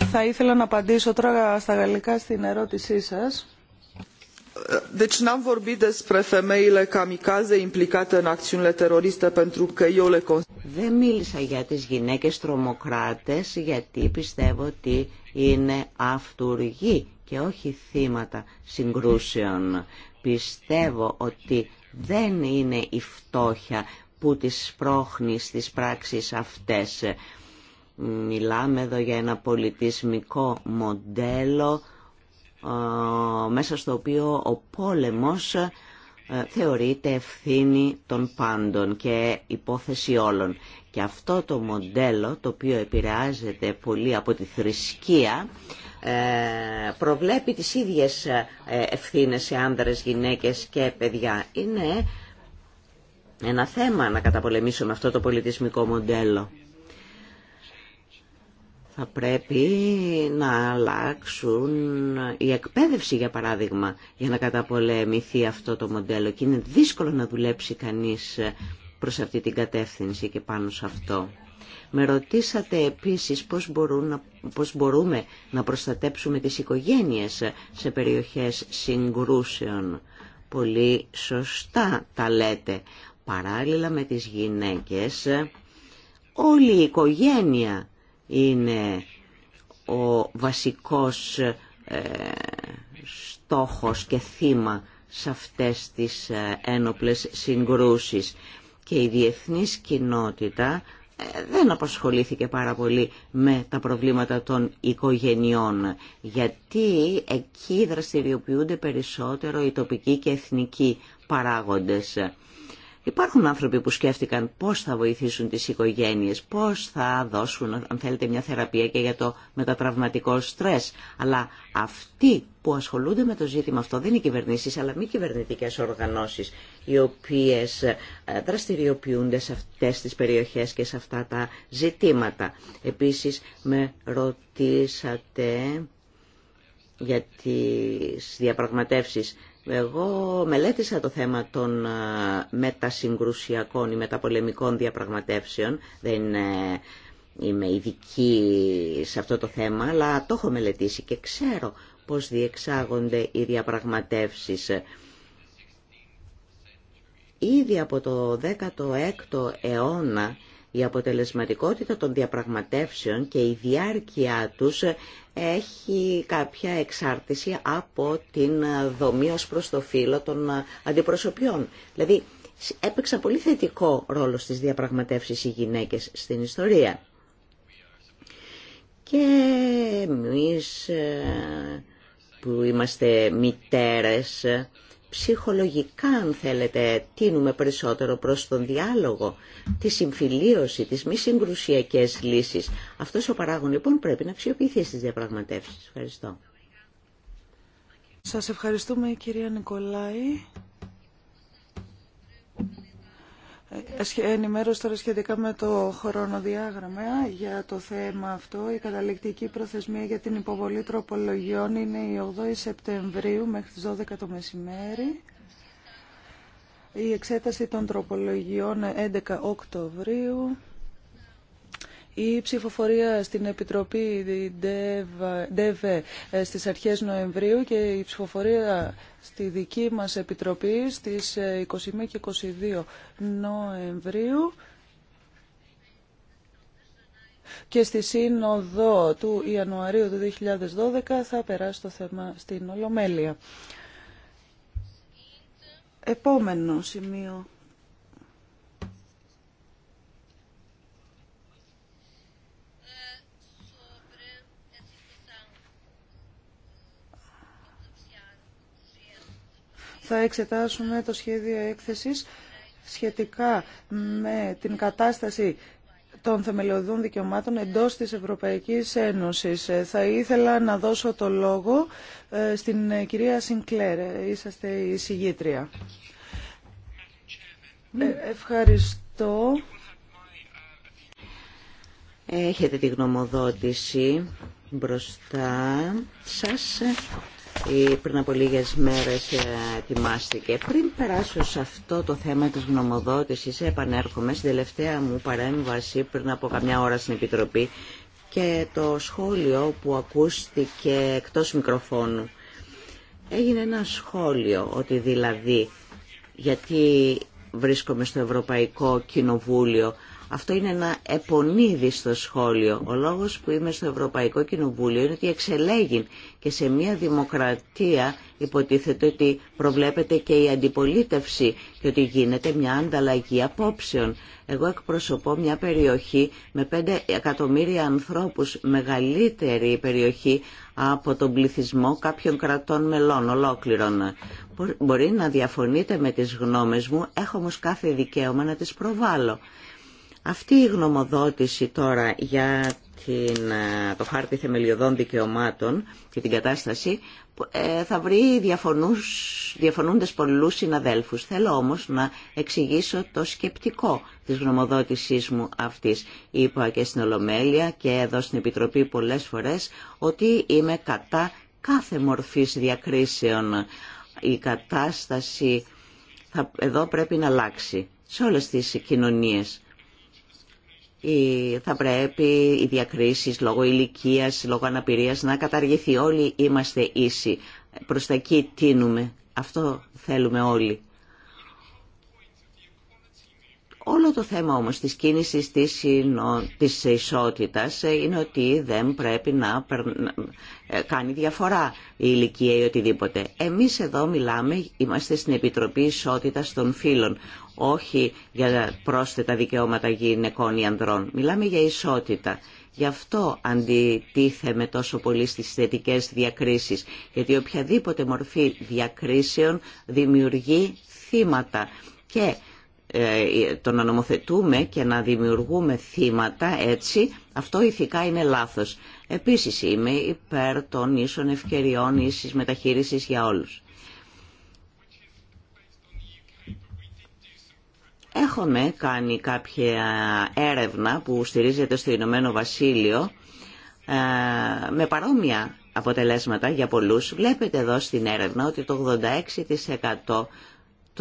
Θα ήθελα να απαντήσω τώρα στα γαλλικά στην ερώτησή σας. Δεν μίλησα για τις γυναίκες τρομοκράτες γιατί πιστεύω ότι είναι αυτούργοι και όχι θύματα συγκρούσεων. Πιστεύω ότι δεν είναι η φτώχεια που τις πρόχνει στις πράξεις αυτές. Μιλάμε εδώ για ένα πολιτισμικό μοντέλο ε, μέσα στο οποίο ο πόλεμος ε, θεωρείται ευθύνη των πάντων και υπόθεση όλων. Και αυτό το μοντέλο, το οποίο επηρεάζεται πολύ από τη θρησκεία, ε, προβλέπει τις ίδιες ευθύνες σε άνδρες, γυναίκες και παιδιά. Είναι ένα θέμα να καταπολεμήσουμε αυτό το πολιτισμικό μοντέλο θα πρέπει να αλλάξουν η εκπαίδευση για παράδειγμα για να καταπολεμηθεί αυτό το μοντέλο και είναι δύσκολο να δουλέψει κανείς προς αυτή την κατεύθυνση και πάνω σε αυτό. Με ρωτήσατε επίσης πώς, πώς μπορούμε να προστατέψουμε τις οικογένειες σε περιοχές συγκρούσεων. Πολύ σωστά τα λέτε. Παράλληλα με τις γυναίκες, όλη η οικογένεια είναι ο βασικός ε, στόχος και θύμα σε αυτές τις ε, ένοπλες συγκρούσεις. Και η διεθνής κοινότητα ε, δεν απασχολήθηκε πάρα πολύ με τα προβλήματα των οικογενειών, γιατί εκεί δραστηριοποιούνται περισσότερο οι τοπικοί και εθνικοί παράγοντες. Υπάρχουν άνθρωποι που σκέφτηκαν πώς θα βοηθήσουν τις οικογένειες, πώς θα δώσουν, αν θέλετε, μια θεραπεία και για το μετατραυματικό στρες. Αλλά αυτοί που ασχολούνται με το ζήτημα αυτό δεν είναι κυβερνήσεις, αλλά μη κυβερνητικές οργανώσεις, οι οποίες ε, δραστηριοποιούνται σε αυτές τις περιοχές και σε αυτά τα ζητήματα. Επίσης, με ρωτήσατε για τις διαπραγματεύσεις εγώ μελέτησα το θέμα των μετασυγκρουσιακών ή μεταπολεμικών διαπραγματεύσεων. Δεν ε, είμαι ειδική σε αυτό το θέμα, αλλά το έχω μελετήσει και ξέρω πώς διεξάγονται οι διαπραγματεύσεις. Ήδη από το 16ο αιώνα η αποτελεσματικότητα των διαπραγματεύσεων και η διάρκεια τους έχει κάποια εξάρτηση από την δομή ως προς το φύλλο των αντιπροσωπιών. Δηλαδή έπαιξαν πολύ θετικό ρόλο στις διαπραγματεύσεις οι γυναίκες στην ιστορία. Και εμείς ε, που είμαστε μητέρες ψυχολογικά αν θέλετε τίνουμε περισσότερο προς τον διάλογο, τη συμφιλίωση, τις μη συγκρουσιακές λύσεις. Αυτός ο παράγων λοιπόν πρέπει να αξιοποιηθεί στις διαπραγματεύσεις. Ευχαριστώ. Σας ευχαριστούμε κυρία Νικολάη. Ε, ε, Ενημέρωση τώρα σχετικά με το χρονοδιάγραμμα για το θέμα αυτό. Η καταληκτική προθεσμία για την υποβολή τροπολογιών είναι η 8η Σεπτεμβρίου μέχρι τις 12 το μεσημέρι. Η εξέταση των τροπολογιών 11 Οκτωβρίου. Η ψηφοφορία στην Επιτροπή ΔΕΒΕ ε, στις αρχές Νοεμβρίου και η ψηφοφορία στη δική μας Επιτροπή στις 21 ε, και 22 Νοεμβρίου και στη Σύνοδο του Ιανουαρίου του 2012 θα περάσει το θέμα στην Ολομέλεια. Επόμενο σημείο θα εξετάσουμε το σχέδιο έκθεσης σχετικά με την κατάσταση των θεμελιωδών δικαιωμάτων εντός της Ευρωπαϊκής Ένωσης. Ε, θα ήθελα να δώσω το λόγο ε, στην ε, κυρία Σινκλέρ. Είσαστε η συγγήτρια. Ευχαριστώ. Έχετε τη γνωμοδότηση μπροστά σας πριν από λίγες μέρες ε, ετοιμάστηκε. Πριν περάσω σε αυτό το θέμα της γνωμοδότησης, επανέρχομαι στην τελευταία μου παρέμβαση πριν από καμιά ώρα στην Επιτροπή και το σχόλιο που ακούστηκε εκτός μικροφώνου. Έγινε ένα σχόλιο ότι δηλαδή γιατί βρίσκομαι στο Ευρωπαϊκό Κοινοβούλιο αυτό είναι ένα επονίδι στο σχόλιο. Ο λόγος που είμαι στο Ευρωπαϊκό Κοινοβούλιο είναι ότι εξελέγει και σε μια δημοκρατία υποτίθεται ότι προβλέπεται και η αντιπολίτευση και ότι γίνεται μια ανταλλαγή απόψεων. Εγώ εκπροσωπώ μια περιοχή με 5 εκατομμύρια ανθρώπους, μεγαλύτερη περιοχή από τον πληθυσμό κάποιων κρατών μελών ολόκληρων. Μπορεί να διαφωνείτε με τις γνώμες μου, έχω όμως κάθε δικαίωμα να τις προβάλλω. Αυτή η γνωμοδότηση τώρα για την, ε, το χάρτη θεμελιωδών δικαιωμάτων και την κατάσταση ε, θα βρει διαφωνούς, διαφωνούντες πολλούς συναδέλφους. Θέλω όμως να εξηγήσω το σκεπτικό της γνωμοδότησής μου αυτής. Είπα και στην Ολομέλεια και εδώ στην Επιτροπή πολλές φορές ότι είμαι κατά κάθε μορφής διακρίσεων. Η κατάσταση θα, εδώ πρέπει να αλλάξει σε όλες τις κοινωνίες θα πρέπει οι διακρίσεις λόγω ηλικίας, λόγω αναπηρίας να καταργηθεί. Όλοι είμαστε ίσοι. Προς τα εκεί τίνουμε. Αυτό θέλουμε όλοι. Όλο το θέμα όμως της κίνησης της, της ισότητας ε, είναι ότι δεν πρέπει να ε, κάνει διαφορά η ηλικία ή οτιδήποτε. Εμείς εδώ μιλάμε, είμαστε στην Επιτροπή Ισότητας των Φύλων, όχι για πρόσθετα δικαιώματα γυναικών ή ανδρών. Μιλάμε για ισότητα. Γι' αυτό αντιτίθεμε τόσο πολύ στις θετικές διακρίσεις, γιατί οποιαδήποτε μορφή διακρίσεων δημιουργεί θύματα. Και ε, το να νομοθετούμε και να δημιουργούμε θύματα έτσι, αυτό ηθικά είναι λάθος. Επίσης είμαι υπέρ των ίσων ευκαιριών ίσης μεταχείρισης για όλους. Έχουμε κάνει κάποια έρευνα που στηρίζεται στο Ηνωμένο Βασίλειο ε, με παρόμοια αποτελέσματα για πολλούς. Βλέπετε εδώ στην έρευνα ότι το 86%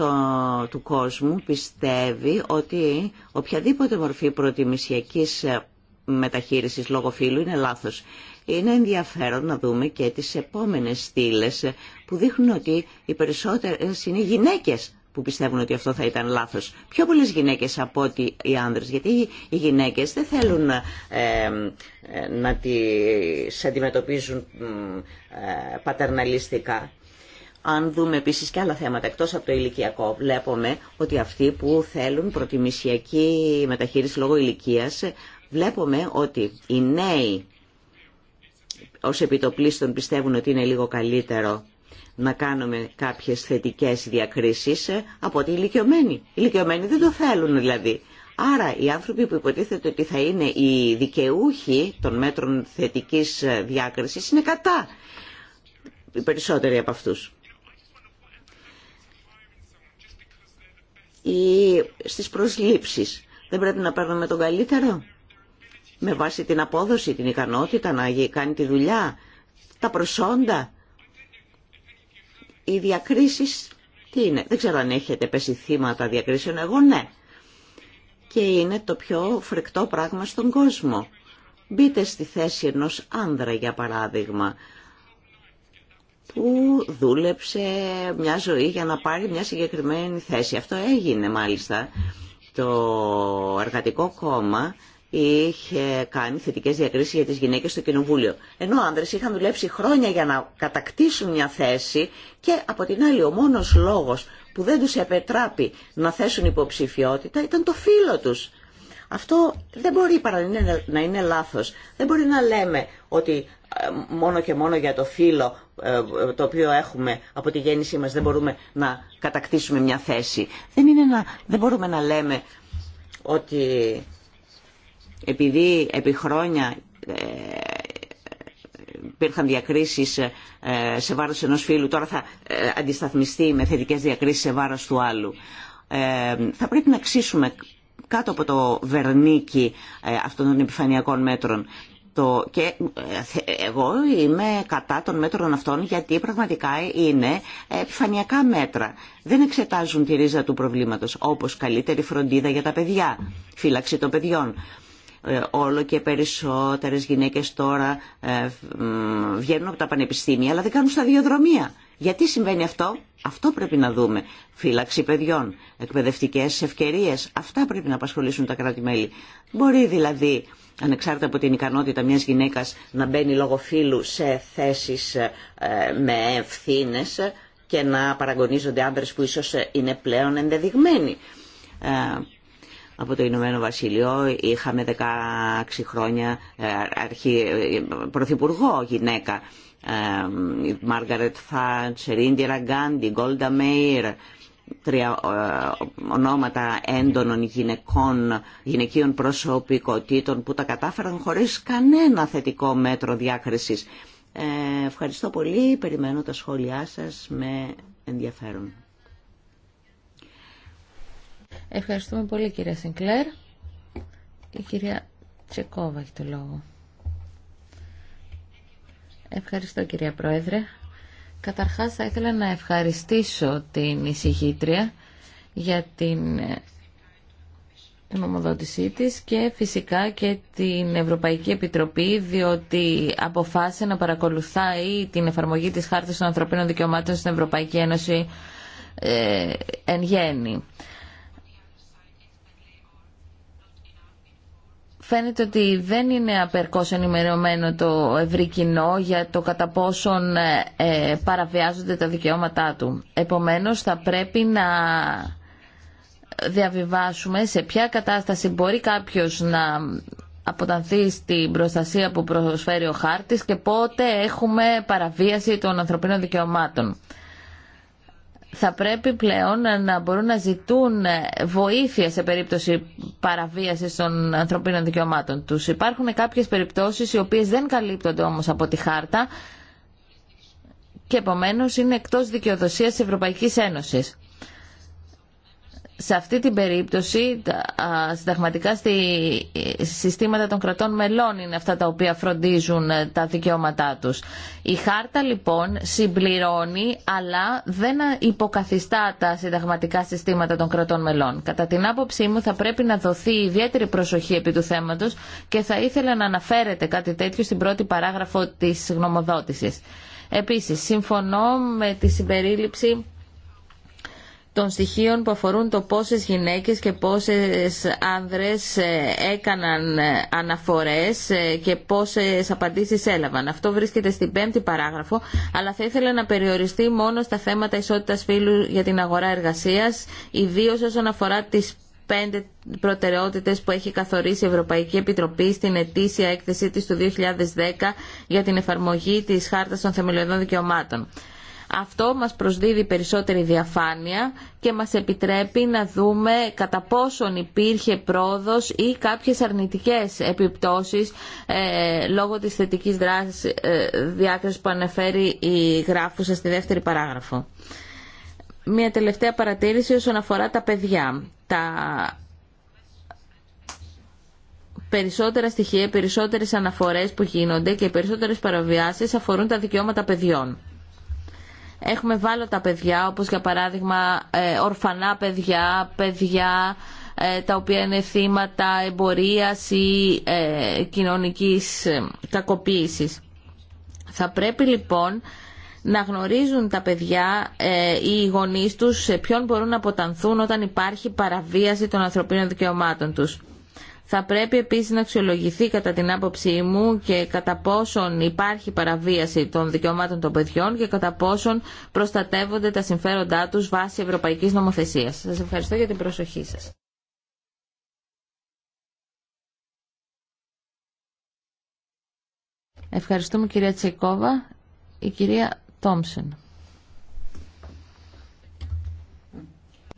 το, του κόσμου πιστεύει ότι οποιαδήποτε μορφή προτιμησιακής ε, μεταχείρισης λόγω φύλου είναι λάθος. Είναι ενδιαφέρον να δούμε και τις επόμενες στήλε ε, που δείχνουν ότι οι περισσότερες είναι γυναίκες που πιστεύουν ότι αυτό θα ήταν λάθος. Πιο πολλές γυναίκες από ότι οι άνδρες, γιατί οι γυναίκες δεν θέλουν ε, ε να τις αντιμετωπίζουν πατερναλιστικά. Αν δούμε επίση και άλλα θέματα εκτό από το ηλικιακό, βλέπουμε ότι αυτοί που θέλουν προτιμησιακή μεταχείριση λόγω ηλικία, βλέπουμε ότι οι νέοι ως επιτοπλίστων πιστεύουν ότι είναι λίγο καλύτερο να κάνουμε κάποιες θετικές διακρίσεις από ότι οι ηλικιωμένοι. Οι ηλικιωμένοι δεν το θέλουν δηλαδή. Άρα οι άνθρωποι που υποτίθεται ότι θα είναι οι δικαιούχοι των μέτρων θετικής διάκρισης είναι κατά οι περισσότεροι από αυτούς. ή στις προσλήψεις. Δεν πρέπει να παίρνουμε τον καλύτερο με βάση την απόδοση, την ικανότητα να κάνει τη δουλειά, τα προσόντα. Οι διακρίσεις τι είναι. Δεν ξέρω αν έχετε πέσει θύματα διακρίσεων. Εγώ ναι. Και είναι το πιο φρικτό πράγμα στον κόσμο. Μπείτε στη θέση ενός άνδρα για παράδειγμα που δούλεψε μια ζωή για να πάρει μια συγκεκριμένη θέση. Αυτό έγινε μάλιστα. Το Εργατικό Κόμμα είχε κάνει θετικές διακρίσεις για τις γυναίκες στο Κοινοβούλιο. Ενώ άνδρες είχαν δουλέψει χρόνια για να κατακτήσουν μια θέση και από την άλλη ο μόνος λόγος που δεν τους επετράπη να θέσουν υποψηφιότητα ήταν το φίλο τους. Αυτό δεν μπορεί παρά να είναι λάθος. Δεν μπορεί να λέμε ότι ε, μόνο και μόνο για το φύλλο ε, το οποίο έχουμε από τη γέννησή μας δεν μπορούμε να κατακτήσουμε μια θέση. Δεν, είναι να, δεν μπορούμε να λέμε ότι επειδή επί χρόνια ε, υπήρχαν διακρίσεις σε βάρος ενός φίλου, τώρα θα αντισταθμιστεί με θετικές διακρίσεις σε βάρος του άλλου. Θα πρέπει να αξίσουμε κάτω από το βερνίκι ε, αυτών των επιφανειακών μέτρων. Το, και ε, εγώ είμαι κατά των μέτρων αυτών γιατί πραγματικά είναι επιφανειακά μέτρα. Δεν εξετάζουν τη ρίζα του προβλήματος όπως καλύτερη φροντίδα για τα παιδιά, φύλαξη των παιδιών. Ε, όλο και περισσότερες γυναίκες τώρα βγαίνουν από τα πανεπιστήμια αλλά δεν κάνουν σταδιοδρομία. Γιατί συμβαίνει αυτό, αυτό πρέπει να δούμε. Φύλαξη παιδιών, εκπαιδευτικέ ευκαιρίε, αυτά πρέπει να απασχολήσουν τα κράτη-μέλη. Μπορεί δηλαδή, ανεξάρτητα από την ικανότητα μια γυναίκα να μπαίνει λόγω φύλου σε θέσει ε, με ευθύνε και να παραγωνίζονται άντρε που ίσω ε, είναι πλέον ενδεδειγμένοι. Ε, από το Ηνωμένο Βασιλείο είχαμε 16 χρόνια αρχή, πρωθυπουργό γυναίκα Μάργαρετ Θάτσερ, η Ίντιρα Γκάντι, τρία ε, ονόματα έντονων γυναικών, γυναικείων προσωπικότητων που τα κατάφεραν χωρίς κανένα θετικό μέτρο διάκρισης. Ε, ευχαριστώ πολύ, περιμένω τα σχόλιά σας με ενδιαφέρον. Ευχαριστούμε πολύ κυρία Σινκλέρ. Η κυρία Τσεκόβα έχει το λόγο. Ευχαριστώ κυρία Πρόεδρε. Καταρχάς θα ήθελα να ευχαριστήσω την εισηγήτρια για την ε, νομοδότησή της και φυσικά και την Ευρωπαϊκή Επιτροπή διότι αποφάσισε να παρακολουθάει την εφαρμογή της Χάρτης των Ανθρωπίνων Δικαιωμάτων στην Ευρωπαϊκή Ένωση ε, εν γέννη. φαίνεται ότι δεν είναι απερκώς ενημερωμένο το ευρύ κοινό για το κατά πόσον ε, ε, παραβιάζονται τα δικαιώματά του. Επομένως θα πρέπει να διαβιβάσουμε σε ποια κατάσταση μπορεί κάποιος να αποτανθεί στην προστασία που προσφέρει ο χάρτης και πότε έχουμε παραβίαση των ανθρωπίνων δικαιωμάτων θα πρέπει πλέον να μπορούν να ζητούν βοήθεια σε περίπτωση παραβίασης των ανθρωπίνων δικαιωμάτων τους. Υπάρχουν κάποιες περιπτώσεις οι οποίες δεν καλύπτονται όμως από τη χάρτα και επομένως είναι εκτός δικαιοδοσίας της Ευρωπαϊκής Ένωσης σε αυτή την περίπτωση τα συνταγματικά στη, συστήματα των κρατών μελών είναι αυτά τα οποία φροντίζουν ε, τα δικαιώματά τους. Η χάρτα λοιπόν συμπληρώνει αλλά δεν υποκαθιστά τα συνταγματικά συστήματα των κρατών μελών. Κατά την άποψή μου θα πρέπει να δοθεί ιδιαίτερη προσοχή επί του θέματος και θα ήθελα να αναφέρετε κάτι τέτοιο στην πρώτη παράγραφο της γνωμοδότησης. Επίσης, συμφωνώ με τη συμπερίληψη των στοιχείων που αφορούν το πόσες γυναίκες και πόσες άνδρες ε, έκαναν ε, αναφορές ε, και πόσες απαντήσεις έλαβαν. Αυτό βρίσκεται στην πέμπτη παράγραφο, αλλά θα ήθελα να περιοριστεί μόνο στα θέματα ισότητας φύλου για την αγορά εργασίας, ιδίω όσον αφορά τις πέντε προτεραιότητες που έχει καθορίσει η Ευρωπαϊκή Επιτροπή στην ετήσια έκθεσή της του 2010 για την εφαρμογή της Χάρτας των Θεμελιωδών Δικαιωμάτων. Αυτό μας προσδίδει περισσότερη διαφάνεια και μας επιτρέπει να δούμε κατά πόσον υπήρχε πρόοδος ή κάποιες αρνητικές επιπτώσεις ε, λόγω της θετικής δράσης, ε, διάκρισης που αναφέρει η γράφουσα στη δεύτερη παράγραφο. παρατήρηση όσον αφορά τα παιδιά. Τα περισσότερα στοιχεία, περισσότερες αναφορές που γίνονται και οι περισσότερες παραβιάσεις αφορούν τα δικαιώματα παιδιών. Έχουμε βάλει τα παιδιά, όπως για παράδειγμα ε, ορφανά παιδιά, παιδιά ε, τα οποία είναι θύματα εμπορίας ή ε, κοινωνικής κακοποίησης. Θα πρέπει λοιπόν να γνωρίζουν τα παιδιά οι γονείς τους σε ποιον μπορούν να αποτανθούν όταν υπάρχει παραβίαση των ανθρωπίνων δικαιωμάτων τους. Θα πρέπει επίσης να αξιολογηθεί κατά την άποψή μου και κατά πόσον υπάρχει παραβίαση των δικαιωμάτων των παιδιών και κατά πόσον προστατεύονται τα συμφέροντά τους βάσει ευρωπαϊκής νομοθεσίας. Σας ευχαριστώ για την προσοχή σας. Ευχαριστούμε κυρία Τσεκόβα. Η κυρία Τόμσεν.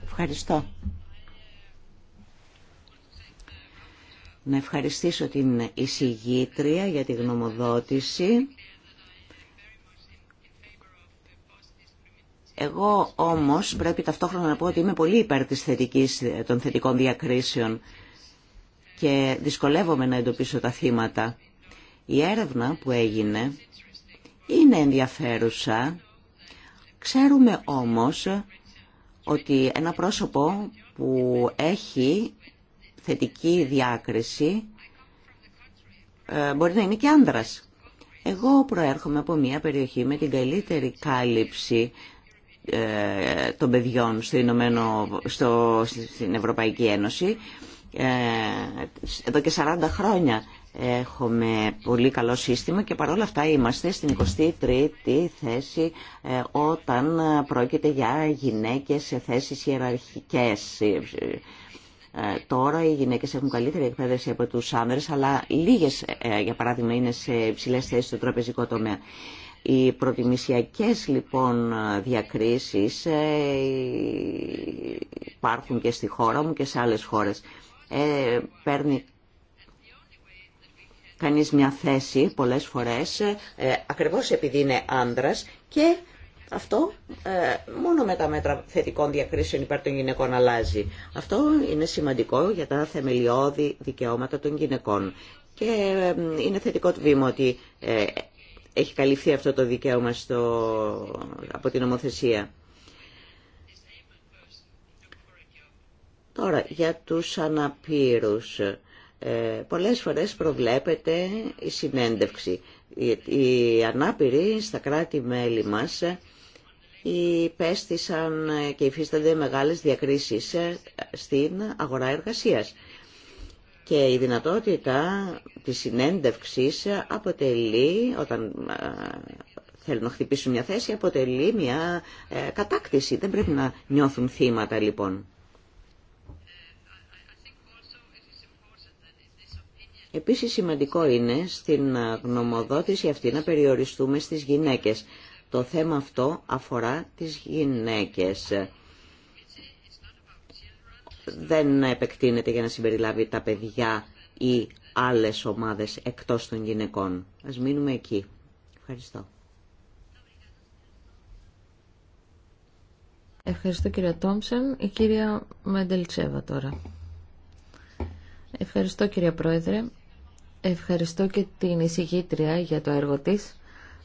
Ευχαριστώ. να ευχαριστήσω την εισηγήτρια για τη γνωμοδότηση. Εγώ όμως πρέπει ταυτόχρονα να πω ότι είμαι πολύ υπέρ της θετικής, των θετικών διακρίσεων και δυσκολεύομαι να εντοπίσω τα θύματα. Η έρευνα που έγινε είναι ενδιαφέρουσα. Ξέρουμε όμως ότι ένα πρόσωπο που έχει θετική διάκριση ε, μπορεί να είναι και άνδρας. Εγώ προέρχομαι από μια περιοχή με την καλύτερη κάλυψη ε, των παιδιών στο Ηνωμένο, στο, στην Ευρωπαϊκή Ένωση. Ε, εδώ και 40 χρόνια έχουμε πολύ καλό σύστημα και παρόλα αυτά είμαστε στην 23η θέση όταν πρόκειται για γυναίκες σε θέσεις ιεραρχικές ε, τώρα οι γυναίκες έχουν καλύτερη εκπαίδευση από τους άνδρες, αλλά λίγες, ε, για παράδειγμα, είναι σε υψηλές θέσει στο τραπεζικό τομέα. Οι προτιμησιακές λοιπόν διακρίσεις ε, υπάρχουν και στη χώρα μου και σε άλλες χώρες. Ε, παίρνει κανείς μια θέση πολλές φορές, ε, ακριβώς επειδή είναι άνδρας και αυτό ε, μόνο με τα μέτρα θετικών διακρίσεων υπέρ των γυναικών αλλάζει. Αυτό είναι σημαντικό για τα θεμελιώδη δικαιώματα των γυναικών. Και ε, είναι θετικό το βήμα ότι ε, έχει καλυφθεί αυτό το δικαίωμα στο... από την νομοθεσία. Τώρα, για τους αναπήρους. Ε, πολλές φορές προβλέπεται η συνέντευξη. Οι, οι ανάπηροι στα κράτη-μέλη μας υπέστησαν και υφίστανται μεγάλες διακρίσεις στην αγορά εργασίας. Και η δυνατότητα της συνέντευξης αποτελεί, όταν θέλουν να χτυπήσουν μια θέση, αποτελεί μια ε, κατάκτηση. Δεν πρέπει να νιώθουν θύματα λοιπόν. Επίσης σημαντικό είναι στην γνωμοδότηση αυτή να περιοριστούμε στις γυναίκες. Το θέμα αυτό αφορά τις γυναίκες. Δεν επεκτείνεται για να συμπεριλάβει τα παιδιά ή άλλες ομάδες εκτός των γυναικών. Ας μείνουμε εκεί. Ευχαριστώ. Ευχαριστώ κυρία Τόμψεν. Η κυρία Μεντελτσέβα τώρα. Ευχαριστώ κυρία Πρόεδρε. Ευχαριστώ και την εισηγήτρια για το έργο της.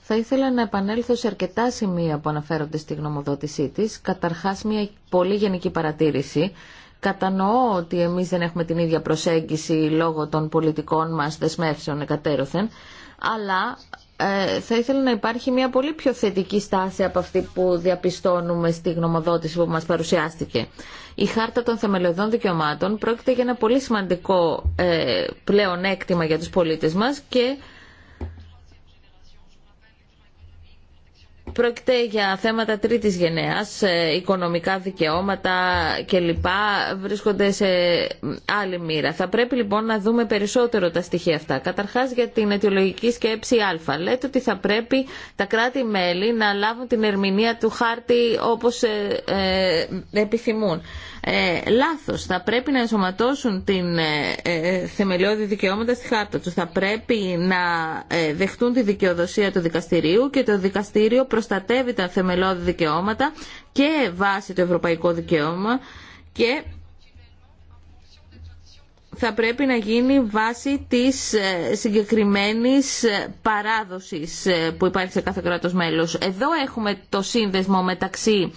Θα ήθελα να επανέλθω σε αρκετά σημεία που αναφέρονται στη γνωμοδότησή της. Καταρχάς μια πολύ γενική παρατήρηση. Κατανοώ ότι εμείς δεν έχουμε την ίδια προσέγγιση λόγω των πολιτικών μας δεσμεύσεων εκατέρωθεν, αλλά ε, θα ήθελα να υπάρχει μια πολύ πιο θετική στάση από αυτή που διαπιστώνουμε στη γνωμοδότηση που μας παρουσιάστηκε. Η Χάρτα των Θεμελιωδών Δικαιωμάτων πρόκειται για ένα πολύ σημαντικό ε, πλέον έκτημα για τους πολίτες μας και Πρόκειται για θέματα τρίτης γενεάς, ε, οικονομικά δικαιώματα κλπ. βρίσκονται σε άλλη μοίρα. Θα πρέπει λοιπόν να δούμε περισσότερο τα στοιχεία αυτά. Καταρχάς για την αιτιολογική σκέψη α. Λέτε ότι θα πρέπει τα κράτη-μέλη να λάβουν την ερμηνεία του χάρτη όπως ε, ε, επιθυμούν ε, λάθος. Θα πρέπει να ενσωματώσουν την ε, ε, ε, θεμελιώδη δικαιώματα στη χάρτα τους. Θα πρέπει να δεχτούν τη δικαιοδοσία του δικαστηρίου και το δικαστήριο προστατεύει τα θεμελιώδη δικαιώματα και βάσει το ευρωπαϊκό δικαίωμα και θα πρέπει να γίνει βάσει της ε, συγκεκριμένης ε, παράδοσης ε, που υπάρχει σε κάθε κράτος μέλος. Εδώ έχουμε το σύνδεσμο μεταξύ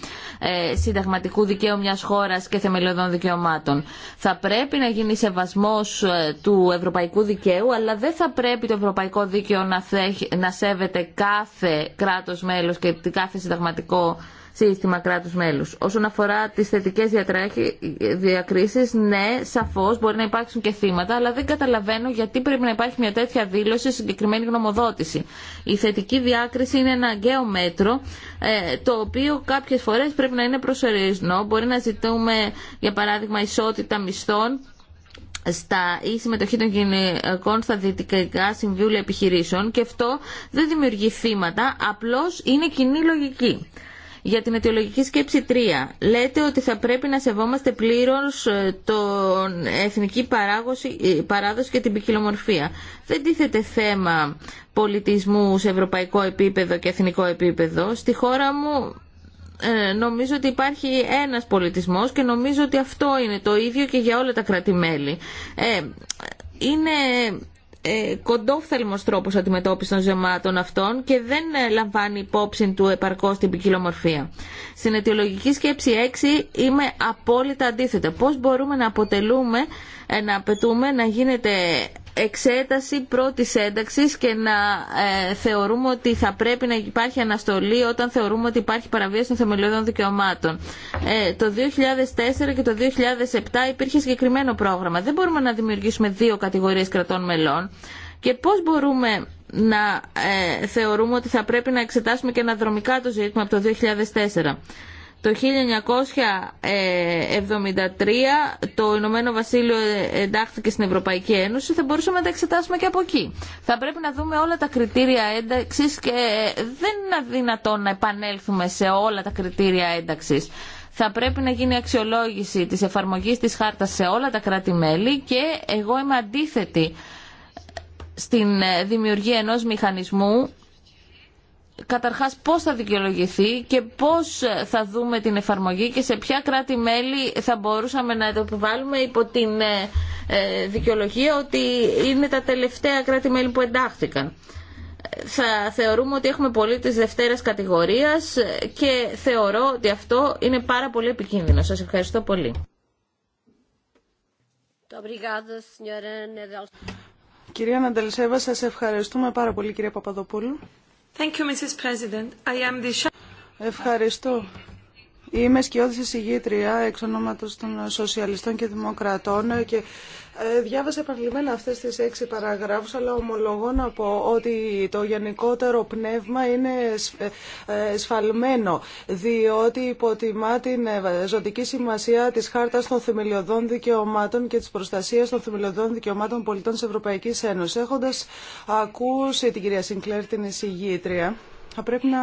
συνταγματικού δικαίου μιας χώρας και θεμελιωδών δικαιωμάτων. Θα πρέπει να γίνει σεβασμός του ευρωπαϊκού δικαίου, αλλά δεν θα πρέπει το ευρωπαϊκό δίκαιο να σέβεται κάθε κράτος μέλος και κάθε συνταγματικό σύστημα κράτους μέλους. Όσον αφορά τις θετικές διακρίσεις, ναι, σαφώς μπορεί να υπάρξουν και θύματα, αλλά δεν καταλαβαίνω γιατί πρέπει να υπάρχει μια τέτοια δήλωση συγκεκριμένη γνωμοδότηση. Η θετική διάκριση είναι ένα αγκαίο μέτρο, ε, το οποίο κάποιες φορές πρέπει να είναι προσωρισμό Μπορεί να ζητούμε, για παράδειγμα, ισότητα μισθών, στα, η συμμετοχή των γυναικών στα δυτικά συμβούλια επιχειρήσεων και αυτό δεν δημιουργεί θύματα, απλώς είναι κοινή λογική. Για την αιτιολογική σκέψη 3, λέτε ότι θα πρέπει να σεβόμαστε πλήρως ε, τον εθνική ε, παράδοση, και την ποικιλομορφία. Δεν τίθεται θέμα πολιτισμού σε ευρωπαϊκό επίπεδο και εθνικό επίπεδο. Στη χώρα μου ε, νομίζω ότι υπάρχει ένας πολιτισμός και νομίζω ότι αυτό είναι το ίδιο και για όλα τα κράτη-μέλη. Ε, είναι ε, κοντόφθαλμος τρόπος αντιμετώπισης των ζωμάτων αυτών και δεν ε, λαμβάνει υπόψη του επαρκώς την ποικιλομορφία. Στην αιτιολογική σκέψη 6 είμαι απόλυτα αντίθετα. Πώς μπορούμε να αποτελούμε, ε, να απαιτούμε να γίνεται εξέταση πρώτης ένταξης και να ε, θεωρούμε ότι θα πρέπει να υπάρχει αναστολή όταν θεωρούμε ότι υπάρχει παραβίαση των θεμελιωδών δικαιωμάτων. Ε, το 2004 και το 2007 υπήρχε συγκεκριμένο πρόγραμμα. Δεν μπορούμε να δημιουργήσουμε δύο κατηγορίες κρατών μελών. Και πώς μπορούμε να ε, θεωρούμε ότι θα πρέπει να εξετάσουμε και αναδρομικά το ζήτημα από το 2004. Το 1973 το Ηνωμένο Βασίλειο εντάχθηκε στην Ευρωπαϊκή Ένωση, θα μπορούσαμε να τα εξετάσουμε και από εκεί. Θα πρέπει να δούμε όλα τα κριτήρια ένταξης και δεν είναι δυνατόν να επανέλθουμε σε όλα τα κριτήρια ένταξης. Θα πρέπει να γίνει αξιολόγηση της εφαρμογής της χάρτας σε όλα τα κράτη-μέλη και εγώ είμαι αντίθετη στην δημιουργία ενός μηχανισμού καταρχάς πώς θα δικαιολογηθεί και πώς θα δούμε την εφαρμογή και σε ποια κράτη-μέλη θα μπορούσαμε να το επιβάλλουμε υπό την ε, ε, δικαιολογία ότι είναι τα τελευταία κράτη-μέλη που εντάχθηκαν. Θα θεωρούμε ότι έχουμε πολύ της δευτέρας κατηγορίας και θεωρώ ότι αυτό είναι πάρα πολύ επικίνδυνο. Σας ευχαριστώ πολύ. Κυρία Ναντελσέβα, σας ευχαριστούμε πάρα πολύ κυρία Παπαδοπούλου ευχαριστώ Είμαι σκιώδης εισηγήτρια εξ ονόματος των Σοσιαλιστών και Δημοκρατών και ε, διάβασα επαγγελμένα αυτές τις έξι παραγράφους, αλλά ομολογώ να πω ότι το γενικότερο πνεύμα είναι ε, ε, σφαλμένο, διότι υποτιμά την ζωτική σημασία της Χάρτας των Θεμελιωδών Δικαιωμάτων και της προστασίας των Θεμελιωδών Δικαιωμάτων Πολιτών της Ευρωπαϊκής Ένωσης. Έχοντας ακούσει την κυρία Σιγκλέρ την εισηγήτρια, θα πρέπει να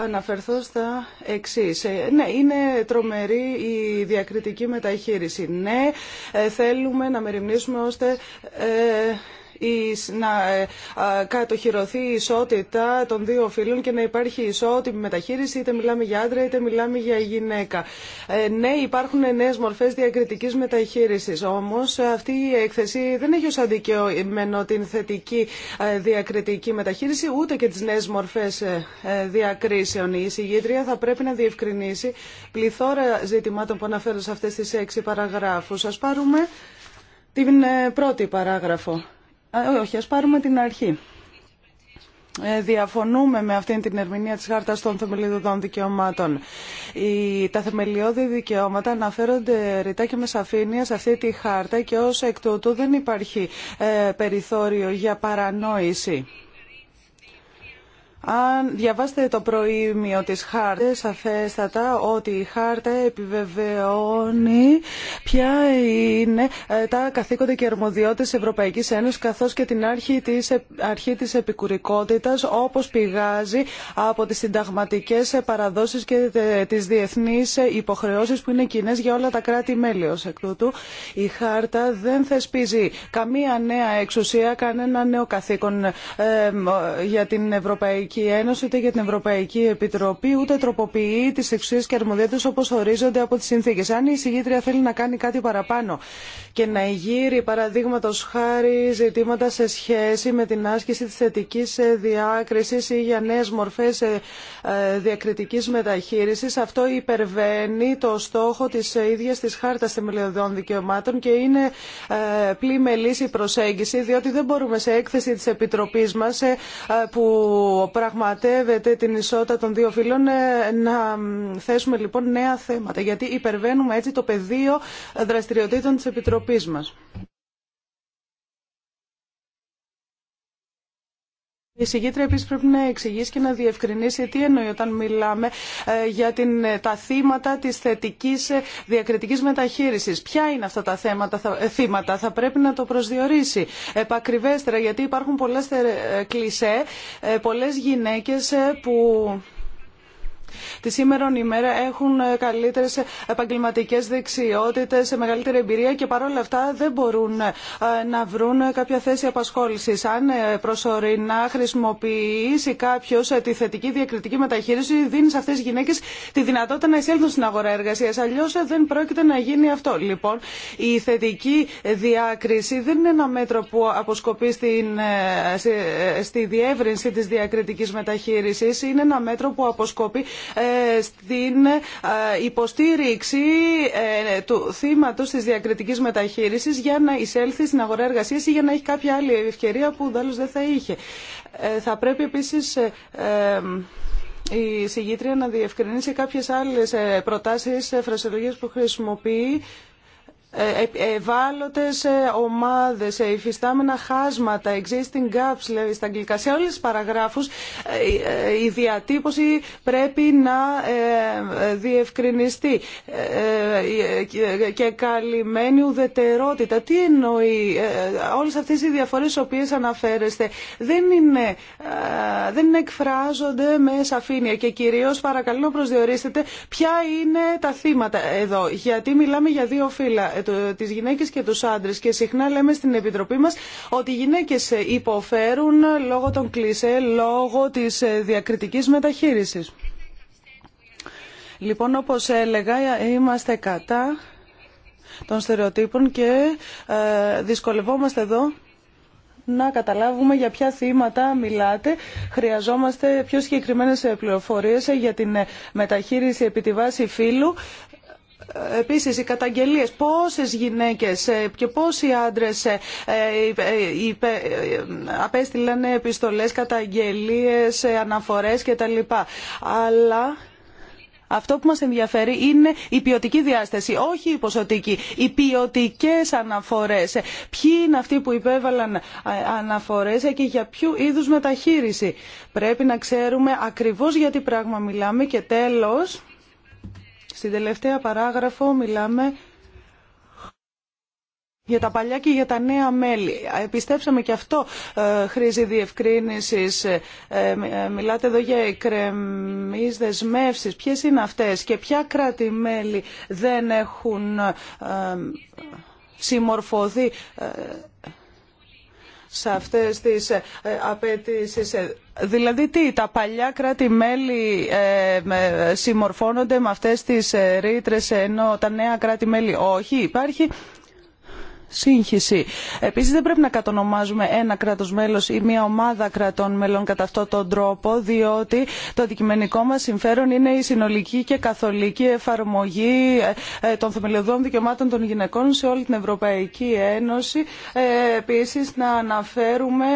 αναφερθώ στα εξή. Ε, ναι, είναι τρομερή η διακριτική μεταχείριση. Ναι, ε, θέλουμε να μεριμνήσουμε ώστε ε, να ε, κατοχυρωθεί η ισότητα των δύο φύλων και να υπάρχει ισότιμη μεταχείριση, είτε μιλάμε για άντρα είτε μιλάμε για γυναίκα. Ε, ναι, υπάρχουν νέε μορφέ διακριτική μεταχείριση. Όμω αυτή η έκθεση δεν έχει ω αντικείμενο την θετική ε, διακριτική μεταχείριση ούτε και τι νέε μορφέ διακρίσεων. Η συγγετρία θα πρέπει να διευκρινίσει πληθώρα ζητημάτων που αναφέρω σε αυτέ τι έξι παραγράφου. Α πάρουμε την πρώτη παράγραφο όχι, ας πάρουμε την αρχή. Ε, διαφωνούμε με αυτήν την ερμηνεία της Χάρτας των Θεμελιωδών Δικαιωμάτων. Τα θεμελιώδη δικαιώματα αναφέρονται ρητά και με σαφήνεια σε αυτή τη χάρτα και ως εκ τούτου δεν υπάρχει ε, περιθώριο για παρανόηση. Αν διαβάσετε το προήμιο της χάρτα, σαφέστατα ότι η χάρτα επιβεβαιώνει ποια είναι ε, τα καθήκοντα και της Ευρωπαϊκής Ένωσης καθώς και την αρχή της, ε, αρχή της επικουρικότητας όπως πηγάζει από τις συνταγματικές παραδόσεις και ε, τις διεθνείς υποχρεώσεις που είναι κοινέ για όλα τα κράτη-μέλη ως εκ τούτου. Η χάρτα δεν θεσπίζει καμία νέα εξουσία, κανένα νέο καθήκον για την Ευρωπαϊκή Ευρωπαϊκή Ένωση, ούτε για την Ευρωπαϊκή Επιτροπή, ούτε τροποποιεί τι εξουσίε και αρμοδιότητε όπω ορίζονται από τι συνθήκε. Αν η εισηγήτρια θέλει να κάνει κάτι παραπάνω και να γύρει παραδείγματο χάρη ζητήματα σε σχέση με την άσκηση τη θετική ε, διάκριση ή για νέε μορφέ ε, ε, διακριτική μεταχείρηση. Αυτό υπερβαίνει το στόχο τη ίδια τη χάρτα θεμελιωδών δικαιωμάτων και είναι πλήρη με λύση η για νεε διότι διακριτικη μεταχειρισης μπορούμε σε έκθεση τη ιδια τη χαρτα θεμελιωδων δικαιωματων και ειναι πλημελη η προσεγγιση διοτι δεν μπορουμε σε εκθεση τη επιτροπη μα που πραγματεύεται την ισότητα των δύο φύλων να θέσουμε λοιπόν νέα θέματα γιατί υπερβαίνουμε έτσι το πεδίο δραστηριοτήτων της Επιτροπής μας. Η συγκήτρια επίση πρέπει να εξηγήσει και να διευκρινίσει τι εννοεί όταν μιλάμε ε, για την, ε, τα θύματα τη θετική ε, διακριτική μεταχείριση. Ποια είναι αυτά τα θέματα, θα, θύματα, θα πρέπει να το προσδιορίσει επακριβέστερα, γιατί υπάρχουν πολλέ κλισέ, πολλέ γυναίκε που τη σήμερα ημέρα έχουν ε, καλύτερες επαγγελματικές δεξιότητες, μεγαλύτερη εμπειρία και παρόλα αυτά δεν μπορούν ε, να βρουν κάποια θέση απασχόλησης. Αν ε, προσωρινά χρησιμοποιήσει κάποιο τη θετική διακριτική μεταχείριση, δίνει σε αυτές τις γυναίκες τη δυνατότητα να εισέλθουν στην αγορά εργασίας. Αλλιώς δεν πρόκειται να γίνει αυτό. Λοιπόν, η θετική διάκριση δεν είναι ένα μέτρο που αποσκοπεί στη διεύρυνση της διακριτικής μεταχείρισης. Είναι ένα μέτρο που αποσκοπεί ε, στην ε, υποστήριξη ε, του θύματος της διακριτικής μεταχείρισης για να εισέλθει στην αγορά εργασίας ή για να έχει κάποια άλλη ευκαιρία που ο δεν θα είχε. Θα πρέπει επίσης η συγγήτρια να διευκρινίσει κάποιες άλλες προτάσεις, φρασιολογίες που χρησιμοποιεί ε, ε, ευάλωτες ε, ομάδες, υφιστάμενα χάσματα, existing gaps λέει στα αγγλικά. Σε όλες τις παραγράφους η διατύπωση πρέπει να διευκρινιστεί και καλυμμένη ουδετερότητα. Τι εννοεί όλες αυτές οι διαφορές στις οποίες αναφέρεστε δεν, είναι, δεν εκφράζονται με σαφήνεια και κυρίως παρακαλώ να προσδιορίσετε ποια είναι τα θύματα εδώ γιατί μιλάμε για δύο φύλλα τις γυναίκε και τους άντρε. και συχνά λέμε στην Επιτροπή μας ότι οι γυναίκες υποφέρουν λόγω των κλισέ, λόγω της ε, διακριτικής μεταχείρισης. Λοιπόν, όπως έλεγα, είμαστε κατά των στερεοτύπων και ε, δυσκολευόμαστε εδώ να καταλάβουμε για ποια θύματα μιλάτε. Χρειαζόμαστε πιο συγκεκριμένες πληροφορίες για την μεταχείριση επί τη βάση φύλου Επίσης οι καταγγελίες πόσες γυναίκες ε, και πόσοι άντρες ε, ε, απέστειλαν επιστολές, καταγγελίες, αναφορές κτλ. Αλλά αυτό που μας ενδιαφέρει είναι η ποιοτική διάσταση, όχι η ποσοτική. Οι ποιοτικέ αναφορές. Ποιοι είναι αυτοί που υπέβαλαν αναφορές και για ποιου είδους μεταχείριση. Πρέπει να ξέρουμε ακριβώς για τι πράγμα μιλάμε και τέλος στην τελευταία παράγραφο μιλάμε για τα παλιά και για τα νέα μέλη. Επιστέψαμε και αυτό ε, χρήζει διευκρίνηση. Ε, ε, μιλάτε εδώ για εκκρεμεί δεσμεύσει. Ποιε είναι αυτέ και ποια κράτη-μέλη δεν έχουν ε, συμμορφωθεί ε, σε αυτές τις απαιτήσεις Δηλαδή τι, τα παλιά κράτη-μέλη ε, συμμορφώνονται με αυτές τις ε, ρήτρες ενώ τα νέα κράτη-μέλη όχι. Υπάρχει σύγχυση. Επίσης δεν πρέπει να κατονομάζουμε ένα κράτος μέλος ή μια ομάδα κρατών μελών κατά αυτόν τον τρόπο, διότι το αντικειμενικό μας συμφέρον είναι η συνολική και καθολική εφαρμογή ε, ε, των θεμελιωδών δικαιωμάτων των γυναικών σε όλη την Ευρωπαϊκή Ένωση. Ε, επίσης να αναφέρουμε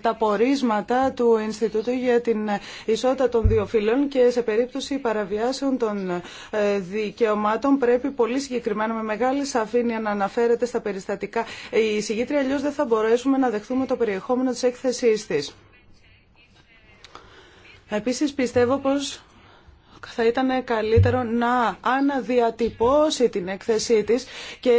τα πορίσματα του Ινστιτούτου για την ισότητα των δύο φύλων και σε περίπτωση παραβιάσεων των δικαιωμάτων πρέπει πολύ συγκεκριμένα με μεγάλη σαφήνεια να αναφέρεται στα περιστατικά η συγγήτρια αλλιώ δεν θα μπορέσουμε να δεχθούμε το περιεχόμενο της έκθεσής της. Επίσης πιστεύω πως θα ήταν καλύτερο να αναδιατυπώσει την έκθεσή της και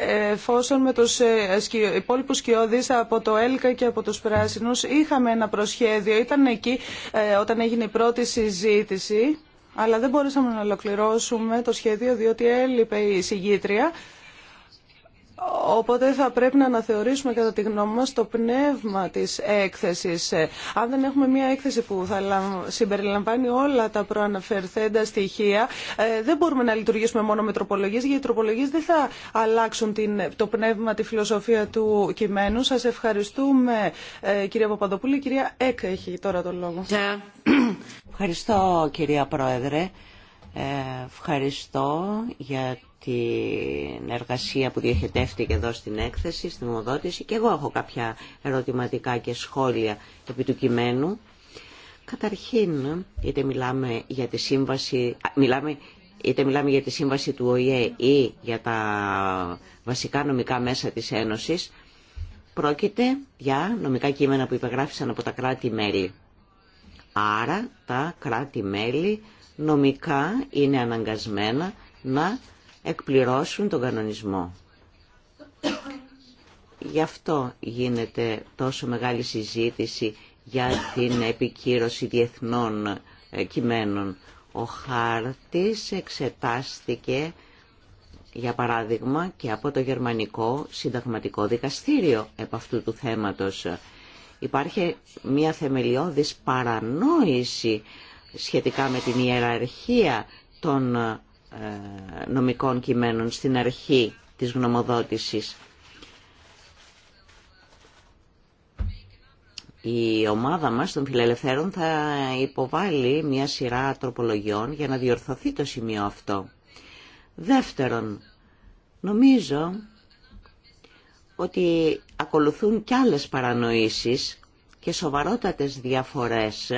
ε, εφόσον με τους ε, υπόλοιπους σκιώδεις από το ΕΛΚΑ και από τους Πράσινους είχαμε ένα προσχέδιο, ήταν εκεί ε, όταν έγινε η πρώτη συζήτηση αλλά δεν μπορούσαμε να ολοκληρώσουμε το σχέδιο διότι έλειπε η συγγήτρια Οπότε θα πρέπει να αναθεωρήσουμε κατά τη γνώμη μας το πνεύμα της έκθεσης. Ε, αν δεν έχουμε μια έκθεση που θα συμπεριλαμβάνει όλα τα προαναφερθέντα στοιχεία, ε, δεν μπορούμε να λειτουργήσουμε μόνο με τροπολογίες, γιατί οι τροπολογίες δεν θα αλλάξουν το πνεύμα, τη φιλοσοφία του κειμένου. Σας ευχαριστούμε ε, κυρία Παπαδοπούλη. Κυρία Έκ έχει τώρα τον λόγο. Ευχαριστώ κυρία Πρόεδρε. Ευχαριστώ για την εργασία που διαχετεύτηκε εδώ στην έκθεση, στην ομοδότηση και εγώ έχω κάποια ερωτηματικά και σχόλια επί του κειμένου. Καταρχήν, είτε μιλάμε για τη σύμβαση, μιλάμε, είτε μιλάμε για τη σύμβαση του ΟΗΕ ή για τα βασικά νομικά μέσα της Ένωσης, πρόκειται για νομικά κείμενα που υπεγράφησαν από τα κράτη-μέλη. Άρα τα κράτη-μέλη νομικά είναι αναγκασμένα να εκπληρώσουν τον κανονισμό. Γι' αυτό γίνεται τόσο μεγάλη συζήτηση για την επικύρωση διεθνών ε, κειμένων. Ο χάρτης εξετάστηκε, για παράδειγμα, και από το Γερμανικό Συνταγματικό Δικαστήριο επ' αυτού του θέματος. Υπάρχει μια θεμελιώδης παρανόηση σχετικά με την ιεραρχία των ε, νομικών κειμένων στην αρχή της γνωμοδότησης. Η ομάδα μας των φιλελευθέρων θα υποβάλει μια σειρά τροπολογιών για να διορθωθεί το σημείο αυτό. Δεύτερον, νομίζω ότι ακολουθούν κι άλλες παρανοήσεις και σοβαρότατες διαφορές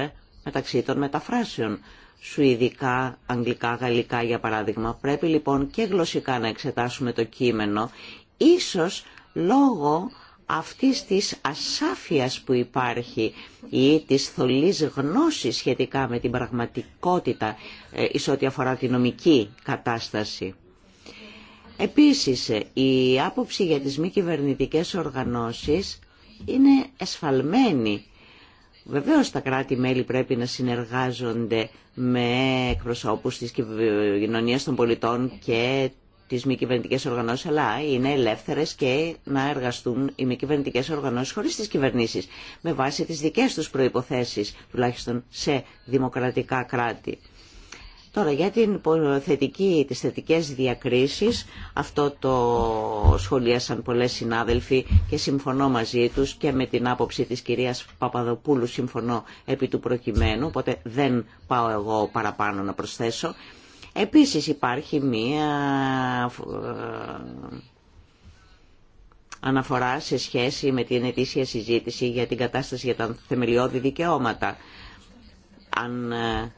μεταξύ των μεταφράσεων. Σουηδικά, αγγλικά, γαλλικά για παράδειγμα. Πρέπει λοιπόν και γλωσσικά να εξετάσουμε το κείμενο, ίσως λόγω αυτής της ασάφειας που υπάρχει ή της θολής γνώσης σχετικά με την πραγματικότητα ε, εις ό,τι αφορά τη νομική κατάσταση. Επίσης, ε, η άποψη για τις μη κυβερνητικές οργανώσεις είναι εσφαλμένη Βεβαίως τα κράτη-μέλη πρέπει να συνεργάζονται με εκπροσώπους της κοινωνία των πολιτών και τις μη κυβερνητικέ οργανώσεις, αλλά είναι ελεύθερες και να εργαστούν οι μη κυβερνητικέ οργανώσεις χωρίς τις κυβερνήσεις, με βάση τις δικές τους προϋποθέσεις, τουλάχιστον σε δημοκρατικά κράτη. Τώρα για την θετική, τις θετικές διακρίσεις, αυτό το σχολίασαν πολλές συνάδελφοι και συμφωνώ μαζί τους και με την άποψη της κυρίας Παπαδοπούλου συμφωνώ επί του προκειμένου, οπότε δεν πάω εγώ παραπάνω να προσθέσω. Επίσης υπάρχει μία ε, αναφορά σε σχέση με την ετήσια συζήτηση για την κατάσταση για τα θεμελιώδη δικαιώματα. Αν ε,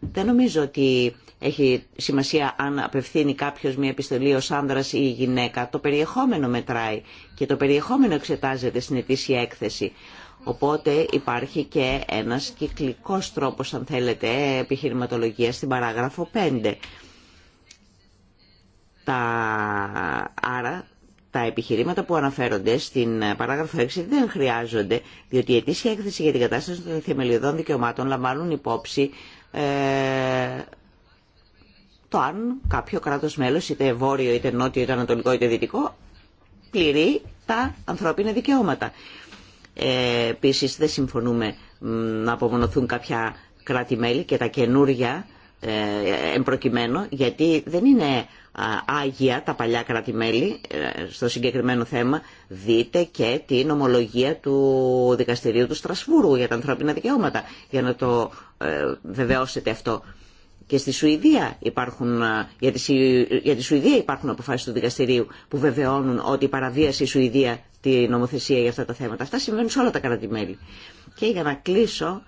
δεν νομίζω ότι έχει σημασία αν απευθύνει κάποιος μια επιστολή ως άνδρας ή γυναίκα. Το περιεχόμενο μετράει και το περιεχόμενο εξετάζεται στην ετήσια έκθεση. Οπότε υπάρχει και ένας κυκλικός τρόπος, αν θέλετε, επιχειρηματολογία στην παράγραφο 5. Τα... Άρα τα επιχειρήματα που αναφέρονται στην παράγραφο 6 δεν χρειάζονται, διότι η ετήσια έκθεση για την κατάσταση των θεμελιωδών δικαιωμάτων λαμβάνουν υπόψη ε, το αν κάποιο κράτος μέλος, είτε βόρειο, είτε νότιο, είτε ανατολικό, είτε δυτικό, πληρεί τα ανθρώπινα δικαιώματα. Ε, Επίση δεν συμφωνούμε να απομονωθούν κάποια κράτη-μέλη και τα καινούρια ε, εμπροκειμένο, γιατί δεν είναι άγια τα παλιά ε, στο συγκεκριμένο θέμα. Δείτε και την ομολογία του Δικαστηρίου του Στρασβούρου για τα ανθρώπινα δικαιώματα για να το ε, βεβαιώσετε αυτό. Και στη Σουηδία υπάρχουν, ε, για τη, Σουηδία υπάρχουν αποφάσεις του δικαστηρίου που βεβαιώνουν ότι παραβίασε η Σουηδία τη νομοθεσία για αυτά τα θέματα. Αυτά συμβαίνουν σε όλα τα κρατη Και για να κλείσω,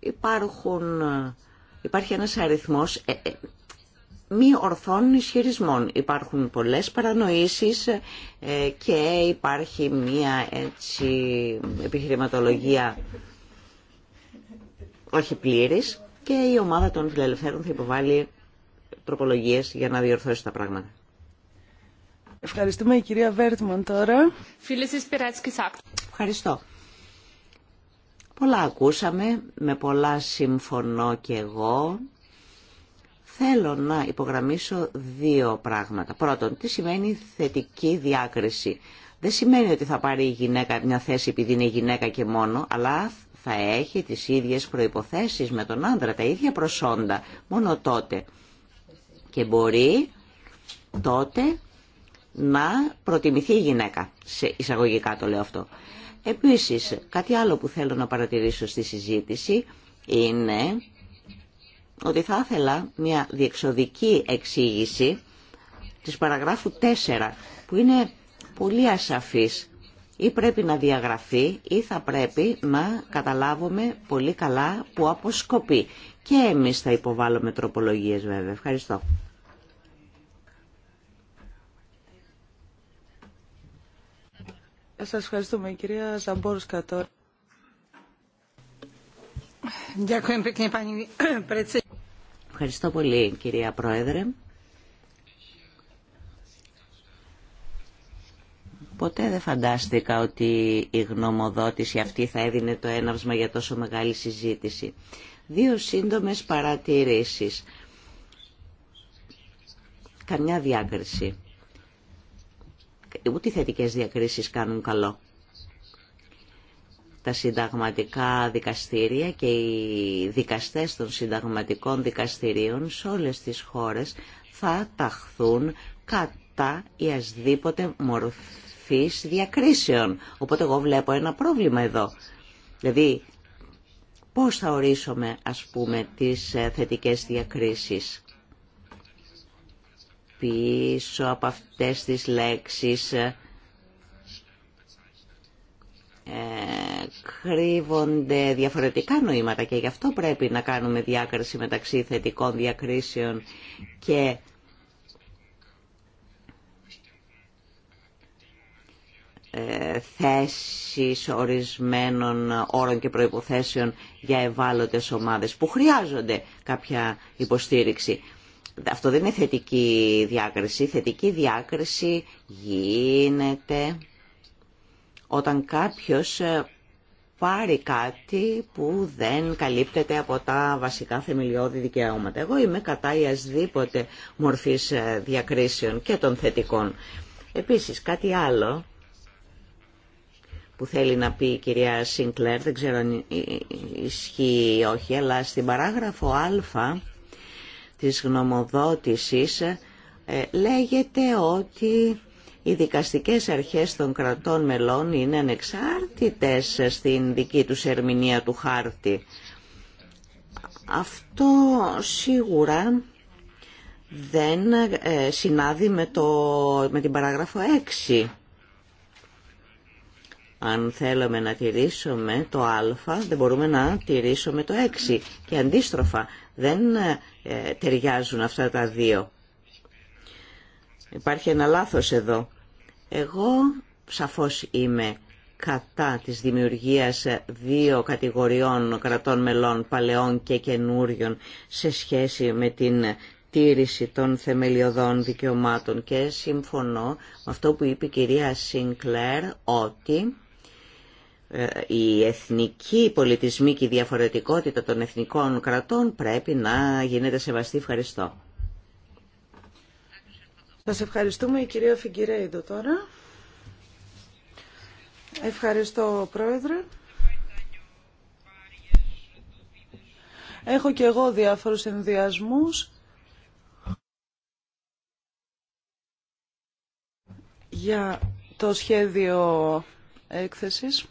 υπάρχουν, υπάρχει ένας αριθμός μη ορθών ισχυρισμών. Υπάρχουν πολλές παρανοήσεις ε, και υπάρχει μία έτσι επιχειρηματολογία όχι πλήρης και η ομάδα των φιλελευθέρων θα υποβάλει τροπολογίες για να διορθώσει τα πράγματα. Ευχαριστούμε η κυρία Βέρτμαν τώρα. Ευχαριστώ. Πολλά ακούσαμε, με πολλά συμφωνώ και εγώ. Θέλω να υπογραμμίσω δύο πράγματα. Πρώτον, τι σημαίνει θετική διάκριση. Δεν σημαίνει ότι θα πάρει γυναίκα μια θέση επειδή είναι γυναίκα και μόνο, αλλά θα έχει τις ίδιες προϋποθέσεις με τον άντρα, τα ίδια προσόντα, μόνο τότε. Και μπορεί τότε να προτιμηθεί η γυναίκα, σε εισαγωγικά το λέω αυτό. Επίσης, κάτι άλλο που θέλω να παρατηρήσω στη συζήτηση είναι ότι θα ήθελα μια διεξοδική εξήγηση της παραγράφου 4 που είναι πολύ ασαφής ή πρέπει να διαγραφεί ή θα πρέπει να καταλάβουμε πολύ καλά που αποσκοπεί. Και εμείς θα υποβάλλουμε τροπολογίες βέβαια. Ευχαριστώ. Σας ευχαριστούμε κυρία Ευχαριστώ πολύ κυρία Πρόεδρε. Ποτέ δεν φαντάστηκα ότι η γνωμοδότηση αυτή θα έδινε το έναυσμα για τόσο μεγάλη συζήτηση. Δύο σύντομες παρατηρήσεις. Καμιά διάκριση. Ούτε οι θετικές διακρίσεις κάνουν καλό τα συνταγματικά δικαστήρια και οι δικαστές των συνταγματικών δικαστηρίων σε όλες τις χώρες θα ταχθούν κατά ασδήποτε μορφής διακρίσεων. Οπότε εγώ βλέπω ένα πρόβλημα εδώ. Δηλαδή, πώς θα ορίσουμε, ας πούμε, τις ε, θετικές διακρίσεις. Πίσω από αυτές τις λέξεις ε, ε, κρύβονται διαφορετικά νοήματα και γι' αυτό πρέπει να κάνουμε διάκριση μεταξύ θετικών διακρίσεων και ε, θέσεις ορισμένων όρων και προϋποθέσεων για ευάλωτες ομάδες που χρειάζονται κάποια υποστήριξη. Αυτό δεν είναι θετική διάκριση. Θετική διάκριση γίνεται όταν κάποιος ε, πάρει κάτι που δεν καλύπτεται από τα βασικά θεμελιώδη δικαιώματα. Εγώ είμαι κατά ιασδήποτε μορφής ε, διακρίσεων και των θετικών. Επίσης κάτι άλλο που θέλει να πει η κυρία Σίνκλερ, δεν ξέρω αν ισχύει ή όχι, αλλά στην παράγραφο α της γνωμοδότησης ε, λέγεται ότι οι δικαστικές αρχές των κρατών μελών είναι ανεξάρτητες στην δική τους ερμηνεία του χάρτη. Αυτό σίγουρα δεν ε, συνάδει με, το, με την παράγραφο 6. Αν θέλουμε να τηρήσουμε το α, δεν μπορούμε να τηρήσουμε το 6. Και αντίστροφα, δεν ε, ταιριάζουν αυτά τα δύο. Υπάρχει ένα λάθος εδώ. Εγώ σαφώς είμαι κατά της δημιουργίας δύο κατηγοριών κρατών μελών παλαιών και καινούριων σε σχέση με την τήρηση των θεμελιωδών δικαιωμάτων και συμφωνώ με αυτό που είπε η κυρία Σινκλέρ ότι ε, η εθνική και πολιτισμική διαφορετικότητα των εθνικών κρατών πρέπει να γίνεται σεβαστή. Ευχαριστώ. Σας ευχαριστούμε η κυρία Φιγκυρέιντο τώρα. Ευχαριστώ πρόεδρε. Έχω και εγώ διάφορους ενδιασμούς. για το σχέδιο έκθεσης.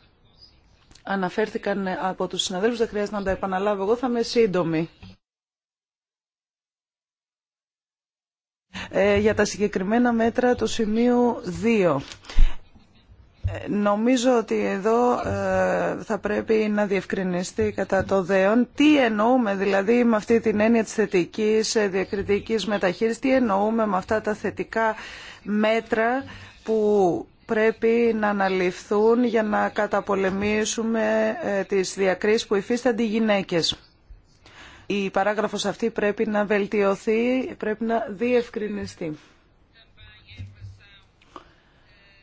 Αναφέρθηκαν από τους συναδέλφους, δεν χρειάζεται να τα επαναλάβω εγώ, θα είμαι σύντομη. Ε, για τα συγκεκριμένα μέτρα του σημείου 2. Ε, νομίζω ότι εδώ ε, θα πρέπει να διευκρινιστεί κατά το δέον τι εννοούμε δηλαδή με αυτή την έννοια της θετικής διακριτικής μεταχείρισης, τι εννοούμε με αυτά τα θετικά μέτρα που πρέπει να αναλυφθούν για να καταπολεμήσουμε τις διακρίσεις που υφίστανται οι γυναίκες η παράγραφος αυτή πρέπει να βελτιωθεί, πρέπει να διευκρινιστεί.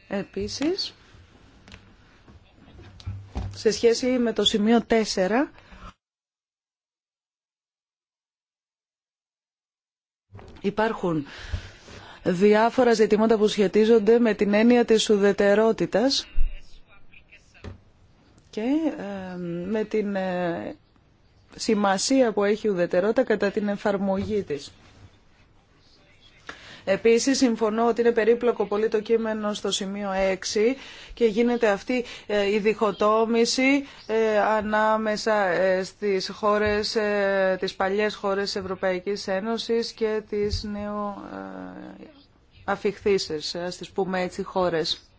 Επίσης, σε σχέση με το σημείο 4, υπάρχουν διάφορα ζητήματα που σχετίζονται με την έννοια της ουδετερότητας και ε, με την ε, σημασία που έχει η ουδετερότητα κατά την εφαρμογή της. Επίσης, συμφωνώ ότι είναι περίπλοκο πολύ το κείμενο στο σημείο 6 και γίνεται αυτή ε, η διχοτόμηση ε, ανάμεσα ε, στις χώρες, τις παλιές χώρες Ευρωπαϊκής Ένωσης και τις νέο αφιχθήσεις, ας τις πούμε έτσι, χώρες.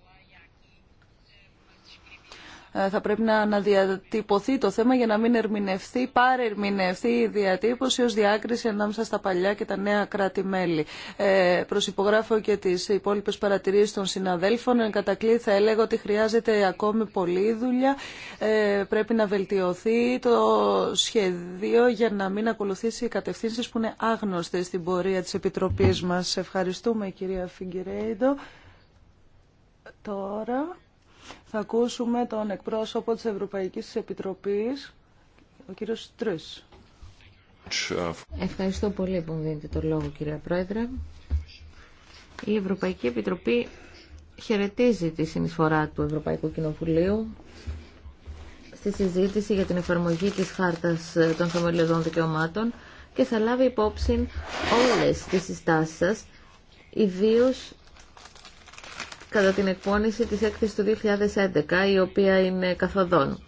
Ε, θα πρέπει να αναδιατυπωθεί το θέμα για να μην ερμηνευθεί, παρερμηνευθεί η διατύπωση ως διάκριση ανάμεσα στα παλιά και τα νέα κράτη-μέλη. Ε, προσυπογράφω και τις υπόλοιπες παρατηρήσεις των συναδέλφων. Εν κατακλεί, θα έλεγα ότι χρειάζεται ακόμη πολλή δουλειά. Ε, πρέπει να βελτιωθεί το σχεδίο για να μην ακολουθήσει οι κατευθύνσεις που είναι άγνωστες στην πορεία της Επιτροπής μας. Ευχαριστούμε κυρία Φιγκυρέιντο. Τώρα... Θα ακούσουμε τον εκπρόσωπο της Ευρωπαϊκής Επιτροπής, ο κύριος Τρυς. Ευχαριστώ πολύ που μου δίνετε το λόγο, κύριε Πρόεδρε. Η Ευρωπαϊκή Επιτροπή χαιρετίζει τη συνεισφορά του Ευρωπαϊκού Κοινοβουλίου στη συζήτηση για την εφαρμογή της Χάρτας των Θεμελιωδών Δικαιωμάτων και θα λάβει υπόψη όλες τις συστάσεις σας, ιδίως κατά την εκπόνηση της έκθεσης του 2011, η οποία είναι καθοδόν.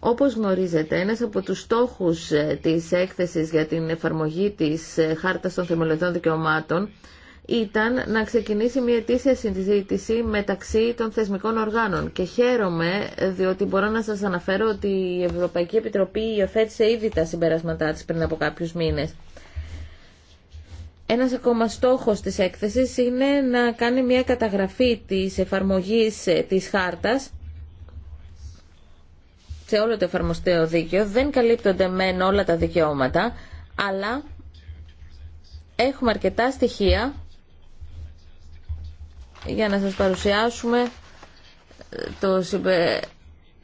Όπως γνωρίζετε, ένας από τους στόχους ε, της έκθεσης για την εφαρμογή της ε, Χάρτας των Θεμελιωδών Δικαιωμάτων ήταν να ξεκινήσει μια ετήσια συζήτηση μεταξύ των θεσμικών οργάνων και χαίρομαι ε, διότι μπορώ να σας αναφέρω ότι η Ευρωπαϊκή Επιτροπή υιοθέτησε ήδη τα συμπεράσματά της πριν από κάποιους μήνες. Ένας ακόμα στόχος της έκθεσης είναι να κάνει μια καταγραφή της εφαρμογής ε, της χάρτας σε όλο το εφαρμοστέο δίκαιο. Δεν καλύπτονται μεν όλα τα δικαιώματα, αλλά έχουμε αρκετά στοιχεία για να σας παρουσιάσουμε ε, το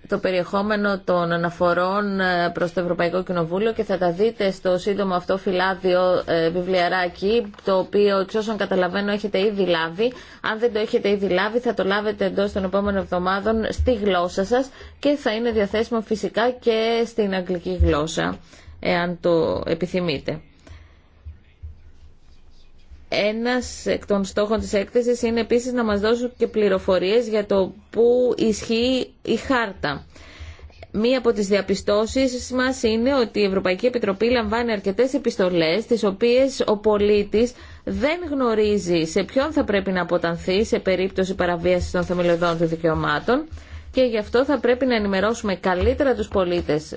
το περιεχόμενο των αναφορών ε, προς το Ευρωπαϊκό Κοινοβούλιο και θα τα δείτε στο σύντομο αυτό φυλάδιο ε, βιβλιαράκι το οποίο εξ όσων καταλαβαίνω έχετε ήδη λάβει. Αν δεν το έχετε ήδη λάβει θα το λάβετε εντός των επόμενων εβδομάδων στη γλώσσα σας και θα είναι διαθέσιμο φυσικά και στην αγγλική γλώσσα εάν το επιθυμείτε. Ένας εκ των στόχων της έκθεσης είναι επίσης να μας δώσουν και πληροφορίες για το πού ισχύει η χάρτα. Μία από τις διαπιστώσεις μας είναι ότι η Ευρωπαϊκή Επιτροπή λαμβάνει αρκετές επιστολές, τις οποίες ο πολίτης δεν γνωρίζει σε ποιον θα πρέπει να αποτανθεί σε περίπτωση παραβίασης των θεμελιωδών του δικαιωμάτων και γι' αυτό θα πρέπει να ενημερώσουμε καλύτερα τους πολίτες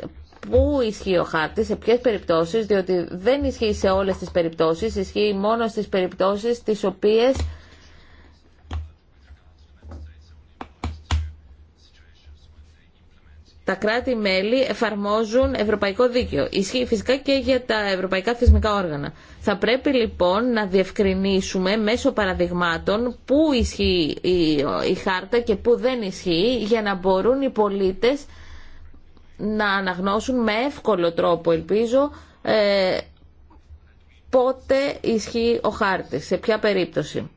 πού ισχύει ο χάρτης, σε ποιε περιπτώσεις, διότι δεν ισχύει σε όλε τις περιπτώσεις, ισχύει μόνο στις περιπτώσεις τις οποίες τα κράτη-μέλη εφαρμόζουν ευρωπαϊκό δίκαιο. Ισχύει φυσικά και για τα ευρωπαϊκά θεσμικά όργανα. Θα πρέπει λοιπόν να διευκρινίσουμε μέσω παραδειγμάτων πού ισχύει η, χάρτα και πού δεν ισχύει για να μπορούν οι πολίτες να αναγνώσουν με εύκολο τρόπο, ελπίζω, ε, πότε ισχύει ο χάρτης, σε ποια περίπτωση.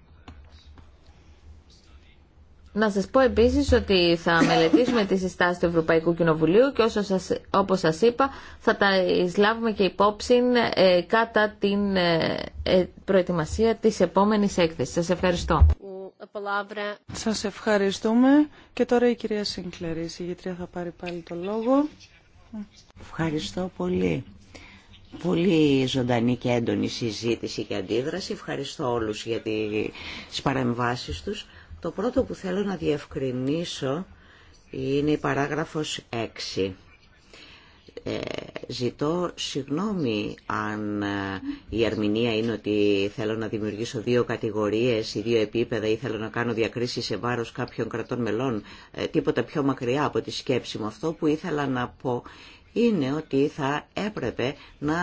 Να σας πω επίσης ότι θα μελετήσουμε τις συστάσεις του Ευρωπαϊκού Κοινοβουλίου και όσο σας, όπως σας είπα θα τα εισλάβουμε και υπόψη ε, κατά την ε, προετοιμασία της επόμενης έκθεσης. Σας ευχαριστώ. Σας ευχαριστούμε. Και τώρα η κυρία Σίνκλερ, η συγγετρία θα πάρει πάλι το λόγο. Ευχαριστώ πολύ. Πολύ ζωντανή και έντονη συζήτηση και αντίδραση. Ευχαριστώ όλους για τις παρεμβάσεις τους. Το πρώτο που θέλω να διευκρινίσω είναι η παράγραφος 6 ε, ζητώ συγγνώμη αν ε, η ερμηνεία είναι ότι θέλω να δημιουργήσω δύο κατηγορίες ή δύο επίπεδα ή θέλω να κάνω διακρίσεις σε βάρος κάποιων κρατών μελών. Ε, τίποτα πιο μακριά από τη σκέψη μου. Αυτό που ήθελα να πω είναι ότι θα έπρεπε να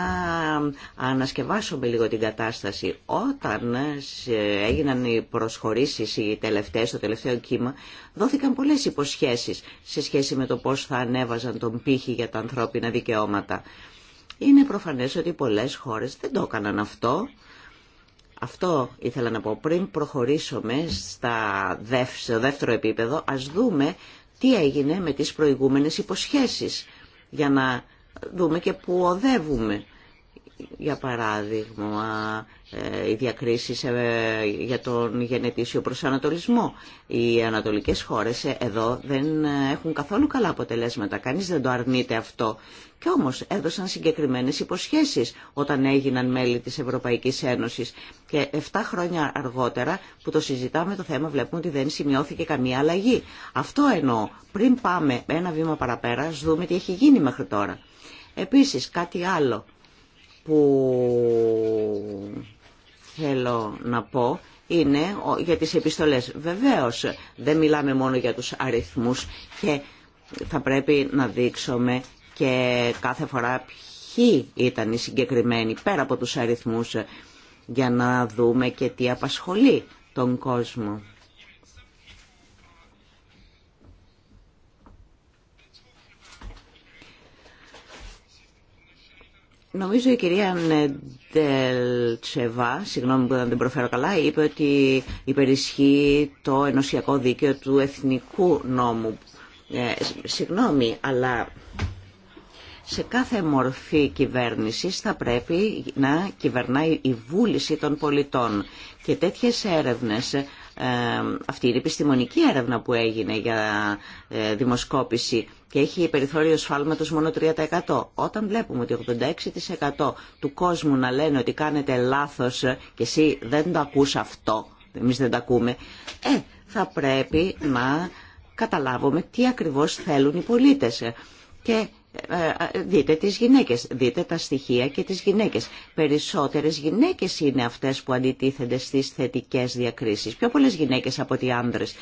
ανασκευάσουμε λίγο την κατάσταση. Όταν ε, έγιναν οι προσχωρήσεις οι τελευταίες, το τελευταίο κύμα, δόθηκαν πολλές υποσχέσεις σε σχέση με το πώς θα ανέβαζαν τον πύχη για τα ανθρώπινα δικαιώματα. Είναι προφανές ότι πολλές χώρες δεν το έκαναν αυτό. Αυτό ήθελα να πω πριν προχωρήσουμε στα στο δεύτερο επίπεδο, ας δούμε τι έγινε με τις προηγούμενες υποσχέσεις για να δούμε και που οδεύουμε. Για παράδειγμα, ε, οι διακρίσεις ε, για τον γενετήσιο προσανατολισμό. Οι ανατολικές χώρες ε, εδώ δεν έχουν καθόλου καλά αποτελέσματα. Κανείς δεν το αρνείται αυτό. Και όμως έδωσαν συγκεκριμένες υποσχέσεις όταν έγιναν μέλη της Ευρωπαϊκής Ένωσης. Και 7 χρόνια αργότερα που το συζητάμε το θέμα βλέπουμε ότι δεν σημειώθηκε καμία αλλαγή. Αυτό εννοώ. Πριν πάμε ένα βήμα παραπέρα, ας δούμε τι έχει γίνει μέχρι τώρα. Επίσης κάτι άλλο που θέλω να πω είναι για τις επιστολές. Βεβαίως δεν μιλάμε μόνο για τους αριθμούς και θα πρέπει να δείξουμε και κάθε φορά ποιοι ήταν οι συγκεκριμένοι πέρα από τους αριθμούς για να δούμε και τι απασχολεί τον κόσμο. Νομίζω η κυρία Ντελτσεβα, συγγνώμη που δεν την προφέρω καλά, είπε ότι υπερισχύει το ενωσιακό δίκαιο του εθνικού νόμου. Ε, συγγνώμη, αλλά σε κάθε μορφή κυβέρνησης θα πρέπει να κυβερνάει η βούληση των πολιτών. Και τέτοιες έρευνες αυτή η επιστημονική έρευνα που έγινε για ε, δημοσκόπηση και έχει περιθώριο σφάλματος μόνο 3%. Όταν βλέπουμε ότι 86% του κόσμου να λένε ότι κάνετε λάθος ε, και εσύ δεν το ακούς αυτό, εμείς δεν το ακούμε, ε, θα πρέπει να καταλάβουμε τι ακριβώς θέλουν οι πολίτες. Ε. Και ε, δείτε τις γυναίκες, δείτε τα στοιχεία και τις γυναίκες. Περισσότερες γυναίκες είναι αυτές που αντιτίθενται στις θετικές διακρίσεις. Πιο πολλές γυναίκες από ότι άνδρες.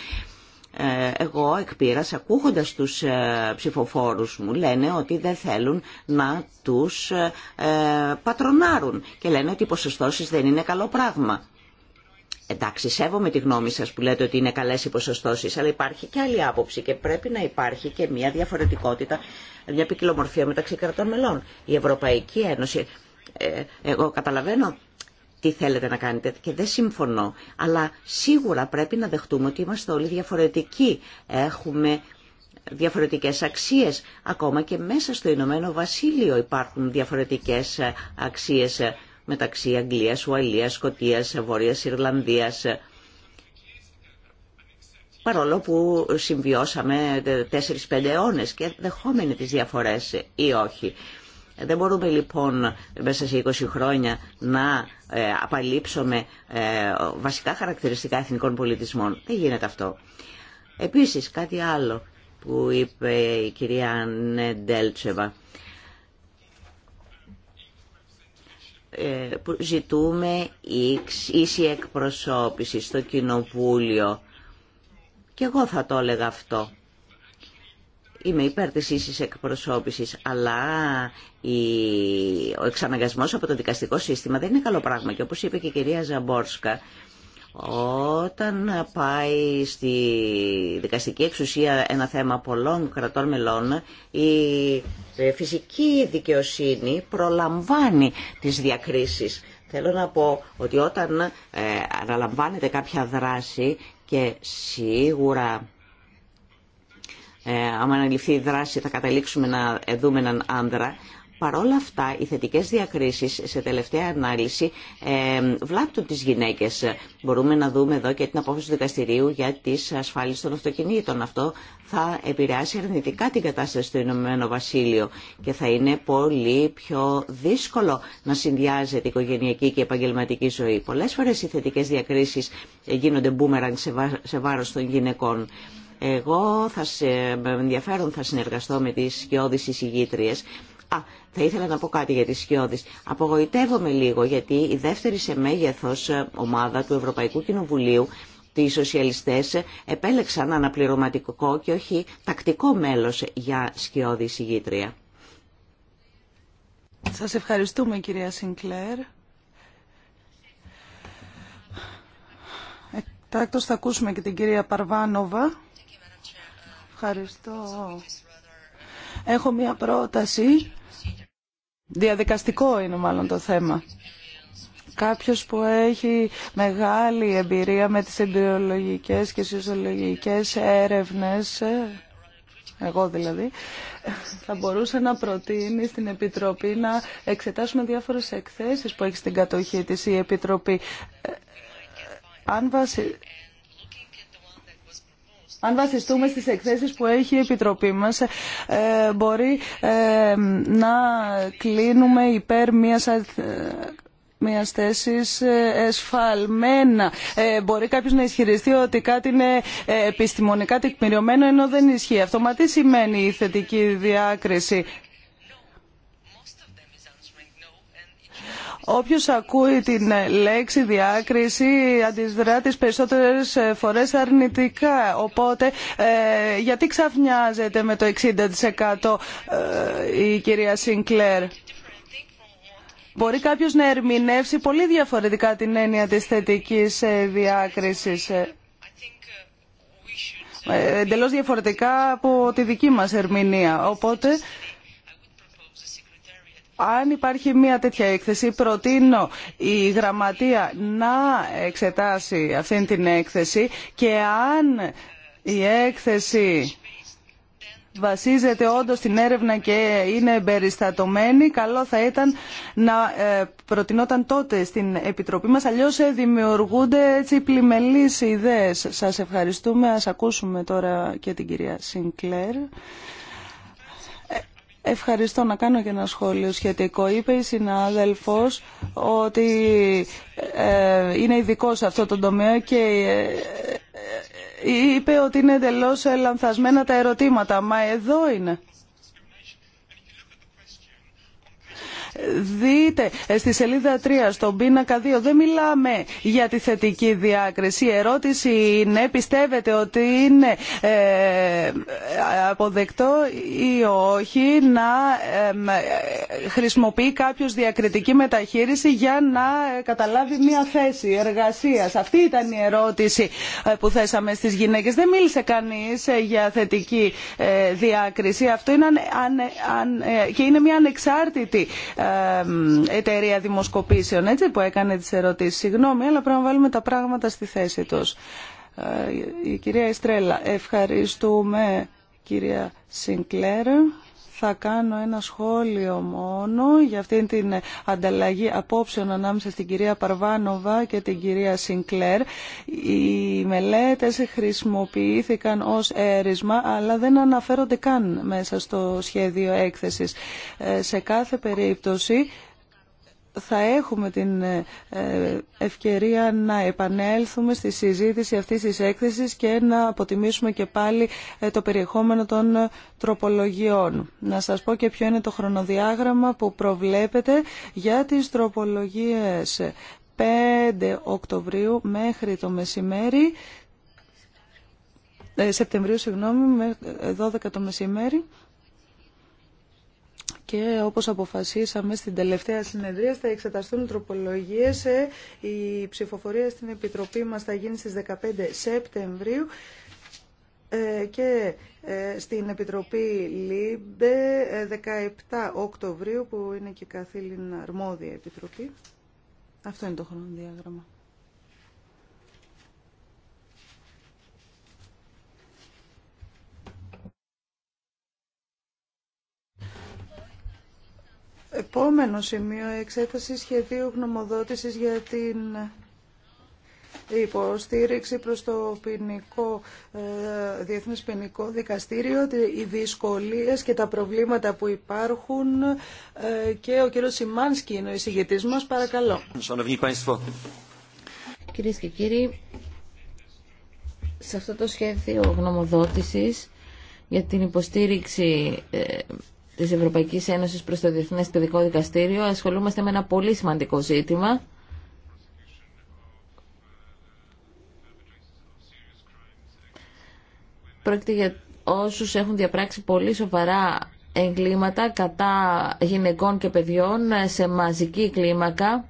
Ε, εγώ εκπήρας ακούγοντας τους ε, ψηφοφόρους μου λένε ότι δεν θέλουν να τους πατρονάρουν και λένε ότι οι ποσοστώσεις δεν είναι καλό πράγμα. Εντάξει, σέβομαι τη γνώμη σας που λέτε ότι είναι καλές οι ποσοστώσεις, αλλά υπάρχει και άλλη άποψη και πρέπει να υπάρχει και μια διαφορετικότητα, μια ποικιλομορφία μεταξύ κρατών μελών. Η Ευρωπαϊκή Ένωση, ε, εγώ καταλαβαίνω τι θέλετε να κάνετε και δεν συμφωνώ, αλλά σίγουρα πρέπει να δεχτούμε ότι είμαστε όλοι διαφορετικοί. Έχουμε διαφορετικές αξίες. Ακόμα και μέσα στο Ηνωμένο Βασίλειο υπάρχουν διαφορετικές ε, αξίες ε, μεταξύ Αγγλίας, Ουαλίας, Σκοτίας, Βόρειας Ιρλανδίας παρόλο που συμβιώσαμε 4-5 αιώνε και δεχόμενοι τις διαφορές ή όχι. Δεν μπορούμε λοιπόν μέσα σε 20 χρόνια να ε, απαλείψουμε ε, βασικά χαρακτηριστικά εθνικών πολιτισμών. Δεν γίνεται αυτό. Επίσης κάτι άλλο που είπε η κυρία Νεντέλτσεβα Ε, που ζητούμε ίση εκπροσώπηση στο κοινοβούλιο. Και εγώ θα το έλεγα αυτό. Είμαι υπέρ της ίσης εκπροσώπησης, αλλά ο εξαναγκασμός από το δικαστικό σύστημα δεν είναι καλό πράγμα. Και όπως είπε και η κυρία Ζαμπόρσκα, όταν πάει στη δικαστική εξουσία ένα θέμα πολλών κρατών μελών, η ε, φυσική δικαιοσύνη προλαμβάνει τις διακρίσεις. Θέλω να πω ότι όταν ε, αναλαμβάνεται κάποια δράση και σίγουρα ε, άμα αναλυφθεί η δράση θα καταλήξουμε να ε, δούμε έναν άντρα... Παρ' όλα αυτά, οι θετικέ διακρίσει σε τελευταία ανάλυση ε, βλάπτουν τι γυναίκε. Μπορούμε να δούμε εδώ και την απόφαση του δικαστηρίου για τι ασφάλειε των αυτοκινήτων. Αυτό θα επηρεάσει αρνητικά την κατάσταση στο Ηνωμένο Βασίλειο και θα είναι πολύ πιο δύσκολο να συνδυάζεται η οικογενειακή και η επαγγελματική ζωή. Πολλέ φορέ οι θετικέ διακρίσει γίνονται μπούμεραν σε βάρο των γυναικών. Εγώ θα, με ενδιαφέρον θα συνεργαστώ με τις σκιώδεις εισηγήτριες Α, θα ήθελα να πω κάτι για τις Σκιώδης. Απογοητεύομαι λίγο γιατί η δεύτερη σε μέγεθος ε, ομάδα του Ευρωπαϊκού Κοινοβουλίου οι σοσιαλιστές ε, επέλεξαν αναπληρωματικό και όχι τακτικό μέλος για σκιώδη συγγήτρια. Σας ευχαριστούμε κυρία Σινκλέρ. Εκτάκτως θα ακούσουμε και την κυρία Παρβάνοβα. Ευχαριστώ. Έχω μία πρόταση Διαδικαστικό είναι μάλλον το θέμα. Κάποιος που έχει μεγάλη εμπειρία με τις εμπειρολογικές και συσσολογικές έρευνες, εγώ δηλαδή, θα μπορούσε να προτείνει στην Επιτροπή να εξετάσουμε διάφορες εκθέσεις που έχει στην κατοχή της η Επιτροπή. Ε, ε, αν αν βασιστούμε στις εκθέσεις που έχει η Επιτροπή μας, ε, μπορεί ε, να κλείνουμε υπέρ μιας ε, μια θέση εσφαλμένα. μπορεί κάποιο να ισχυριστεί ότι κάτι είναι επιστημονικά τεκμηριωμένο ενώ δεν ισχύει αυτό. Μα τι σημαίνει η θετική διάκριση. Όποιος ακούει την ε, λέξη διάκριση αντιδρά τις περισσότερες ε, φορές αρνητικά. Οπότε ε, γιατί ξαφνιάζεται με το 60% η κυρία Σινκλέρ. Μπορεί κάποιος να ερμηνεύσει πολύ διαφορετικά την έννοια της θετικής διάκρισης. Εντελώς διαφορετικά από τη δική μας ερμηνεία. Οπότε αν υπάρχει μια τέτοια έκθεση, προτείνω η Γραμματεία να εξετάσει αυτή την έκθεση και αν η έκθεση βασίζεται όντως στην έρευνα και είναι εμπεριστατωμένη, καλό θα ήταν να ε, προτινόταν τότε στην Επιτροπή μας, αλλιώς ε, δημιουργούνται έτσι πλημελείς ιδέες. Σας ευχαριστούμε. Ας ακούσουμε τώρα και την κυρία Σινκλέρ. Ευχαριστώ να κάνω και ένα σχόλιο σχετικό. Είπε η συνάδελφος ότι ε, είναι ειδικό σε αυτό το τομέα και ε, ε, είπε ότι είναι εντελώ λανθασμένα τα ερωτήματα. Μα εδώ είναι Δείτε ε, στη σελίδα 3, στον πίνακα 2, δεν μιλάμε για τη θετική διάκριση. Η ερώτηση είναι, πιστεύετε ότι είναι ε, αποδεκτό ή όχι να ε, χρησιμοποιεί κάποιος διακριτική μεταχείριση για να καταλάβει μια θέση εργασίας. Αυτή ήταν η ερώτηση που θέσαμε στις γυναίκες. Δεν μίλησε κανείς για θετική διάκριση. Αυτό είναι και είναι μια ανεξάρτητη ε, εταιρεία δημοσκοπήσεων έτσι, που έκανε τις ερωτήσεις. Συγγνώμη, αλλά πρέπει να βάλουμε τα πράγματα στη θέση τους. Ε, η κυρία Ιστρέλα, ευχαριστούμε κυρία Σινκλέρ. Θα κάνω ένα σχόλιο μόνο για αυτήν την ανταλλαγή απόψεων ανάμεσα στην κυρία Παρβάνοβα και την κυρία Σινκλέρ. Οι μελέτες χρησιμοποιήθηκαν ως έρισμα, αλλά δεν αναφέρονται καν μέσα στο σχέδιο έκθεσης. Ε, σε κάθε περίπτωση θα έχουμε την ε, ε, ευκαιρία να επανέλθουμε στη συζήτηση αυτής της έκθεσης και να αποτιμήσουμε και πάλι ε, το περιεχόμενο των τροπολογιών. Να σας πω και ποιο είναι το χρονοδιάγραμμα που προβλέπετε για τις τροπολογίες 5 Οκτωβρίου μέχρι το μεσημέρι, Σεπτεμβρίου συγγνώμη, 12 το μεσημέρι και όπως αποφασίσαμε στην τελευταία συνεδρία θα εξεταστούν τροπολογίες. Ε, η ψηφοφορία στην Επιτροπή μας θα γίνει στις 15 Σεπτεμβρίου ε, και ε, στην Επιτροπή ΛΥΜΠΕ 17 Οκτωβρίου που είναι και καθήλυνα αρμόδια επιτροπή. Αυτό είναι το χρονοδιάγραμμα. Επόμενο σημείο εξέταση σχεδίου γνωμοδότησης για την υποστήριξη προς το ποινικό, ε, Διεθνές Ποινικό Δικαστήριο, οι δυσκολίες και τα προβλήματα που υπάρχουν ε, και ο κύριος Σιμάνσκι είναι ο εισηγητής μας. Παρακαλώ. Κυρίε και κύριοι, σε αυτό το σχέδιο γνωμοδότησης για την υποστήριξη ε, Τη Ευρωπαϊκή Ένωση προ το διεθνέ Παιδικό Δικαστήριο ασχολούμαστε με ένα πολύ σημαντικό ζήτημα Πρόκειται για όσους έχουν διαπράξει πολύ σοβαρά εγκλήματα κατά γυναικών και παιδιών σε μαζική κλίμακα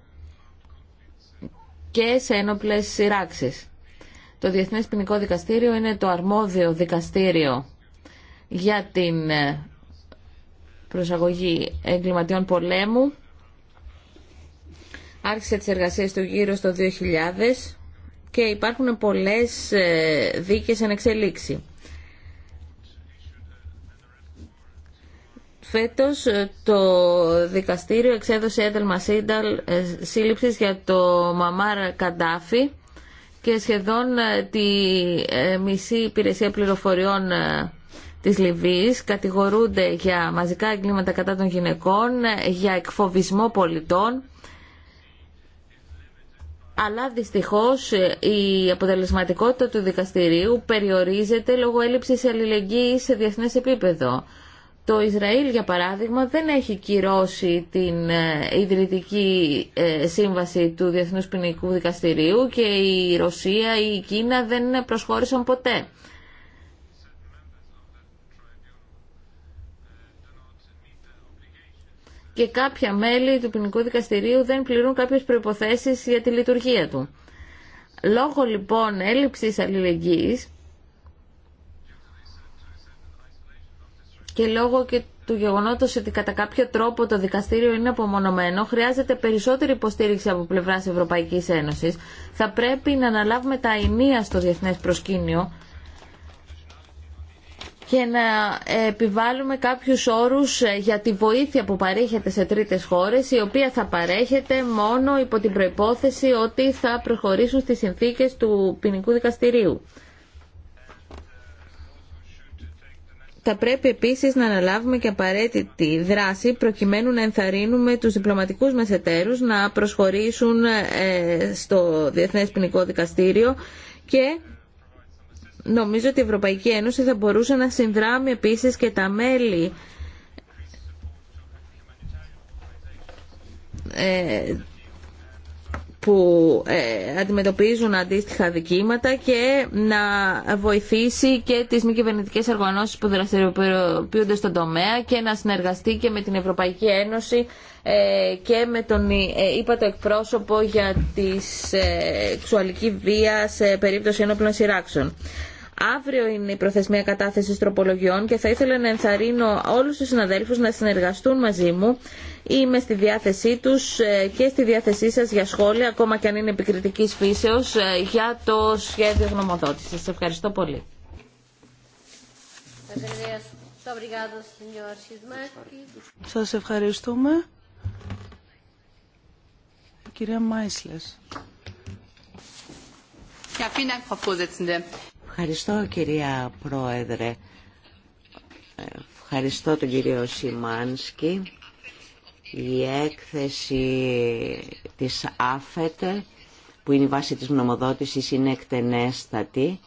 και σε ένοπλες σειράξεις. Το Διεθνές Ποινικό Δικαστήριο είναι το αρμόδιο δικαστήριο για την προσαγωγή εγκληματιών πολέμου. Άρχισε τις εργασίες του γύρω στο 2000 και υπάρχουν πολλές ε, δίκες εν εξελίξη. Φέτος ε, το δικαστήριο εξέδωσε ένταλμα ε, σύλληψης για το Μαμάρ Καντάφη και σχεδόν τη μισή υπηρεσία πληροφοριών της Λιβύης κατηγορούνται για μαζικά εγκλήματα κατά των γυναικών, για εκφοβισμό πολιτών. Αλλά δυστυχώς η αποτελεσματικότητα του δικαστηρίου περιορίζεται λόγω έλλειψης αλληλεγγύης σε διεθνές επίπεδο. Το Ισραήλ, για παράδειγμα, δεν έχει κυρώσει την ε, ιδρυτική ε, σύμβαση του Διεθνούς Ποινικού Δικαστηρίου και η Ρωσία ή η Κίνα δεν προσχώρησαν ποτέ. και κάποια μέλη του ποινικού δικαστηρίου δεν πληρούν κάποιες προϋποθέσεις για τη λειτουργία του. Λόγω λοιπόν έλλειψης αλληλεγγύης και λόγω και του γεγονότος ότι κατά κάποιο τρόπο το δικαστήριο είναι απομονωμένο, χρειάζεται περισσότερη υποστήριξη από πλευράς Ευρωπαϊκής Ένωσης. Θα πρέπει να αναλάβουμε τα ενία στο διεθνές προσκήνιο και να επιβάλλουμε κάποιους όρους ε, για τη βοήθεια που παρέχεται σε τρίτες χώρες, η οποία θα παρέχεται μόνο υπό την προϋπόθεση ότι θα προχωρήσουν στις συνθήκες του ποινικού δικαστηρίου. θα πρέπει επίσης να αναλάβουμε και απαραίτητη δράση προκειμένου να ενθαρρύνουμε τους διπλωματικούς μας να προσχωρήσουν ε, στο Διεθνές Ποινικό Δικαστήριο και νομίζω ότι η Ευρωπαϊκή Ένωση θα μπορούσε να συνδράμει επίσης και τα μέλη ε, που ε, αντιμετωπίζουν αντίστοιχα δικήματα και να βοηθήσει και τις μη κυβερνητικέ οργανώσεις που δραστηριοποιούνται στον τομέα και να συνεργαστεί και με την Ευρωπαϊκή Ένωση ε, και με τον είπα το εκπρόσωπο για τη σεξουαλική βία σε περίπτωση ενόπλων σειράξεων. Αύριο είναι η προθεσμία κατάθεση τροπολογιών και θα ήθελα να ενθαρρύνω όλου του συναδέλφου να συνεργαστούν μαζί μου. Είμαι στη διάθεσή του ε, και στη διάθεσή σα για σχόλια, ακόμα και αν είναι επικριτική φύσεω, ε, για το σχέδιο γνωμοδότηση. Σα ευχαριστώ πολύ. Σας ευχαριστούμε. Κυρία Μάισλες. Ευχαριστώ κυρία Πρόεδρε. Ευχαριστώ τον κύριο Σιμάνσκι. Η έκθεση της ΑΦΕΤ, που είναι η βάση της νομοδότησης, είναι εκτενέστατη,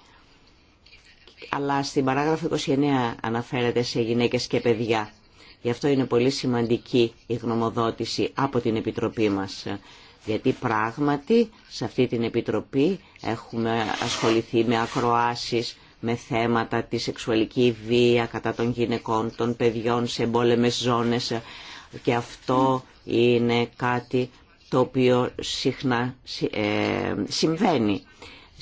αλλά στην παράγραφο 29 αναφέρεται σε γυναίκες και παιδιά. Γι' αυτό είναι πολύ σημαντική η γνωμοδότηση από την Επιτροπή μας γιατί πράγματι σε αυτή την Επιτροπή έχουμε ασχοληθεί με ακροάσεις, με θέματα τη σεξουαλική βία κατά των γυναικών, των παιδιών σε εμπόλεμες ζώνες και αυτό είναι κάτι το οποίο συχνά ε, συμβαίνει.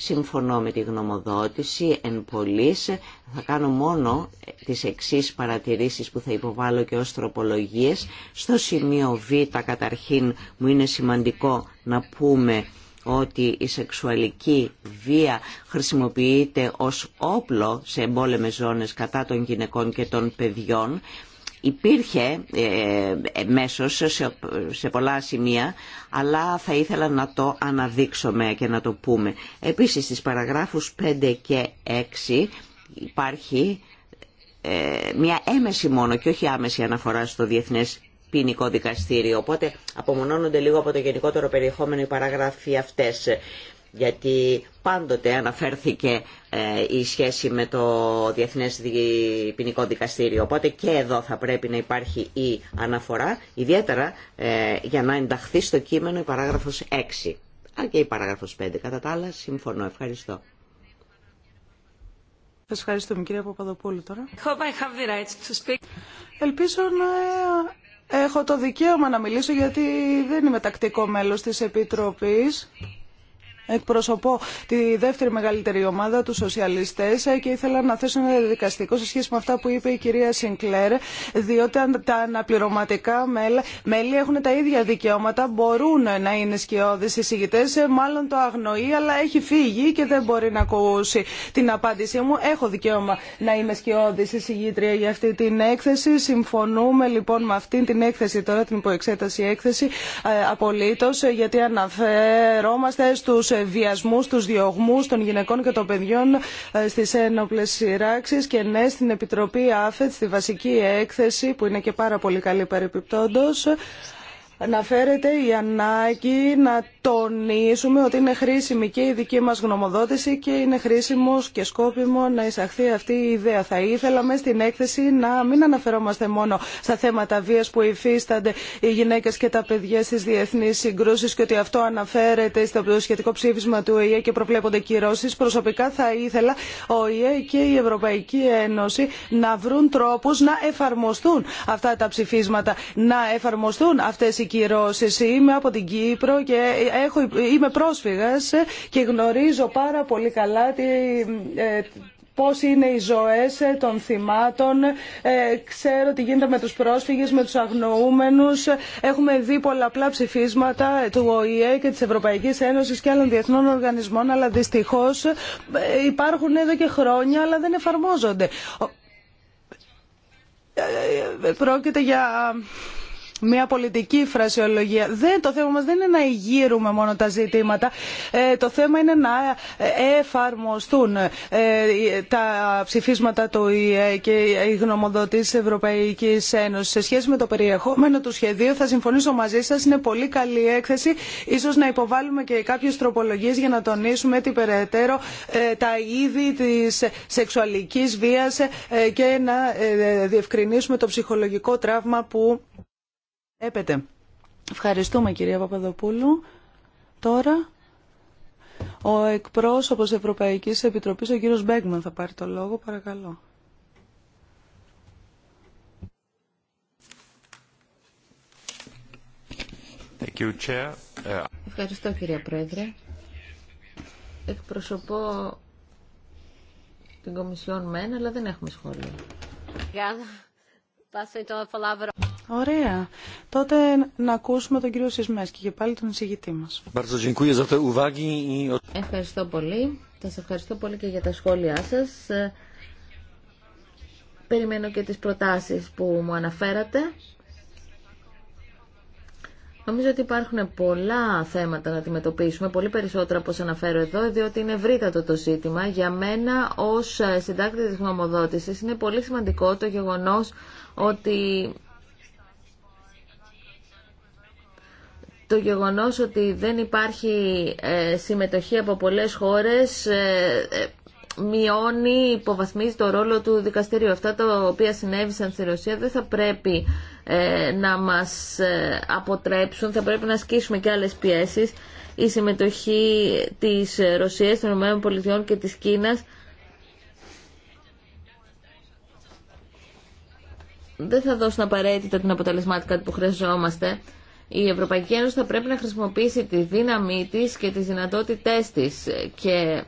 Συμφωνώ με τη γνωμοδότηση εν πολλής. Θα κάνω μόνο τις εξής παρατηρήσεις που θα υποβάλω και ως τροπολογίες. Στο σημείο Β καταρχήν μου είναι σημαντικό να πούμε ότι η σεξουαλική βία χρησιμοποιείται ως όπλο σε εμπόλεμες ζώνες κατά των γυναικών και των παιδιών Υπήρχε ε, μέσος σε πολλά σημεία, αλλά θα ήθελα να το αναδείξουμε και να το πούμε. Επίσης, στις παραγράφους 5 και 6 υπάρχει ε, μια έμεση μόνο και όχι άμεση αναφορά στο Διεθνές Ποινικό Δικαστήριο. Οπότε απομονώνονται λίγο από το γενικότερο περιεχόμενο οι παραγράφοι αυτές γιατί πάντοτε αναφέρθηκε ε, η σχέση με το Διεθνές Ποινικό Δικαστήριο. Οπότε και εδώ θα πρέπει να υπάρχει η αναφορά, ιδιαίτερα ε, για να ενταχθεί στο κείμενο η παράγραφος 6. αλλά και η παράγραφος 5. Κατά τα άλλα, συμφωνώ. Ευχαριστώ. Σας κυρία Παπαδοπούλου τώρα. Ελπίζω να έχω το δικαίωμα να μιλήσω γιατί δεν είμαι τακτικό μέλος της Επιτροπής. Εκπροσωπώ τη δεύτερη μεγαλύτερη ομάδα, του σοσιαλιστέ, ε, και ήθελα να θέσω ένα δικαστικό σε σχέση με αυτά που είπε η κυρία Σινκλέρ, διότι αν τα αναπληρωματικά μέλη έχουν τα ίδια δικαιώματα, μπορούν να είναι σκιώδη εισηγητέ. Ε, μάλλον το αγνοεί, αλλά έχει φύγει και δεν μπορεί να ακούσει την απάντησή μου. Έχω δικαίωμα να είμαι σκιώδη εισηγήτρια για αυτή την έκθεση. Συμφωνούμε λοιπόν με αυτή την έκθεση, τώρα την υποεξέταση έκθεση, ε, απολύτω, γιατί αναφερόμαστε στου βιασμούς, τους διωγμούς των γυναικών και των παιδιών ε, στις ένοπλες σειράξει και ναι στην Επιτροπή ΑΦΕΤ, στη βασική έκθεση που είναι και πάρα πολύ καλή αναφέρεται η ανάγκη να τονίσουμε ότι είναι χρήσιμη και η δική μας γνωμοδότηση και είναι χρήσιμος και σκόπιμο να εισαχθεί αυτή η ιδέα. Θα ήθελα στην έκθεση να μην αναφερόμαστε μόνο στα θέματα βίας που υφίστανται οι γυναίκες και τα παιδιά στις διεθνείς συγκρούσεις και ότι αυτό αναφέρεται στο σχετικό ψήφισμα του ΟΗΕ και προβλέπονται κυρώσεις. Προσωπικά θα ήθελα ο ΟΗΕ και η Ευρωπαϊκή Ένωση να βρουν τρόπους να εφαρμοστούν αυτά τα ψηφίσματα, να εφαρμοστούν αυτές οι Είμαι από την Κύπρο και έχω, είμαι πρόσφυγας και γνωρίζω πάρα πολύ καλά τη, ε, πώς είναι οι ζωές των θυμάτων. Ε, ξέρω τι γίνεται με τους πρόσφυγες, με τους αγνοούμενους. Έχουμε δει πολλαπλά ψηφίσματα του ΟΗΕ και της Ευρωπαϊκής Ένωσης και άλλων διεθνών οργανισμών, αλλά δυστυχώς ε, υπάρχουν εδώ και χρόνια, αλλά δεν εφαρμόζονται. Πρόκειται για μια πολιτική φρασιολογία. Δεν, το θέμα μας δεν είναι να υγείρουμε μόνο τα ζητήματα. Ε, το θέμα είναι να ε, εφαρμοστούν ε, τα ψηφίσματα του ΙΕ και οι γνωμοδοτήσεις της Ευρωπαϊκής Ένωσης. Σε σχέση με το περιεχόμενο του σχεδίου θα συμφωνήσω μαζί σας. Είναι πολύ καλή έκθεση. Ίσως να υποβάλουμε και κάποιες τροπολογίες για να τονίσουμε την περαιτέρω τα είδη της σεξουαλικής βίας και να διευκρινίσουμε το ψυχολογικό τραύμα που Ευχαριστούμε κυρία Παπαδοπούλου. Τώρα ο εκπρόσωπος Ευρωπαϊκής Επιτροπής, ο κύριος Μπέγκμαν, θα πάρει το λόγο. Παρακαλώ. Ε, Ευχαριστώ κυρία Πρόεδρε. Εκπροσωπώ την Κομισιόν ΜΕΝ, αλλά δεν έχουμε σχόλιο. Ωραία. Τότε να ακούσουμε τον κύριο Σισμέσκη και πάλι τον εισηγητή μας. Ευχαριστώ πολύ. Σας ευχαριστώ πολύ και για τα σχόλιά σας. Περιμένω και τις προτάσεις που μου αναφέρατε. Νομίζω ότι υπάρχουν πολλά θέματα να αντιμετωπίσουμε, πολύ περισσότερα όπως αναφέρω εδώ, διότι είναι ευρύτατο το ζήτημα. Για μένα ως συντάκτη της γνωμοδότησης είναι πολύ σημαντικό το γεγονός ότι το γεγονός ότι δεν υπάρχει ε, συμμετοχή από πολλές χώρες ε, ε, μειώνει, υποβαθμίζει το ρόλο του δικαστηρίου. Αυτά τα οποία συνέβησαν στη Ρωσία δεν θα πρέπει να μας αποτρέψουν, θα πρέπει να ασκήσουμε και άλλες πιέσεις. Η συμμετοχή της Ρωσίας, των ΗΠΑ και της Κίνας δεν θα δώσουν απαραίτητα την αποτελεσμάτικα που χρειαζόμαστε η Ευρωπαϊκή Ένωση θα πρέπει να χρησιμοποιήσει τη δύναμή της και τις δυνατότητές της και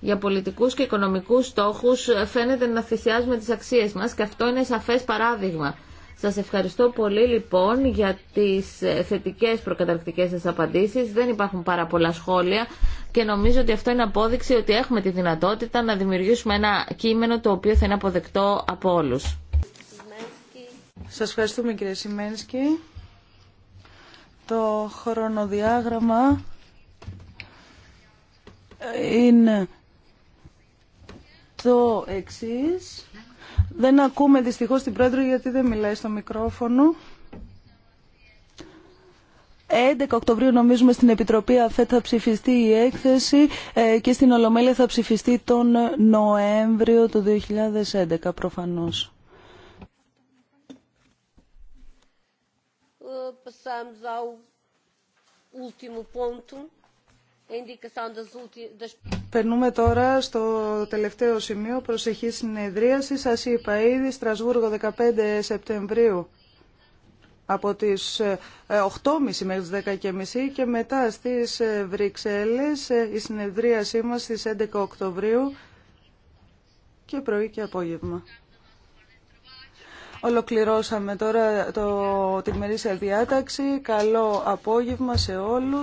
για πολιτικούς και οικονομικούς στόχους φαίνεται να θυσιάζουμε τις αξίες μας και αυτό είναι σαφές παράδειγμα. Σας ευχαριστώ πολύ λοιπόν για τις ε, θετικές προκαταρκτικές σας απαντήσεις. Δεν υπάρχουν πάρα πολλά σχόλια και νομίζω ότι αυτό είναι απόδειξη ότι έχουμε τη δυνατότητα να δημιουργήσουμε ένα κείμενο το οποίο θα είναι αποδεκτό από όλους. Σας ευχαριστούμε κύριε Σιμένσκι. Το χρονοδιάγραμμα είναι το εξής. Δεν ακούμε δυστυχώς την πρόεδρο γιατί δεν μιλάει στο μικρόφωνο. 11 Οκτωβρίου νομίζουμε στην Επιτροπή ΑΦΕΤ θα ψηφιστεί η έκθεση ε, και στην Ολομέλεια θα ψηφιστεί τον Νοέμβριο του 2011 προφανώς. Eh, Περνούμε τώρα στο τελευταίο σημείο προσεχής συνεδρίαση. Σας είπα ήδη Στρασβούργο 15 Σεπτεμβρίου από τις 8.30 ε, μέχρι τις 10.30 και μετά στις ε, Βρυξέλλες ε, η συνεδρίασή μας στις 11 Οκτωβρίου και πρωί και απόγευμα. Ολοκληρώσαμε τώρα το, την μερίσια διάταξη. Καλό απόγευμα σε όλους.